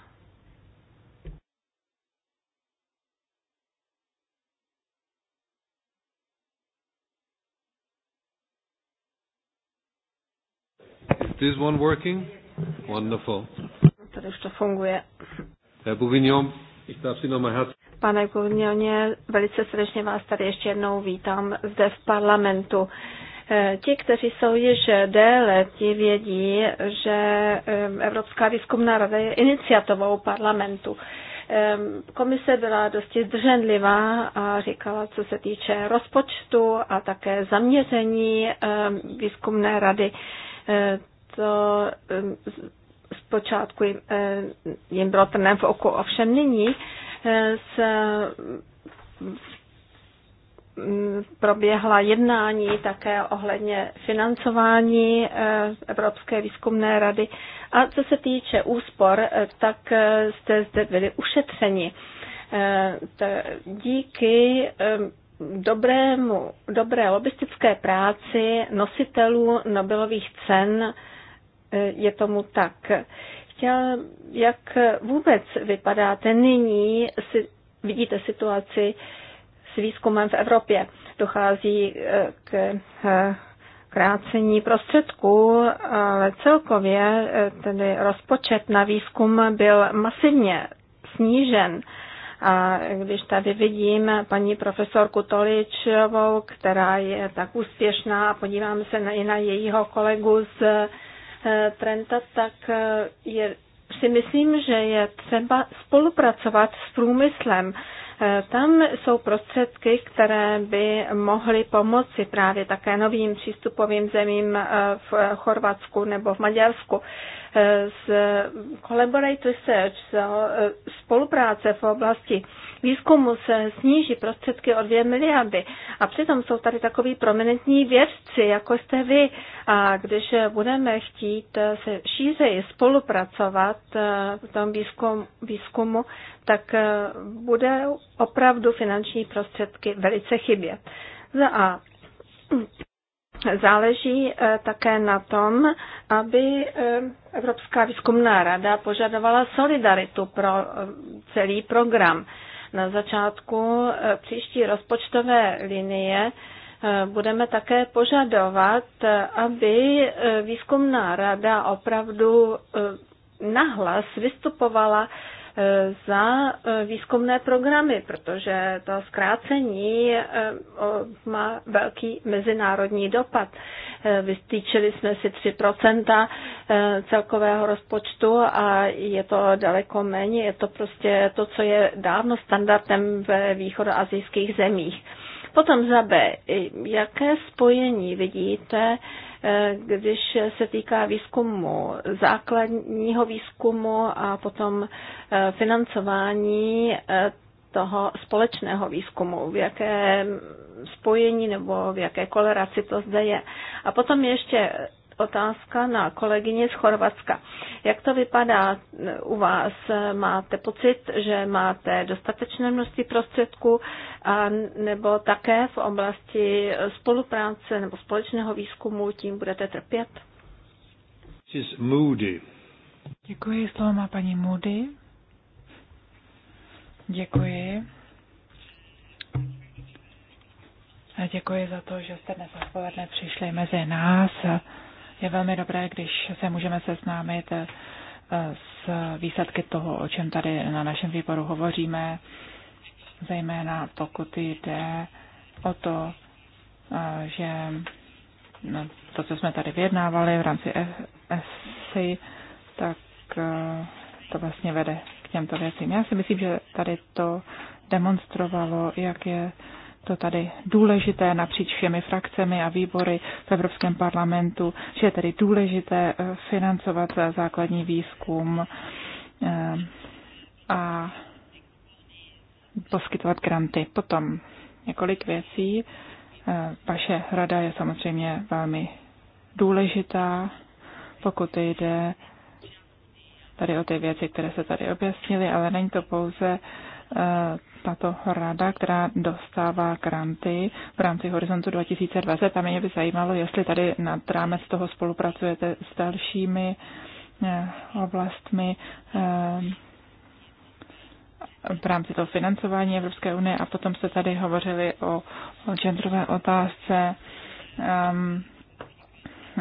Is this one working? Wonderful. Tady už to funguje. Herr Bouvignon, ich darf Sie nochmal herzlich Pane Gurnioně, velice srdečně vás tady ještě jednou vítám zde v parlamentu. Eh, ti, kteří jsou již déle, ti vědí, že eh, Evropská výzkumná rada je iniciativou parlamentu. Eh, komise byla dosti zdrženlivá a říkala, co se týče rozpočtu a také zaměření výzkumné rady, to zpočátku jim bylo trnem v oku, ovšem nyní s proběhla jednání také ohledně financování eh, Evropské výzkumné rady. A co se týče úspor, eh, tak eh, jste zde byli ušetřeni. Díky dobrému, dobré lobistické práci nositelů Nobelových cen je tomu tak chtěl, jak vůbec vypadáte nyní, si, vidíte situaci s výzkumem v Evropě. Dochází eh, k eh, krácení prostředků, ale celkově eh, tedy rozpočet na výzkum byl masivně snížen. A když tady vidím paní profesorku Toličovou, která je tak úspěšná, a podívám se i na jejího kolegu z Eh, Trenta, tak eh, je, si myslím, že je třeba spolupracovat s průmyslem. Eh, tam jsou prostředky, které by mohly pomoci právě také novým přístupovým zemím v Chorvatsku nebo v Maďarsku z Collaborate Research, z spolupráce v oblasti výzkumu se sníží prostředky o 2 miliardy. A přitom jsou tady takový prominentní vědci, jako jste vy. A když budeme chtít eh, se šířeji spolupracovat eh, v tom výzkum, výzkumu, tak eh, bude opravdu finanční prostředky velice chybět. Za A. Záleží eh, také na tom, aby eh, Evropská výzkumná rada požadovala solidaritu pro eh, celý program. Na začátku příští rozpočtové linie budeme také požadovat, aby výzkumná rada opravdu nahlas vystupovala za e, výzkumné programy, protože to zkrácení e, má velký mezinárodní dopad. E, vystýčili jsme si 3% celkového rozpočtu a je to daleko méně. Je to prostě to, co je dávno standardem ve východoazijských zemích. Potom za B, jaké spojení vidíte když se týká výzkumu, základního výzkumu a potom eh, financování eh, toho společného výzkumu, v jaké spojení nebo v jaké koleraci to zde je. A potom ještě otázka na kolegyně z Chorvatska. Jak to vypadá u vás? Máte pocit, že máte dostatečné množství prostředků a nebo také v oblasti spolupráce nebo společného výzkumu tím budete trpět? Moody. Děkuji, slovo má paní Moody. Děkuji. Děkuji za to, že jste dnes odpoledne přišli mezi nás. Je velmi dobré, když se můžeme seznámit eh, s výsledky toho, o čem tady na našem výboru hovoříme, zejména pokud jde o to, eh, že no, to, co jsme tady vyjednávali v rámci ESI, tak eh, to vlastně vede k těmto věcím. Já si myslím, že tady to demonstrovalo, jak je to tady důležité napříč všemi frakcemi a výbory v Evropském parlamentu, že je tady důležité eh, financovat eh, základní výzkum eh, a poskytovat granty. Potom několik věcí. Vaše rada je samozřejmě velmi důležitá, pokud jde tady o ty věci, které se tady objasnily, ale není to pouze uh, Eh, tato rada, která dostává granty v rámci Horizontu 2020. A mě by zajímalo, jestli tady nad rámec toho spolupracujete s dalšími eh, oblastmi eh, v rámci toho financování Evropské unie a potom jste tady hovořili o, o genderové otázce. Um,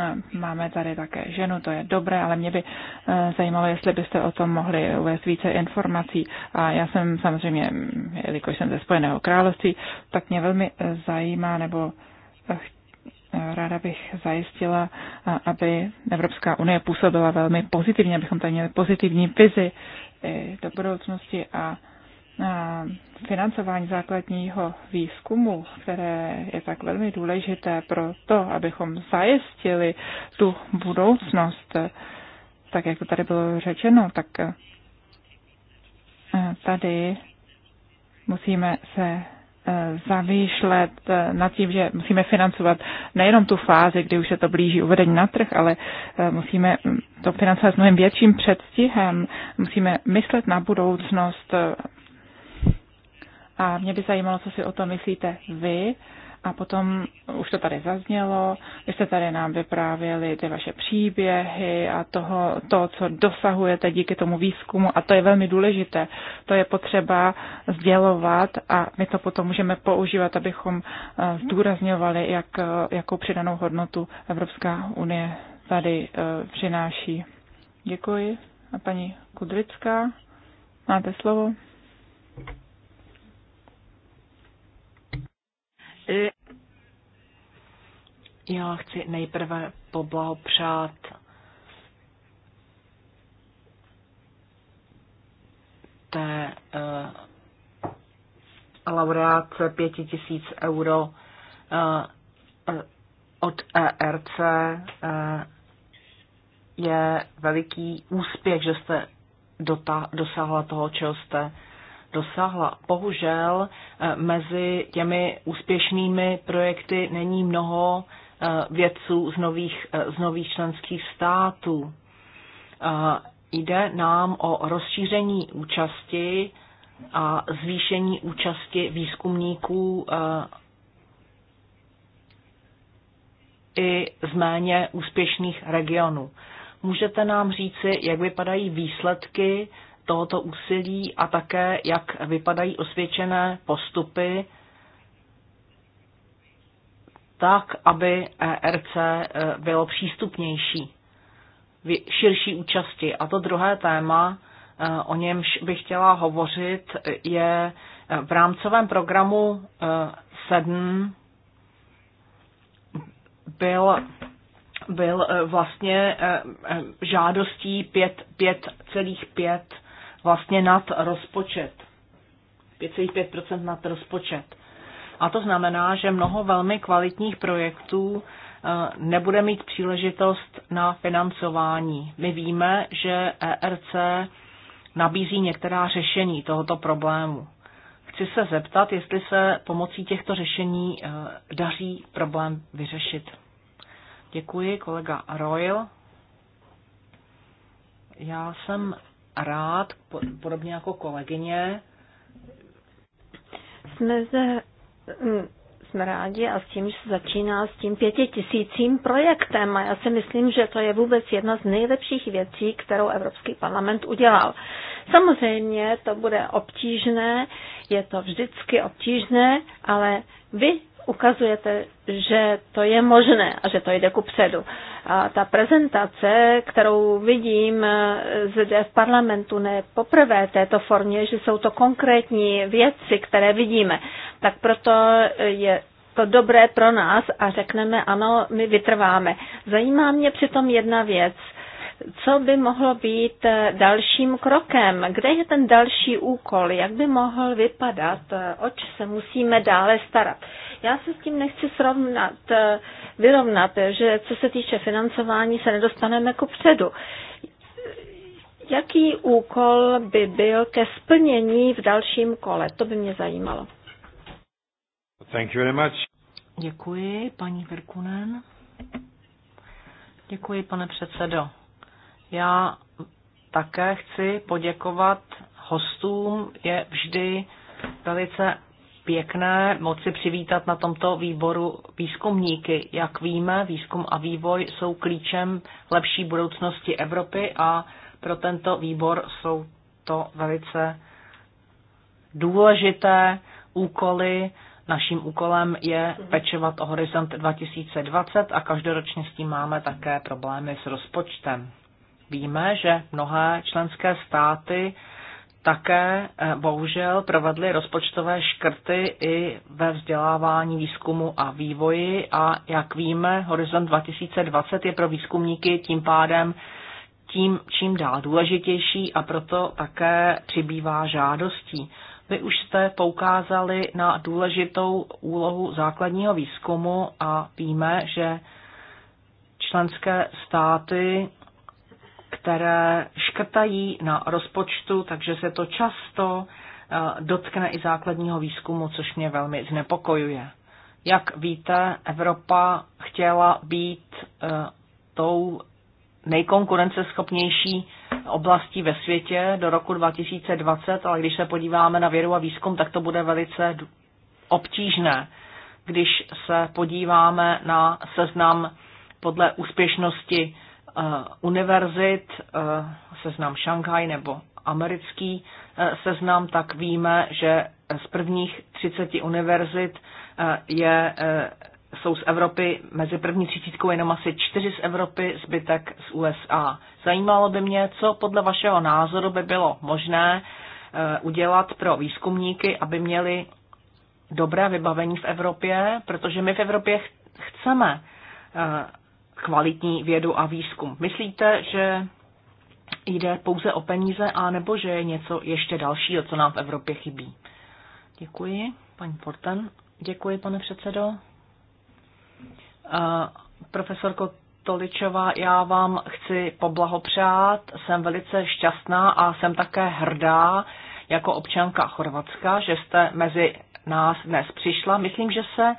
Eh, máme tady také ženu, to je dobré, ale mě by eh, zajímalo, jestli byste o tom mohli uvést více informací. A já jsem samozřejmě, jelikož jsem ze Spojeného království, tak mě velmi eh, zajímá, nebo ráda bych zajistila, aby Evropská unie působila velmi pozitivně, abychom tady měli pozitivní vizi do budoucnosti a financování základního výzkumu, které je tak velmi důležité pro to, abychom zajistili tu budoucnost, tak jak to tady bylo řečeno, tak eh, tady musíme se eh, zavýšlet eh, nad tím, že musíme financovat nejenom tu fázi, kdy už se to blíží uvedení na trh, ale musíme mm, to financovat s mnohem větším předstihem, musíme myslet na budoucnost, a mě by zajímalo, co si o tom myslíte vy. A potom už to tady zaznělo, vy jste tady nám vyprávěli ty vaše příběhy a toho, to, co dosahujete díky tomu výzkumu a to je velmi důležité. To je potřeba sdělovat a my to potom můžeme používat, abychom eh, zdůrazňovali, jak, eh, jakou přidanou hodnotu Evropská unie tady eh, přináší. Děkuji. A paní Kudrická, máte slovo. Já chci nejprve poblahopřát té uh, laureátce 5000 euro uh, od ERC. Uh, eh, je veliký úspěch, že jste dota, dosáhla toho, čeho jste dosáhla. Bohužel eh, mezi těmi úspěšnými projekty není mnoho eh, vědců z nových, eh, z nových členských států. Jde nám o rozšíření účasti a zvýšení účasti výzkumníků i z méně úspěšných regionů. Můžete nám říci, jak vypadají výsledky tohoto úsilí a také, jak vypadají osvědčené postupy, tak, aby ERC e, bylo přístupnější širší účasti. A to druhé téma, e, o němž bych chtěla hovořit, je e, v rámcovém programu 7 byl, byl vlastně žádostí 5,5 vlastně nad rozpočet. 5,5 nad rozpočet. A to znamená, že mnoho velmi kvalitních projektů eh, nebude mít příležitost na financování. My víme, že ERC nabízí některá řešení tohoto problému. Chci se zeptat, jestli se pomocí těchto řešení eh, daří problém vyřešit. Děkuji, kolega Royal. Já jsem rád, podobně jako kolegyně. Jsme, ze, hm, jsme rádi a s tím, že se začíná s tím pětitisícím projektem a já si myslím, že to je vůbec jedna z nejlepších věcí, kterou Evropský parlament udělal. Samozřejmě to bude obtížné, je to vždycky obtížné, ale vy ukazujete, že to je možné a že to jde ku předu. A ta prezentace, kterou vidím zde v parlamentu ne poprvé této formě, že jsou to konkrétní věci, které vidíme, tak proto je to dobré pro nás a řekneme ano, my vytrváme. Zajímá mě přitom jedna věc – co by mohlo být eh, dalším krokem? Kde je ten další úkol? Jak by mohl vypadat? Eh, oč se musíme dále starat? Já se s tím nechci srovnat, eh, vyrovnat, že co se týče financování, se nedostaneme ku předu. Jaký úkol by byl ke splnění v dalším kole? To by mě zajímalo. Thank you very much. Děkuji, paní Virkunen. Děkuji, pane předsedo. Já také chci poděkovat hostům. Je vždy velice pěkné moci přivítat na tomto výboru výzkumníky. Jak víme, výzkum a vývoj jsou klíčem lepší budoucnosti Evropy a pro tento výbor jsou to velice důležité úkoly. Naším úkolem je pečovat o horizont 2020 a každoročně s tím máme také problémy s rozpočtem. Víme, že mnohé členské státy také eh, bohužel provedly rozpočtové škrty i ve vzdělávání, výzkumu a vývoji a jak víme, Horizont 2020 je pro výzkumníky tím pádem tím čím dál důležitější a proto také přibývá žádostí. Vy už jste poukázali na důležitou úlohu základního výzkumu a víme, že členské státy které škrtají na rozpočtu, takže se to často eh, dotkne i základního výzkumu, což mě velmi znepokojuje. Jak víte, Evropa chtěla být eh, tou nejkonkurenceschopnější oblastí ve světě do roku 2020, ale když se podíváme na vědu a výzkum, tak to bude velice obtížné. Když se podíváme na seznam podle úspěšnosti Eh, univerzit, eh, seznam Šanghaj nebo americký eh, seznam, tak víme, že z prvních 30 univerzit je, jsou z Evropy, mezi první třicítkou jenom asi čtyři z Evropy, zbytek z USA. Zajímalo by mě, co podle vašeho názoru by bylo možné udělat pro výzkumníky, aby měli dobré vybavení v Evropě, protože my v Evropě chceme kvalitní vědu a výzkum. Myslíte, že jde pouze o peníze, a nebo že je něco ještě dalšího, co nám v Evropě chybí? Děkuji, paní Porten. Děkuji, pane předsedo. Eh, profesorko Toličová, já vám chci poblahopřát. Jsem velice šťastná a jsem také hrdá jako občanka Chorvatska, že jste mezi nás dnes přišla. Myslím, že se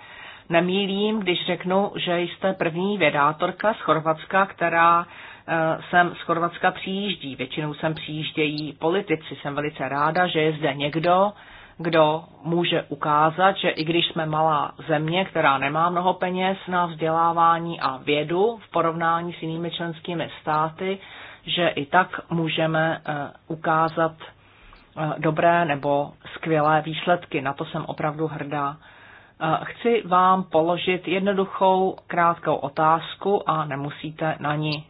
nemýlím, když řeknu, že jste první vědátorka z Chorvatska, která eh, sem z Chorvatska přijíždí. Většinou sem přijíždějí politici. Jsem velice ráda, že je zde někdo, kdo může ukázat, že i když jsme malá země, která nemá mnoho peněz na vzdělávání a vědu v porovnání s jinými členskými státy, že i tak můžeme eh, ukázat eh, dobré nebo skvělé výsledky. Na to jsem opravdu hrdá. Chci vám položit jednoduchou, krátkou otázku a nemusíte na ní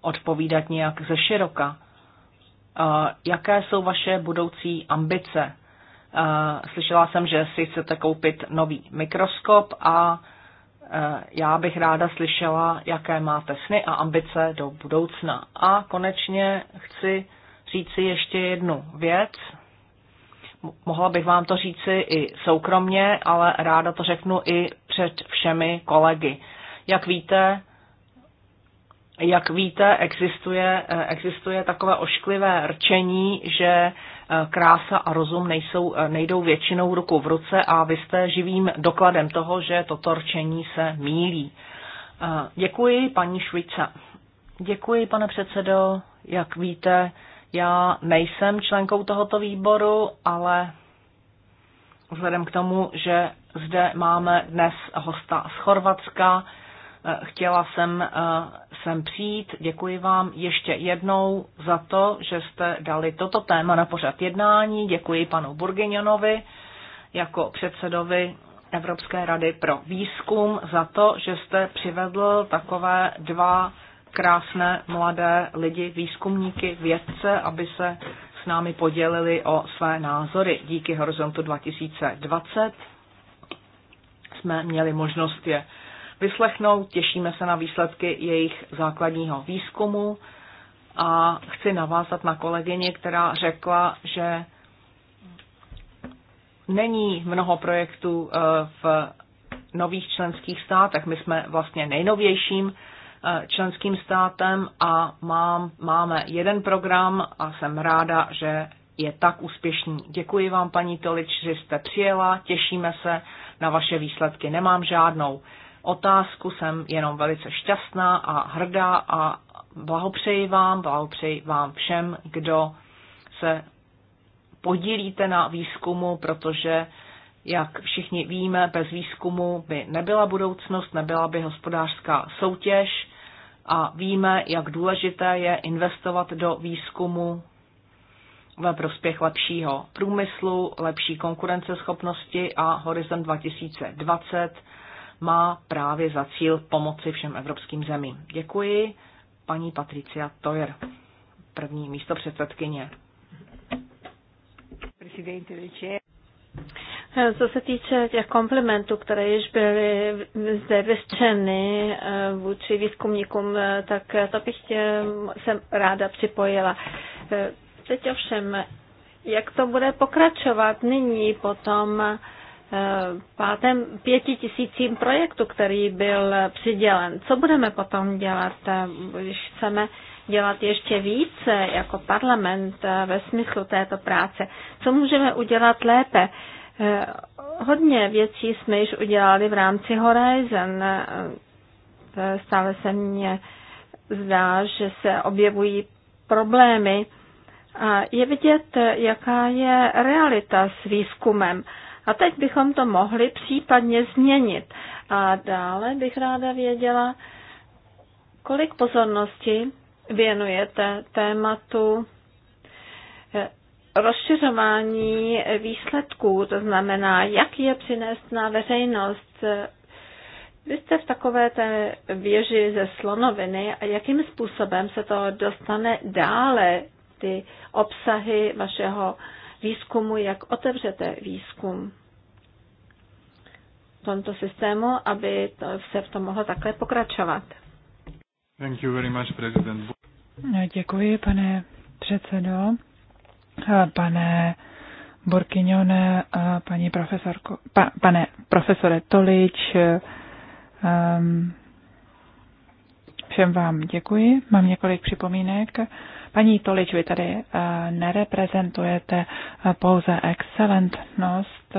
odpovídat nějak ze široka. Jaké jsou vaše budoucí ambice? Slyšela jsem, že si chcete koupit nový mikroskop a já bych ráda slyšela, jaké máte sny a ambice do budoucna. A konečně chci říci ještě jednu věc, mohla bych vám to říci i soukromně, ale ráda to řeknu i před všemi kolegy. Jak víte, jak víte, existuje, eh, existuje takové ošklivé rčení, že eh, krása a rozum nejsou, eh, nejdou většinou ruku v ruce a vy jste živým dokladem toho, že toto rčení se mílí. Děkuji, paní Švica. Děkuji, pane předsedo. Jak víte, já nejsem členkou tohoto výboru, ale vzhledem k tomu, že zde máme dnes hosta z Chorvatska, eh, chtěla jsem eh, sem přijít. Děkuji vám ještě jednou za to, že jste dali toto téma na pořad jednání. Děkuji panu Burginionovi jako předsedovi Evropské rady pro výzkum za to, že jste přivedl takové dva krásné mladé lidi, výzkumníky, vědce, aby se s námi podělili o své názory. Díky Horizontu 2020 jsme měli možnost je vyslechnout, těšíme se na výsledky jejich základního výzkumu a chci navázat na kolegyni, která řekla, že není mnoho projektů eh, v nových členských státech. My jsme vlastně nejnovějším Eh, členským státem a mám, máme jeden program a jsem ráda, že je tak úspěšný. Děkuji vám, paní Tolič, že jste přijela, těšíme se na vaše výsledky. Nemám žádnou otázku, jsem jenom velice šťastná a hrdá a blahopřeji vám, blahopřeji vám všem, kdo se podílíte na výzkumu, protože jak všichni víme, bez výzkumu by nebyla budoucnost, nebyla by hospodářská soutěž a víme, jak důležité je investovat do výzkumu ve prospěch lepšího průmyslu, lepší konkurenceschopnosti a Horizon 2020 má právě za cíl pomoci všem evropským zemím. Děkuji, paní Patricia Toyer, první místo předsedkyně. Co se týče těch komplementů, které již byly zde vyřčeny eh, vůči výzkumníkům, eh, tak to bych tě, jsem ráda připojila. Eh, teď ovšem, jak to bude pokračovat nyní po tom pátém pěti tisícím projektu, který byl přidělen? Co budeme potom dělat, když chceme dělat ještě více jako parlament ve smyslu této práce? Co můžeme udělat lépe? Eh, hodně věcí jsme již udělali v rámci Horizon. Eh, eh, stále se mně zdá, že se objevují problémy. A je vidět, jaká je realita s výzkumem. A teď bychom to mohli případně změnit. A dále bych ráda věděla, kolik pozornosti věnujete tématu rozšiřování výsledků, to znamená, jak je přinést na veřejnost. Vy jste v takové té věži ze slonoviny a jakým způsobem se to dostane dále, ty obsahy vašeho výzkumu, jak otevřete výzkum tomto systému, aby to, se v tom mohlo takhle pokračovat. Thank you very much, President. Děkuji, pane předsedo. Eh, pane Borkyňone, eh, paní profesorko, pa, pane profesore Tolič, um, všem vám děkuji. Mám několik připomínek. Paní Tolič, vy tady nereprezentujete pouze excelentnost,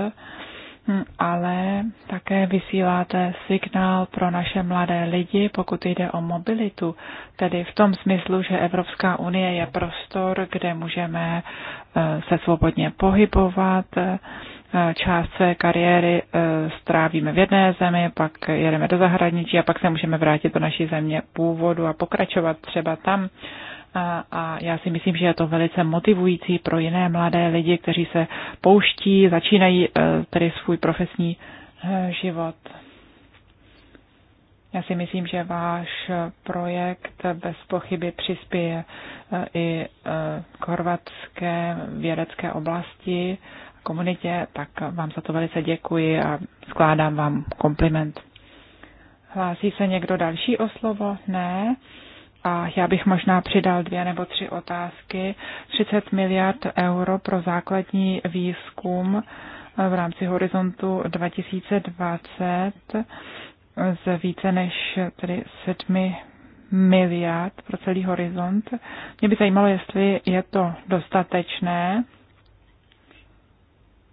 Hm, ale také vysíláte signál pro naše mladé lidi, pokud jde o mobilitu, tedy v tom smyslu, že Evropská unie je prostor, kde můžeme eh, se svobodně pohybovat, eh, část své kariéry eh, strávíme v jedné zemi, pak jedeme do zahraničí a pak se můžeme vrátit do naší země původu a pokračovat třeba tam a já si myslím, že je to velice motivující pro jiné mladé lidi, kteří se pouští, začínají eh, tedy svůj profesní eh, život. Já si myslím, že váš projekt bez pochyby přispěje eh, i k horvatské vědecké oblasti komunitě, tak vám za to velice děkuji a skládám vám kompliment. Hlásí se někdo další o slovo? Ne. A já bych možná přidal dvě nebo tři otázky. 30 miliard euro pro základní výzkum v rámci horizontu 2020 z více než tedy 7 miliard pro celý horizont. Mě by zajímalo, jestli je to dostatečné,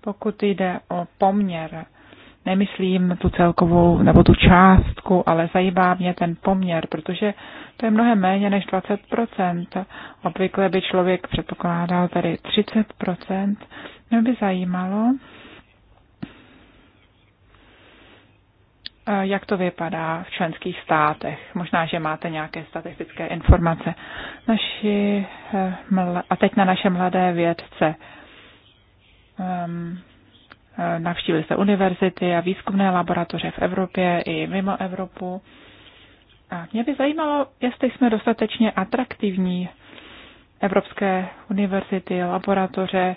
pokud jde o poměr nemyslím tu celkovou nebo tu částku, ale zajímá mě ten poměr, protože to je mnohem méně než 20%. Obvykle by člověk předpokládal tady 30%. Mě by zajímalo, eh, jak to vypadá v členských státech. Možná, že máte nějaké statistické informace. Naši, eh, a teď na naše mladé vědce. Ehm, navštívili jste univerzity a výzkumné laboratoře v Evropě i mimo Evropu. A mě by zajímalo, jestli jsme dostatečně atraktivní Evropské univerzity, laboratoře,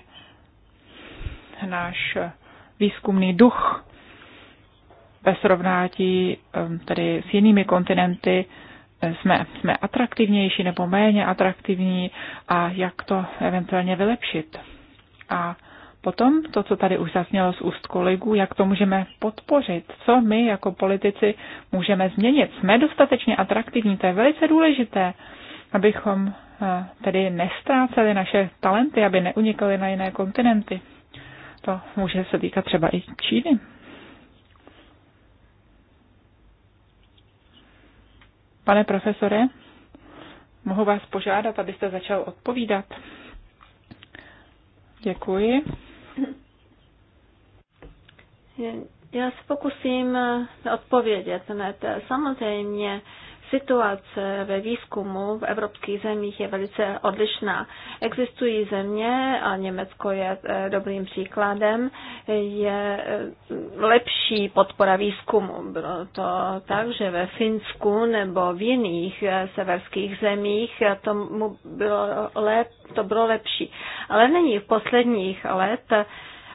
náš výzkumný duch ve srovnání tedy s jinými kontinenty, jsme, jsme atraktivnější nebo méně atraktivní a jak to eventuálně vylepšit. A Potom to, co tady už zasnělo z úst kolegů, jak to můžeme podpořit, co my jako politici můžeme změnit. Jsme dostatečně atraktivní, to je velice důležité, abychom eh, tedy nestráceli naše talenty, aby neunikali na jiné kontinenty. To může se týkat třeba i Číny. Pane profesore, mohu vás požádat, abyste začal odpovídat. Děkuji. Já se pokusím odpovědět Samozřejmě Situace ve výzkumu v evropských zemích je velice odlišná. Existují země, a Německo je e, dobrým příkladem, je e, lepší podpora výzkumu. Bylo to tak, že ve Finsku nebo v jiných e, severských zemích tomu bylo lep, to bylo lepší. Ale není v posledních let,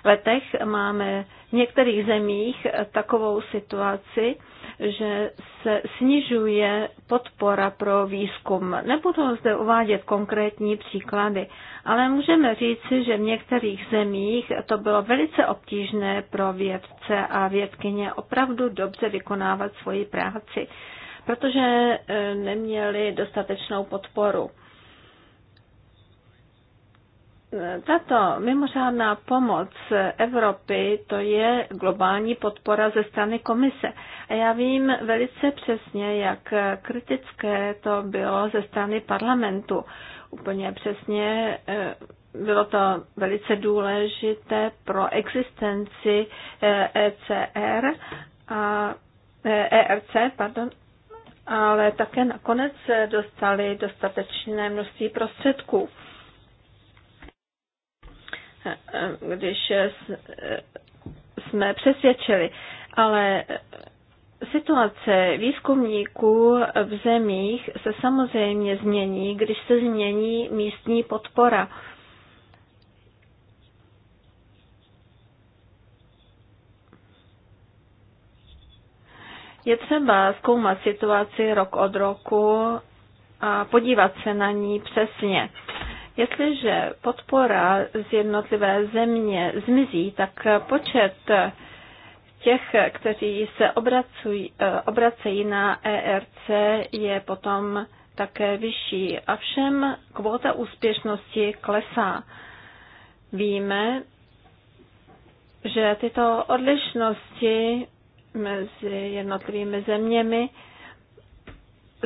letech máme v některých zemích takovou situaci, že se snižuje podpora pro výzkum. Nebudu zde uvádět konkrétní příklady, ale můžeme říci, že v některých zemích to bylo velice obtížné pro vědce a vědkyně opravdu dobře vykonávat svoji práci, protože eh, neměli dostatečnou podporu. Tato mimořádná pomoc Evropy, to je globální podpora ze strany komise. A já vím velice přesně, jak kritické to bylo ze strany parlamentu. Úplně přesně eh, bylo to velice důležité pro existenci ECR eh, e a ERC, eh, e pardon, ale také nakonec dostali dostatečné množství prostředků když jsme přesvědčili, ale situace výzkumníků v zemích se samozřejmě změní, když se změní místní podpora. Je třeba zkoumat situaci rok od roku a podívat se na ní přesně. Jestliže podpora z jednotlivé země zmizí, tak počet těch, kteří se obracují, eh, obracejí na ERC, je potom také vyšší. A všem kvóta úspěšnosti klesá. Víme, že tyto odlišnosti mezi jednotlivými zeměmi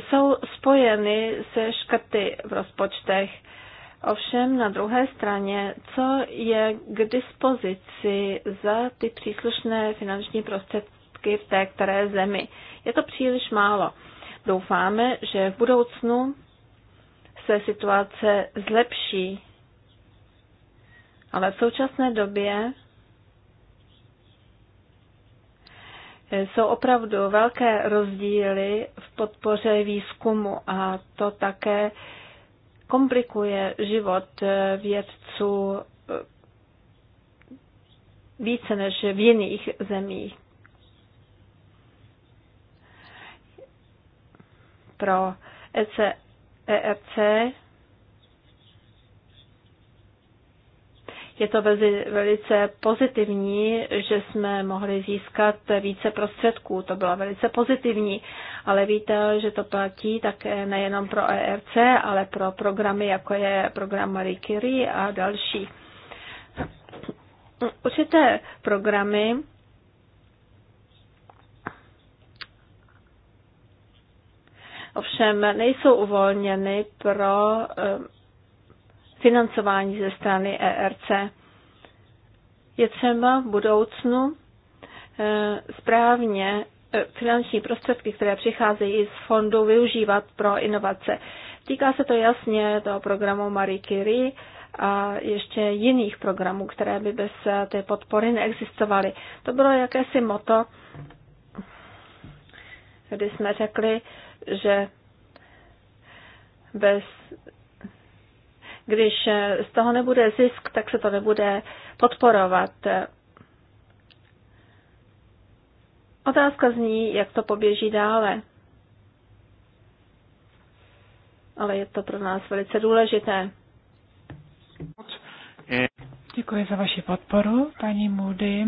jsou spojeny se škrty v rozpočtech. Ovšem na druhé straně, co je k dispozici za ty příslušné finanční prostředky v té které zemi? Je to příliš málo. Doufáme, že v budoucnu se situace zlepší, ale v současné době jsou opravdu velké rozdíly v podpoře výzkumu a to také komplikuje život eh, vědců eh, více než v jiných zemích. Pro EC, e Je to velice pozitivní, že jsme mohli získat více prostředků. To bylo velice pozitivní, ale víte, že to platí také nejenom pro ERC, ale pro programy, jako je program Marie Curie a další. Určité programy ovšem nejsou uvolněny pro eh, financování ze strany ERC. Je třeba v budoucnu eh, správně eh, finanční prostředky, které přicházejí z fondu, využívat pro inovace. Týká se to jasně toho programu Marie Curie a ještě jiných programů, které by bez eh, té podpory neexistovaly. To bylo jakési moto, kdy jsme řekli, že bez když eh, z toho nebude zisk, tak se to nebude podporovat. Otázka zní, jak to poběží dále. Ale je to pro nás velice důležité. Děkuji za vaši podporu, paní Moody.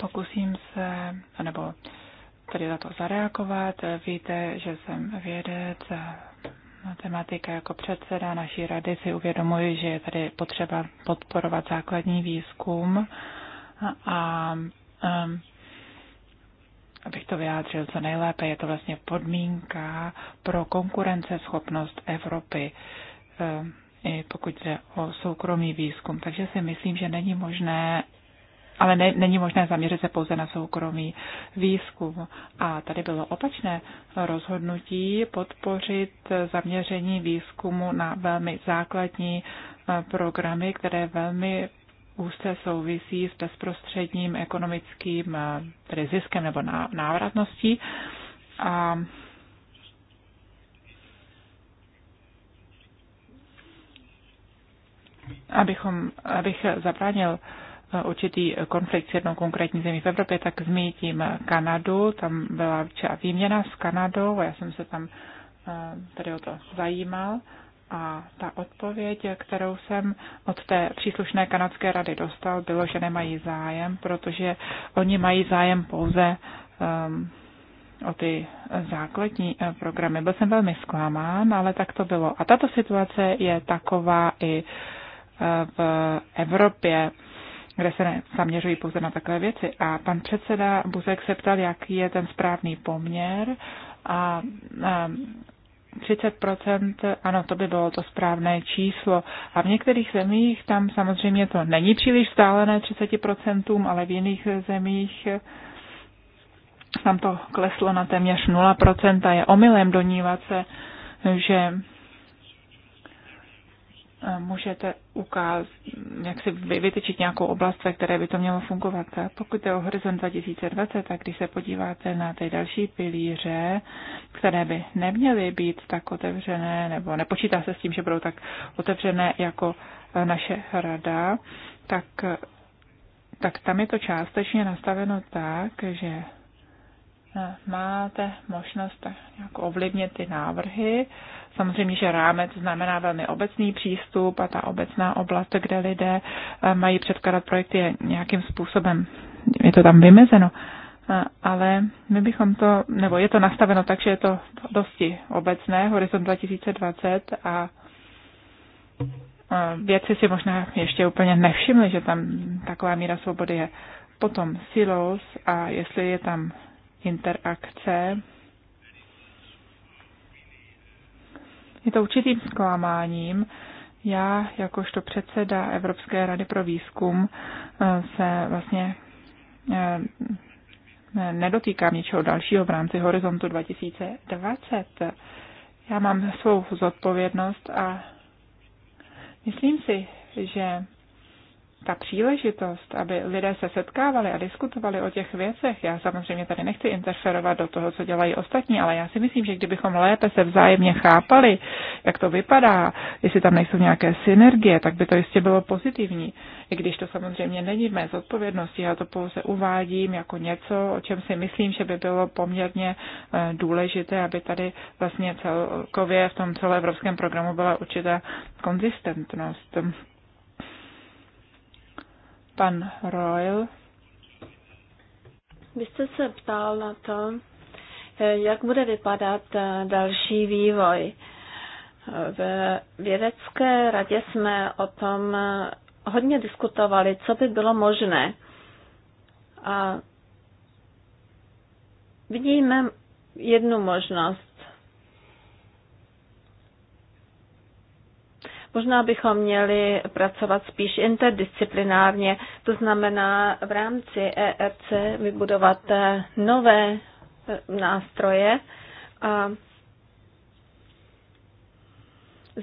Pokusím se, nebo tady na to zareagovat. Víte, že jsem vědec, matematika jako předseda naší rady si uvědomuji, že je tady potřeba podporovat základní výzkum a a um, abych to vyjádřil co nejlépe, je to vlastně podmínka pro konkurenceschopnost Evropy, um, i pokud jde o soukromý výzkum. Takže si myslím, že není možné ale ne, není možné zaměřit se pouze na soukromý výzkum. A tady bylo opačné rozhodnutí podpořit zaměření výzkumu na velmi základní eh, programy, které velmi úzce souvisí s bezprostředním ekonomickým eh, tedy ziskem nebo návratností. A abychom, abych zabránil Eh, určitý konflikt s jednou konkrétní zemí v Evropě, tak zmítím Kanadu. Tam byla včera výměna s Kanadou a já jsem se tam eh, tady o to zajímal. A ta odpověď, kterou jsem od té příslušné kanadské rady dostal, bylo, že nemají zájem, protože oni mají zájem pouze um, o ty základní eh, programy. Byl jsem velmi zklamán, ale tak to bylo. A tato situace je taková i v Evropě kde se zaměřují pouze na takové věci. A pan předseda Buzek se ptal, jaký je ten správný poměr a, a 30%, ano, to by bylo to správné číslo. A v některých zemích tam samozřejmě to není příliš stálené 30%, ale v jiných zemích tam to kleslo na téměř 0% a je omylem donívat se, že můžete ukázat, jak si vytyčit nějakou oblast, ve které by to mělo fungovat. Pokud je o horizont 2020, tak když se podíváte na ty další pilíře, které by neměly být tak otevřené, nebo nepočítá se s tím, že budou tak otevřené jako eh, naše rada, tak, tak tam je to částečně nastaveno tak, že máte možnost jako ovlivnit ty návrhy. Samozřejmě, že rámec znamená velmi obecný přístup a ta obecná oblast, kde lidé eh, mají předkladat projekty, je nějakým způsobem, je to tam vymezeno. Eh, ale my bychom to, nebo je to nastaveno tak, že je to dosti obecné, horizont 2020 a eh, věci si možná ještě úplně nevšimli, že tam taková míra svobody je. Potom silos a jestli je tam interakce. Je to určitým zklamáním. Já, jakožto předseda Evropské rady pro výzkum, eh, se vlastně eh, nedotýkám ničeho dalšího v rámci horizontu 2020. Já mám svou zodpovědnost a myslím si, že ta příležitost, aby lidé se setkávali a diskutovali o těch věcech, já samozřejmě tady nechci interferovat do toho, co dělají ostatní, ale já si myslím, že kdybychom lépe se vzájemně chápali, jak to vypadá, jestli tam nejsou nějaké synergie, tak by to jistě bylo pozitivní. I když to samozřejmě není v mé zodpovědnosti, já to pouze uvádím jako něco, o čem si myslím, že by bylo poměrně eh, důležité, aby tady vlastně celkově v tom celoevropském programu byla určitá konzistentnost. Pan Royal. Vy jste se ptal na to, eh, jak bude vypadat eh, další vývoj. V vědecké radě jsme o tom eh, hodně diskutovali, co by bylo možné. A vidíme jednu možnost. Možná bychom měli pracovat spíš interdisciplinárně, to znamená v rámci ERC vybudovat eh, nové eh, nástroje a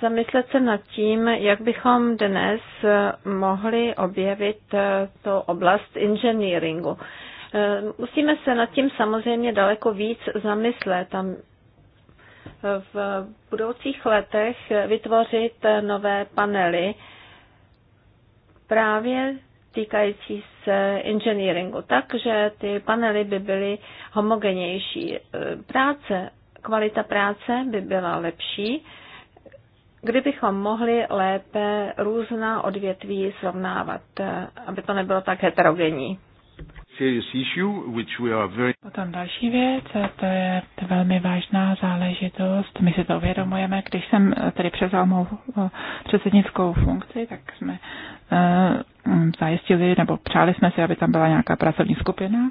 zamyslet se nad tím, jak bychom dnes eh, mohli objevit to oblast inženýringu. Musíme se nad tím samozřejmě daleko víc zamyslet a v budoucích letech vytvořit nové panely právě týkající se inženýringu, takže ty panely by byly homogenější. Práce, kvalita práce by byla lepší, kdybychom mohli lépe různá odvětví srovnávat, aby to nebylo tak heterogenní. Potom další věc, to je velmi vážná záležitost. My si to uvědomujeme. Když jsem tedy převzal mou eh, předsednickou funkci, tak jsme eh, mm, zajistili, nebo přáli jsme si, aby tam byla nějaká pracovní skupina.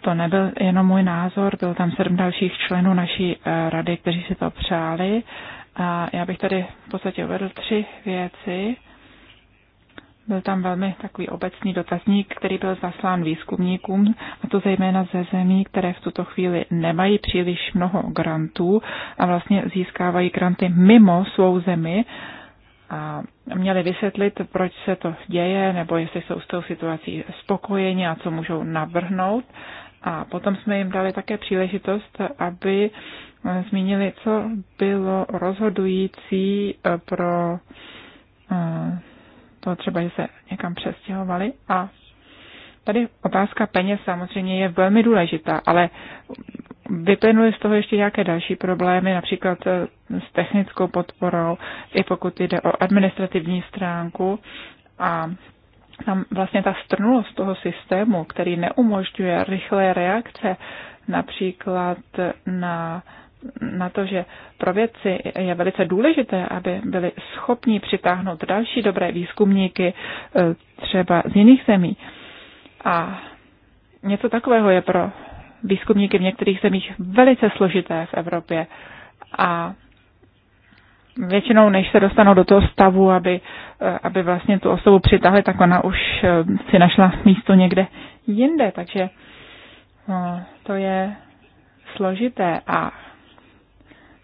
To nebyl jenom můj názor, byl tam sedm dalších členů naší eh, rady, kteří si to přáli. A já bych tady v podstatě uvedl tři věci. Byl tam velmi takový obecný dotazník, který byl zaslán výzkumníkům, a to zejména ze zemí, které v tuto chvíli nemají příliš mnoho grantů a vlastně získávají granty mimo svou zemi a měli vysvětlit, proč se to děje, nebo jestli jsou s tou situací spokojeni a co můžou navrhnout. A potom jsme jim dali také příležitost, aby zmínili, co bylo rozhodující eh, pro eh, to třeba, že se někam přestěhovali. A tady otázka peněz samozřejmě je velmi důležitá, ale vyplynuly z toho ještě nějaké další problémy, například eh, s technickou podporou, i pokud jde o administrativní stránku. A tam vlastně ta strnulost toho systému, který neumožňuje rychlé reakce, například na na to, že pro vědci je velice důležité, aby byli schopni přitáhnout další dobré výzkumníky eh, třeba z jiných zemí. A něco takového je pro výzkumníky v některých zemích velice složité v Evropě. A většinou, než se dostanou do toho stavu, aby, eh, aby vlastně tu osobu přitáhli, tak ona už eh, si našla místo někde jinde. Takže no, to je složité a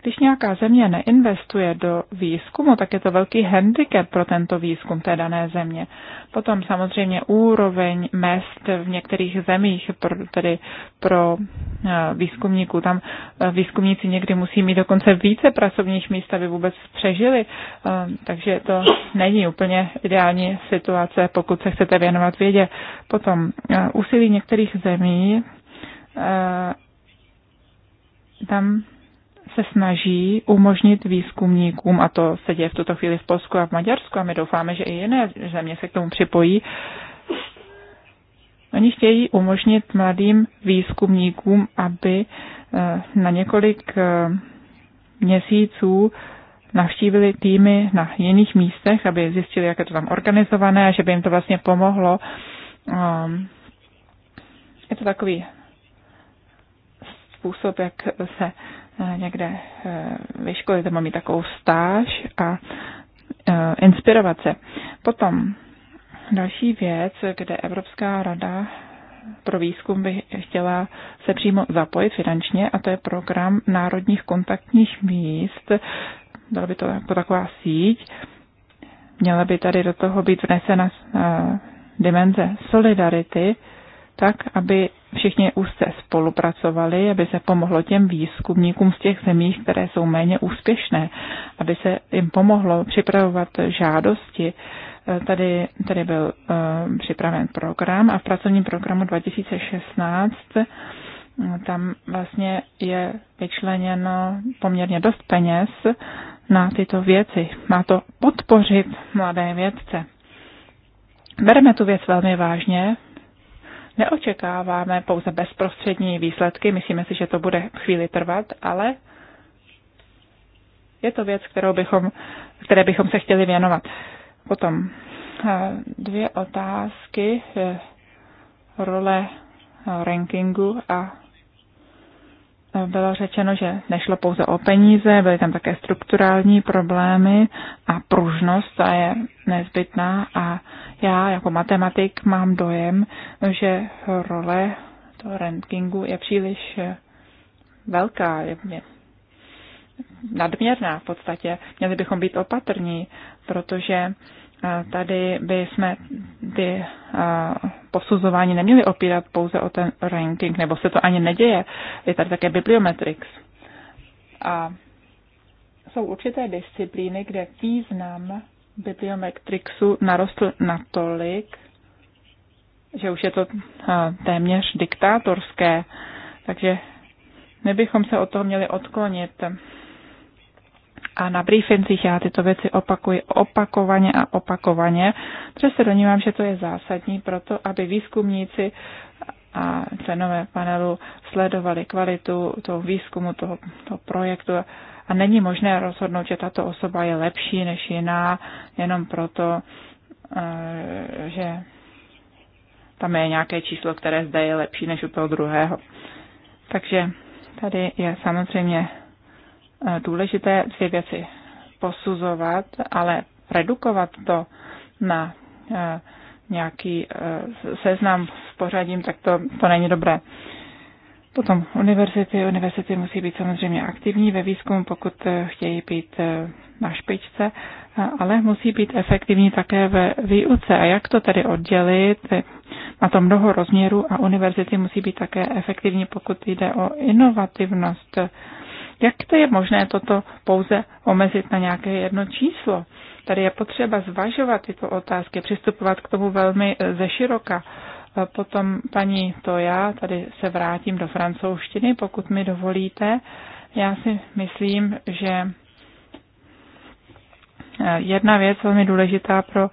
když nějaká země neinvestuje do výzkumu, tak je to velký handicap pro tento výzkum té dané země. Potom samozřejmě úroveň mest v některých zemích, pro, tedy pro eh, výzkumníků. Tam eh, výzkumníci někdy musí mít dokonce více pracovních míst, aby vůbec přežili. Eh, takže to není úplně ideální situace, pokud se chcete věnovat vědě. Potom úsilí některých zemí tam se snaží umožnit výzkumníkům, a to se děje v tuto chvíli v Polsku a v Maďarsku, a my doufáme, že i jiné země se k tomu připojí, Oni chtějí umožnit mladým výzkumníkům, aby eh, na několik eh, měsíců navštívili týmy na jiných místech, aby zjistili, jak je to tam organizované a že by jim to vlastně pomohlo. Ehm, je to takový způsob, jak se Eh, někde škole, tam mám i takovou stáž a eh, inspirovat se. Potom další věc, kde Evropská rada pro výzkum by chtěla se přímo zapojit finančně a to je program národních kontaktních míst. Byla by to jako taková síť. Měla by tady do toho být vnesena eh, dimenze solidarity, tak, aby všichni úzce spolupracovali, aby se pomohlo těm výzkumníkům z těch zemí, které jsou méně úspěšné, aby se jim pomohlo připravovat žádosti. Eh, tady, tady byl uh, připraven program a v pracovním programu 2016 eh, tam vlastně je vyčleněno poměrně dost peněz na tyto věci. Má to podpořit mladé vědce. Bereme tu věc velmi vážně, Neočekáváme pouze bezprostřední výsledky, myslíme si, že to bude chvíli trvat, ale je to věc, kterou bychom, které bychom se chtěli věnovat. Potom eh, dvě otázky eh, role eh, rankingu a bylo řečeno, že nešlo pouze o peníze, byly tam také strukturální problémy a pružnost, ta je nezbytná a já jako matematik mám dojem, že role toho rankingu je příliš eh, velká, je, je nadměrná v podstatě. Měli bychom být opatrní, protože tady by jsme ty posuzování neměli opírat pouze o ten ranking, nebo se to ani neděje. Je tady také bibliometrics. A jsou určité disciplíny, kde význam bibliometrixu narostl natolik, že už je to téměř diktátorské. Takže my bychom se od toho měli odklonit a na briefincích já tyto věci opakuji opakovaně a opakovaně, protože se domnívám, že to je zásadní pro to, aby výzkumníci a členové panelu sledovali kvalitu toho výzkumu, toho, toho projektu a není možné rozhodnout, že tato osoba je lepší než jiná jenom proto, eh, že tam je nějaké číslo, které zde je lepší než u toho druhého. Takže tady je samozřejmě Eh, důležité dvě věci posuzovat, ale redukovat to na eh, nějaký eh, seznam s pořadím, tak to, to není dobré. Potom univerzity. Univerzity musí být samozřejmě aktivní ve výzkumu, pokud chtějí být na špičce, ale musí být efektivní také ve výuce. A jak to tedy oddělit? Má to mnoho rozměrů a univerzity musí být také efektivní, pokud jde o inovativnost. Jak to je možné toto pouze omezit na nějaké jedno číslo? Tady je potřeba zvažovat tyto otázky, přistupovat k tomu velmi e, ze široka. E, potom, paní, to já tady se vrátím do francouzštiny, pokud mi dovolíte. Já si myslím, že e, jedna věc velmi důležitá pro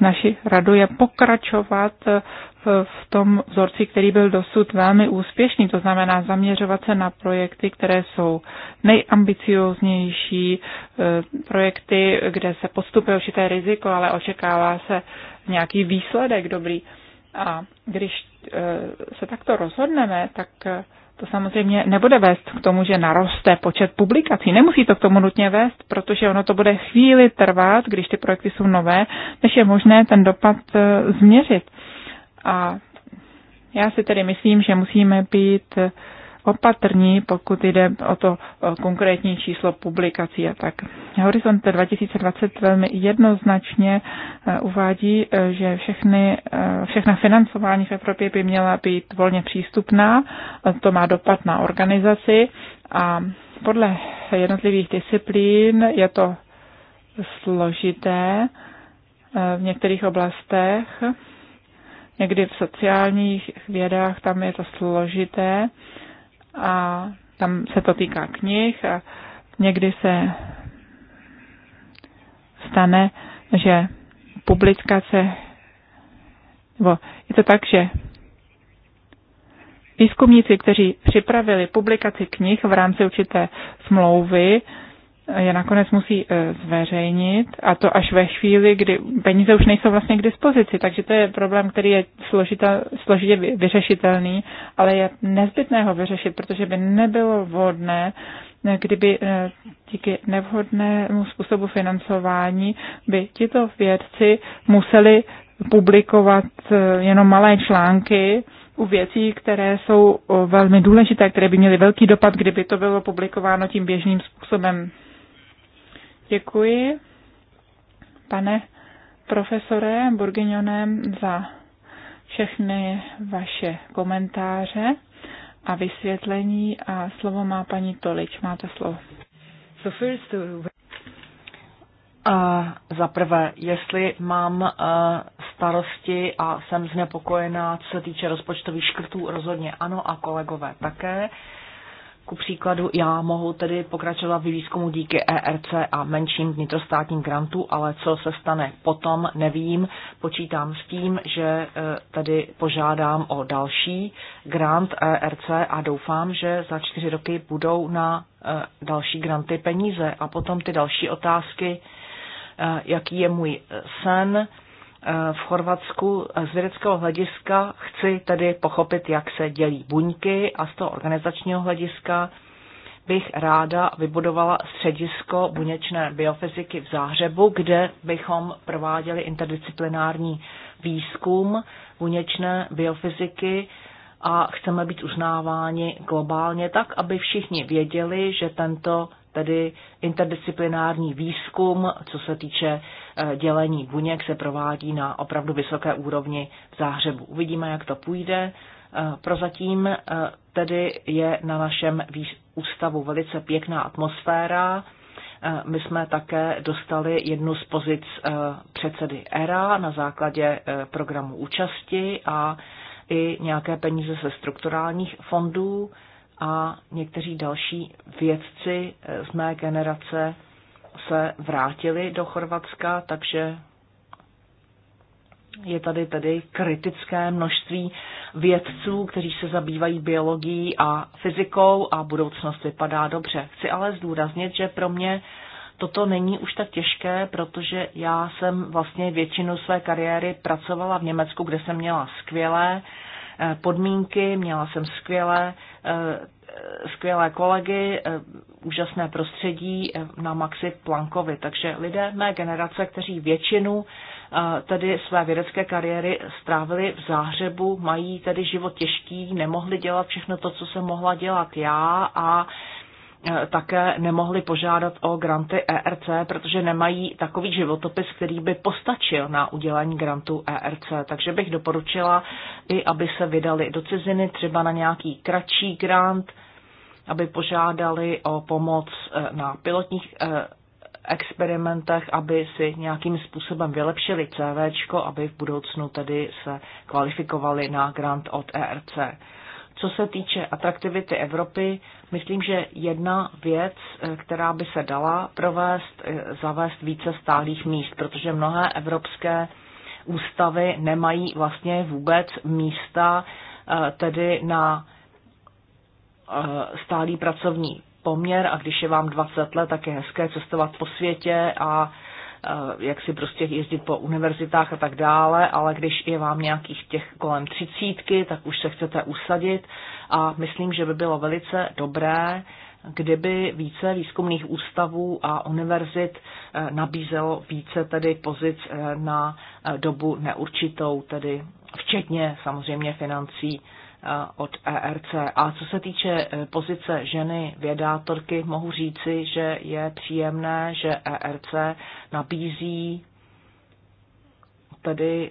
naši radu je pokračovat v tom vzorci, který byl dosud velmi úspěšný, to znamená zaměřovat se na projekty, které jsou nejambicióznější, eh, projekty, kde se postupuje určité riziko, ale očekává se nějaký výsledek dobrý. A když eh, se takto rozhodneme, tak eh, to samozřejmě nebude vést k tomu, že naroste počet publikací. Nemusí to k tomu nutně vést, protože ono to bude chvíli trvat, když ty projekty jsou nové, než je možné ten dopad změřit. A já si tedy myslím, že musíme být opatrní, pokud jde o to konkrétní číslo publikací a tak. Horizont 2020 velmi jednoznačně e, uvádí, e, že všechny, e, všechna financování v Evropě by měla být volně přístupná. To má dopad na organizaci a podle jednotlivých disciplín je to složité v některých oblastech Někdy v sociálních vědách tam je to složité a tam se to týká knih a někdy se stane, že publikace, nebo je to tak, že výzkumníci, kteří připravili publikaci knih v rámci určité smlouvy, je nakonec musí e, zveřejnit a to až ve chvíli, kdy peníze už nejsou vlastně k dispozici, takže to je problém, který je složitá, složitě vyřešitelný, ale je nezbytné ho vyřešit, protože by nebylo vhodné, kdyby e, díky nevhodnému způsobu financování by tito vědci museli publikovat e, jenom malé články, u věcí, které jsou velmi důležité, které by měly velký dopad, kdyby to bylo publikováno tím běžným způsobem. Děkuji, pane profesore Burgignonem za všechny vaše komentáře a vysvětlení a slovo má paní Tolič. Máte slovo. So first to... Uh, a uh, Za prvé, jestli mám uh, starosti a jsem znepokojená, co se týče rozpočtových škrtů, rozhodně ano a kolegové také. Uh, ku příkladu já mohu tedy pokračovat v výzkumu díky ERC a menším vnitrostátním grantu, ale co se stane potom, nevím. Počítám s tím, že e, tedy požádám o další grant ERC a doufám, že za čtyři roky budou na e, další granty peníze. A potom ty další otázky, e, jaký je můj sen, Eh, v Chorvatsku eh, z vědeckého hlediska chci tedy pochopit, jak se dělí buňky a z toho organizačního hlediska bych ráda vybudovala středisko buněčné biofyziky v Záhřebu, kde bychom prováděli interdisciplinární výzkum buněčné biofyziky a chceme být uznáváni globálně tak, aby všichni věděli, že tento tedy interdisciplinární výzkum, co se týče e, dělení buněk, se provádí na opravdu vysoké úrovni v záhřebu. Uvidíme, jak to půjde. E, prozatím e, tedy je na našem ústavu velice pěkná atmosféra. My jsme také dostali jednu z pozic předsedy ERA na základě programu účasti a i nějaké peníze ze strukturálních fondů a někteří další vědci eh, z mé generace se vrátili do Chorvatska, takže je tady tedy kritické množství vědců, kteří se zabývají biologií a fyzikou a budoucnost vypadá dobře. Chci ale zdůraznit, že pro mě toto není už tak těžké, protože já jsem vlastně většinu své kariéry pracovala v Německu, kde jsem měla skvělé Eh, podmínky, měla jsem skvělé, eh, skvělé kolegy, eh, úžasné prostředí na Maxi Plankovi. Takže lidé mé generace, kteří většinu tedy své vědecké kariéry strávili v záhřebu, mají tedy život těžký, nemohli dělat všechno to, co jsem mohla dělat já a Eh, také nemohli požádat o granty ERC, protože nemají takový životopis, který by postačil na udělení grantu ERC. Takže bych doporučila i, aby se vydali do ciziny, třeba na nějaký kratší grant, aby požádali o pomoc eh, na pilotních eh, experimentech, aby si nějakým způsobem vylepšili CVčko, aby v budoucnu tedy se kvalifikovali na grant od ERC. Co se týče atraktivity Evropy, myslím, že jedna věc, eh, která by se dala provést, eh, zavést více stálých míst, protože mnohé evropské ústavy nemají vlastně vůbec místa eh, tedy na stálý pracovní poměr a když je vám 20 let, tak je hezké cestovat po světě a Eh, jak si prostě jezdit po univerzitách a tak dále, ale když je vám nějakých těch kolem třicítky, tak už se chcete usadit a myslím, že by bylo velice dobré, kdyby více výzkumných ústavů a univerzit eh, nabízelo více tedy pozic eh, na dobu neurčitou, tedy včetně samozřejmě financí Eh, od ERC. A co se týče eh, pozice ženy vědátorky, mohu říci, že je příjemné, že ERC nabízí tedy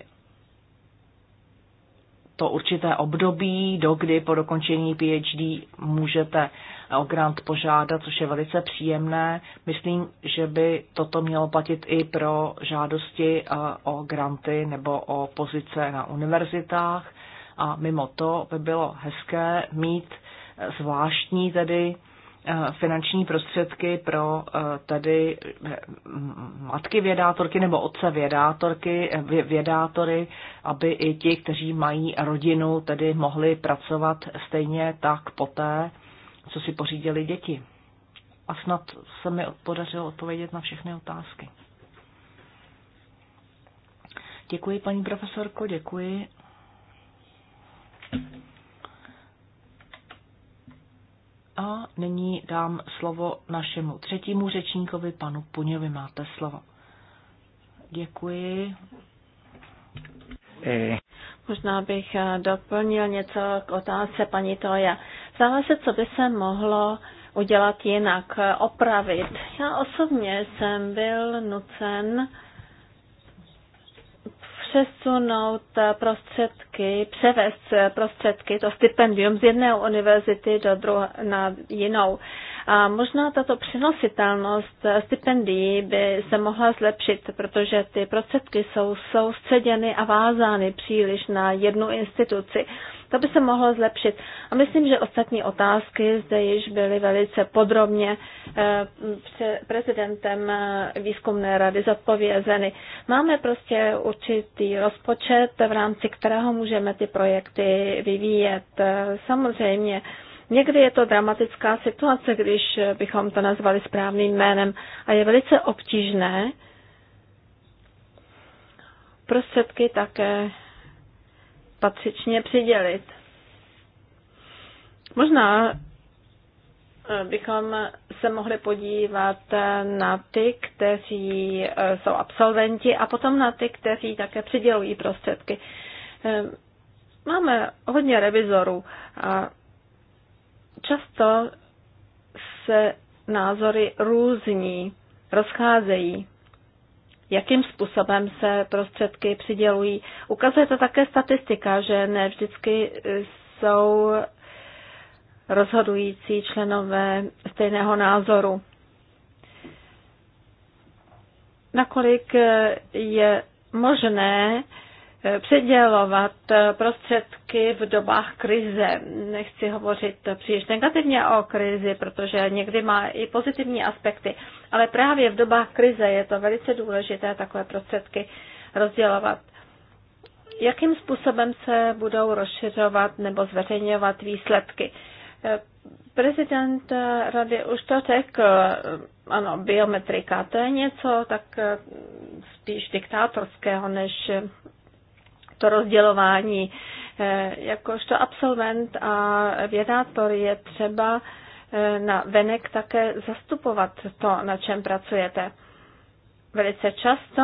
to určité období, do kdy po dokončení PhD můžete eh, o grant požádat, což je velice příjemné. Myslím, že by toto mělo platit i pro žádosti o granty nebo o pozice na univerzitách a mimo to by bylo hezké mít eh, zvláštní tedy eh, finanční prostředky pro eh, tedy matky vědátorky nebo otce vědátorky, vědátory, aby i ti, kteří mají rodinu, tedy mohli pracovat stejně tak poté, co si pořídili děti. A snad se mi podařilo odpovědět na všechny otázky. Děkuji, paní profesorko, děkuji a nyní dám slovo našemu třetímu řečníkovi, panu Puňovi. Máte slovo. Děkuji. Eh. Možná bych eh, doplnil něco k otázce paní Toja. Zdává se, co by se mohlo udělat jinak, eh, opravit. Já osobně jsem byl nucen přesunout eh, prostředky, převést eh, prostředky, to stipendium z jedné univerzity do druhé, na jinou. A možná tato přenositelnost eh, stipendií by se mohla zlepšit, protože ty prostředky jsou soustředěny a vázány příliš na jednu instituci. To by se mohlo zlepšit. A myslím, že ostatní otázky zde již byly velice podrobně eh, prezidentem eh, výzkumné rady zodpovězeny. Máme prostě určitý rozpočet, v rámci kterého můžeme ty projekty vyvíjet. Eh, samozřejmě Někdy je to dramatická situace, když bychom to nazvali správným jménem a je velice obtížné prostředky také patřičně přidělit. Možná eh, bychom se mohli podívat eh, na ty, kteří eh, jsou absolventi a potom na ty, kteří také přidělují prostředky. Ehm, máme hodně revizorů a často se názory různí, rozcházejí jakým způsobem se prostředky přidělují. Ukazuje to také statistika, že ne vždycky jsou rozhodující členové stejného názoru. Nakolik je možné Eh, předělovat eh, prostředky v dobách krize. Nechci hovořit příliš negativně o krizi, protože někdy má i pozitivní aspekty, ale právě v dobách krize je to velice důležité takové prostředky rozdělovat. Jakým způsobem se budou rozšiřovat nebo zveřejňovat výsledky? Eh, prezident rady už to řekl, ano, biometrika, to je něco tak spíš diktátorského než to rozdělování. Eh, jakožto absolvent a vědátor je třeba eh, na venek také zastupovat to, na čem pracujete. Velice často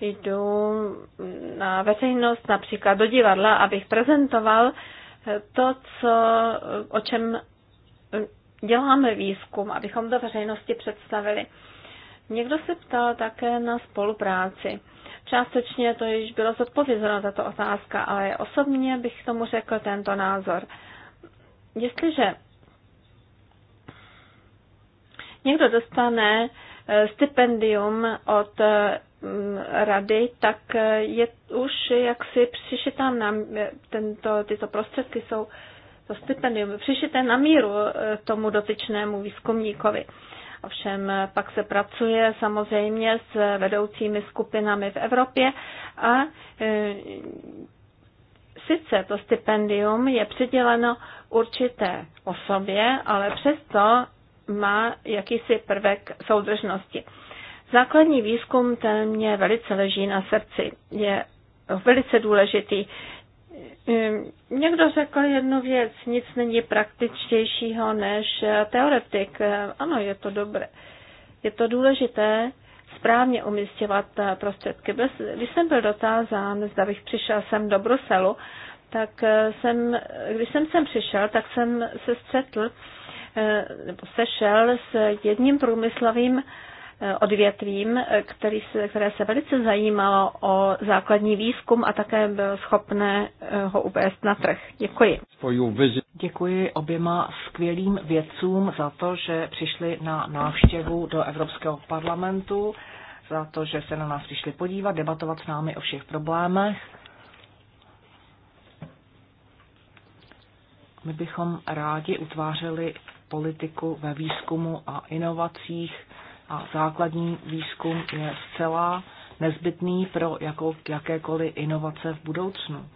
jdu na veřejnost, například do divadla, abych prezentoval eh, to, co, o čem děláme výzkum, abychom do veřejnosti představili. Někdo se ptal také na spolupráci. Částečně to již bylo zodpovězeno, to otázka, ale osobně bych tomu řekl tento názor. Jestliže někdo dostane eh, stipendium od eh, rady, tak eh, je už jaksi přišitám na tento, tyto prostředky jsou to stipendium přišité na míru tomu dotyčnému výzkumníkovi. Ovšem pak se pracuje samozřejmě s vedoucími skupinami v Evropě a e, sice to stipendium je přiděleno určité osobě, ale přesto má jakýsi prvek soudržnosti. Základní výzkum, ten mě velice leží na srdci. Je velice důležitý. Ehm, někdo řekl jednu věc, nic není praktičtějšího než eh, teoretik. Eh, ano, je to dobré. Je to důležité správně umístěvat eh, prostředky. když jsem byl dotázán, zda bych přišel sem do Bruselu, tak jsem, když jsem sem přišel, tak jsem se střetl nebo sešel s jedním průmyslovým Eh, odvětvím, eh, který se, které se velice zajímalo o základní výzkum a také byl schopné eh, ho uvést na trh. Děkuji. Děkuji oběma skvělým vědcům za to, že přišli na návštěvu do Evropského parlamentu, za to, že se na nás přišli podívat, debatovat s námi o všech problémech. My bychom rádi utvářeli politiku ve výzkumu a inovacích a základní výzkum je zcela nezbytný pro jako, jakékoliv inovace v budoucnu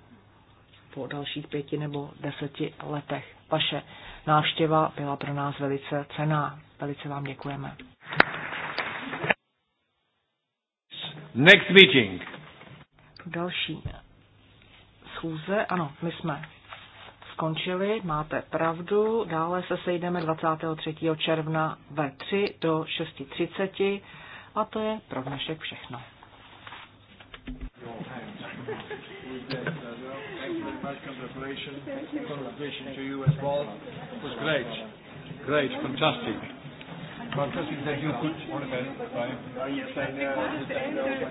po dalších pěti nebo deseti letech. Vaše návštěva byla pro nás velice cená. Velice vám děkujeme. Next meeting. Další schůze, ano, my jsme skončili, máte pravdu. Dále se sejdeme 23. června ve 3 do 6.30 a to je pro dnešek všechno. you you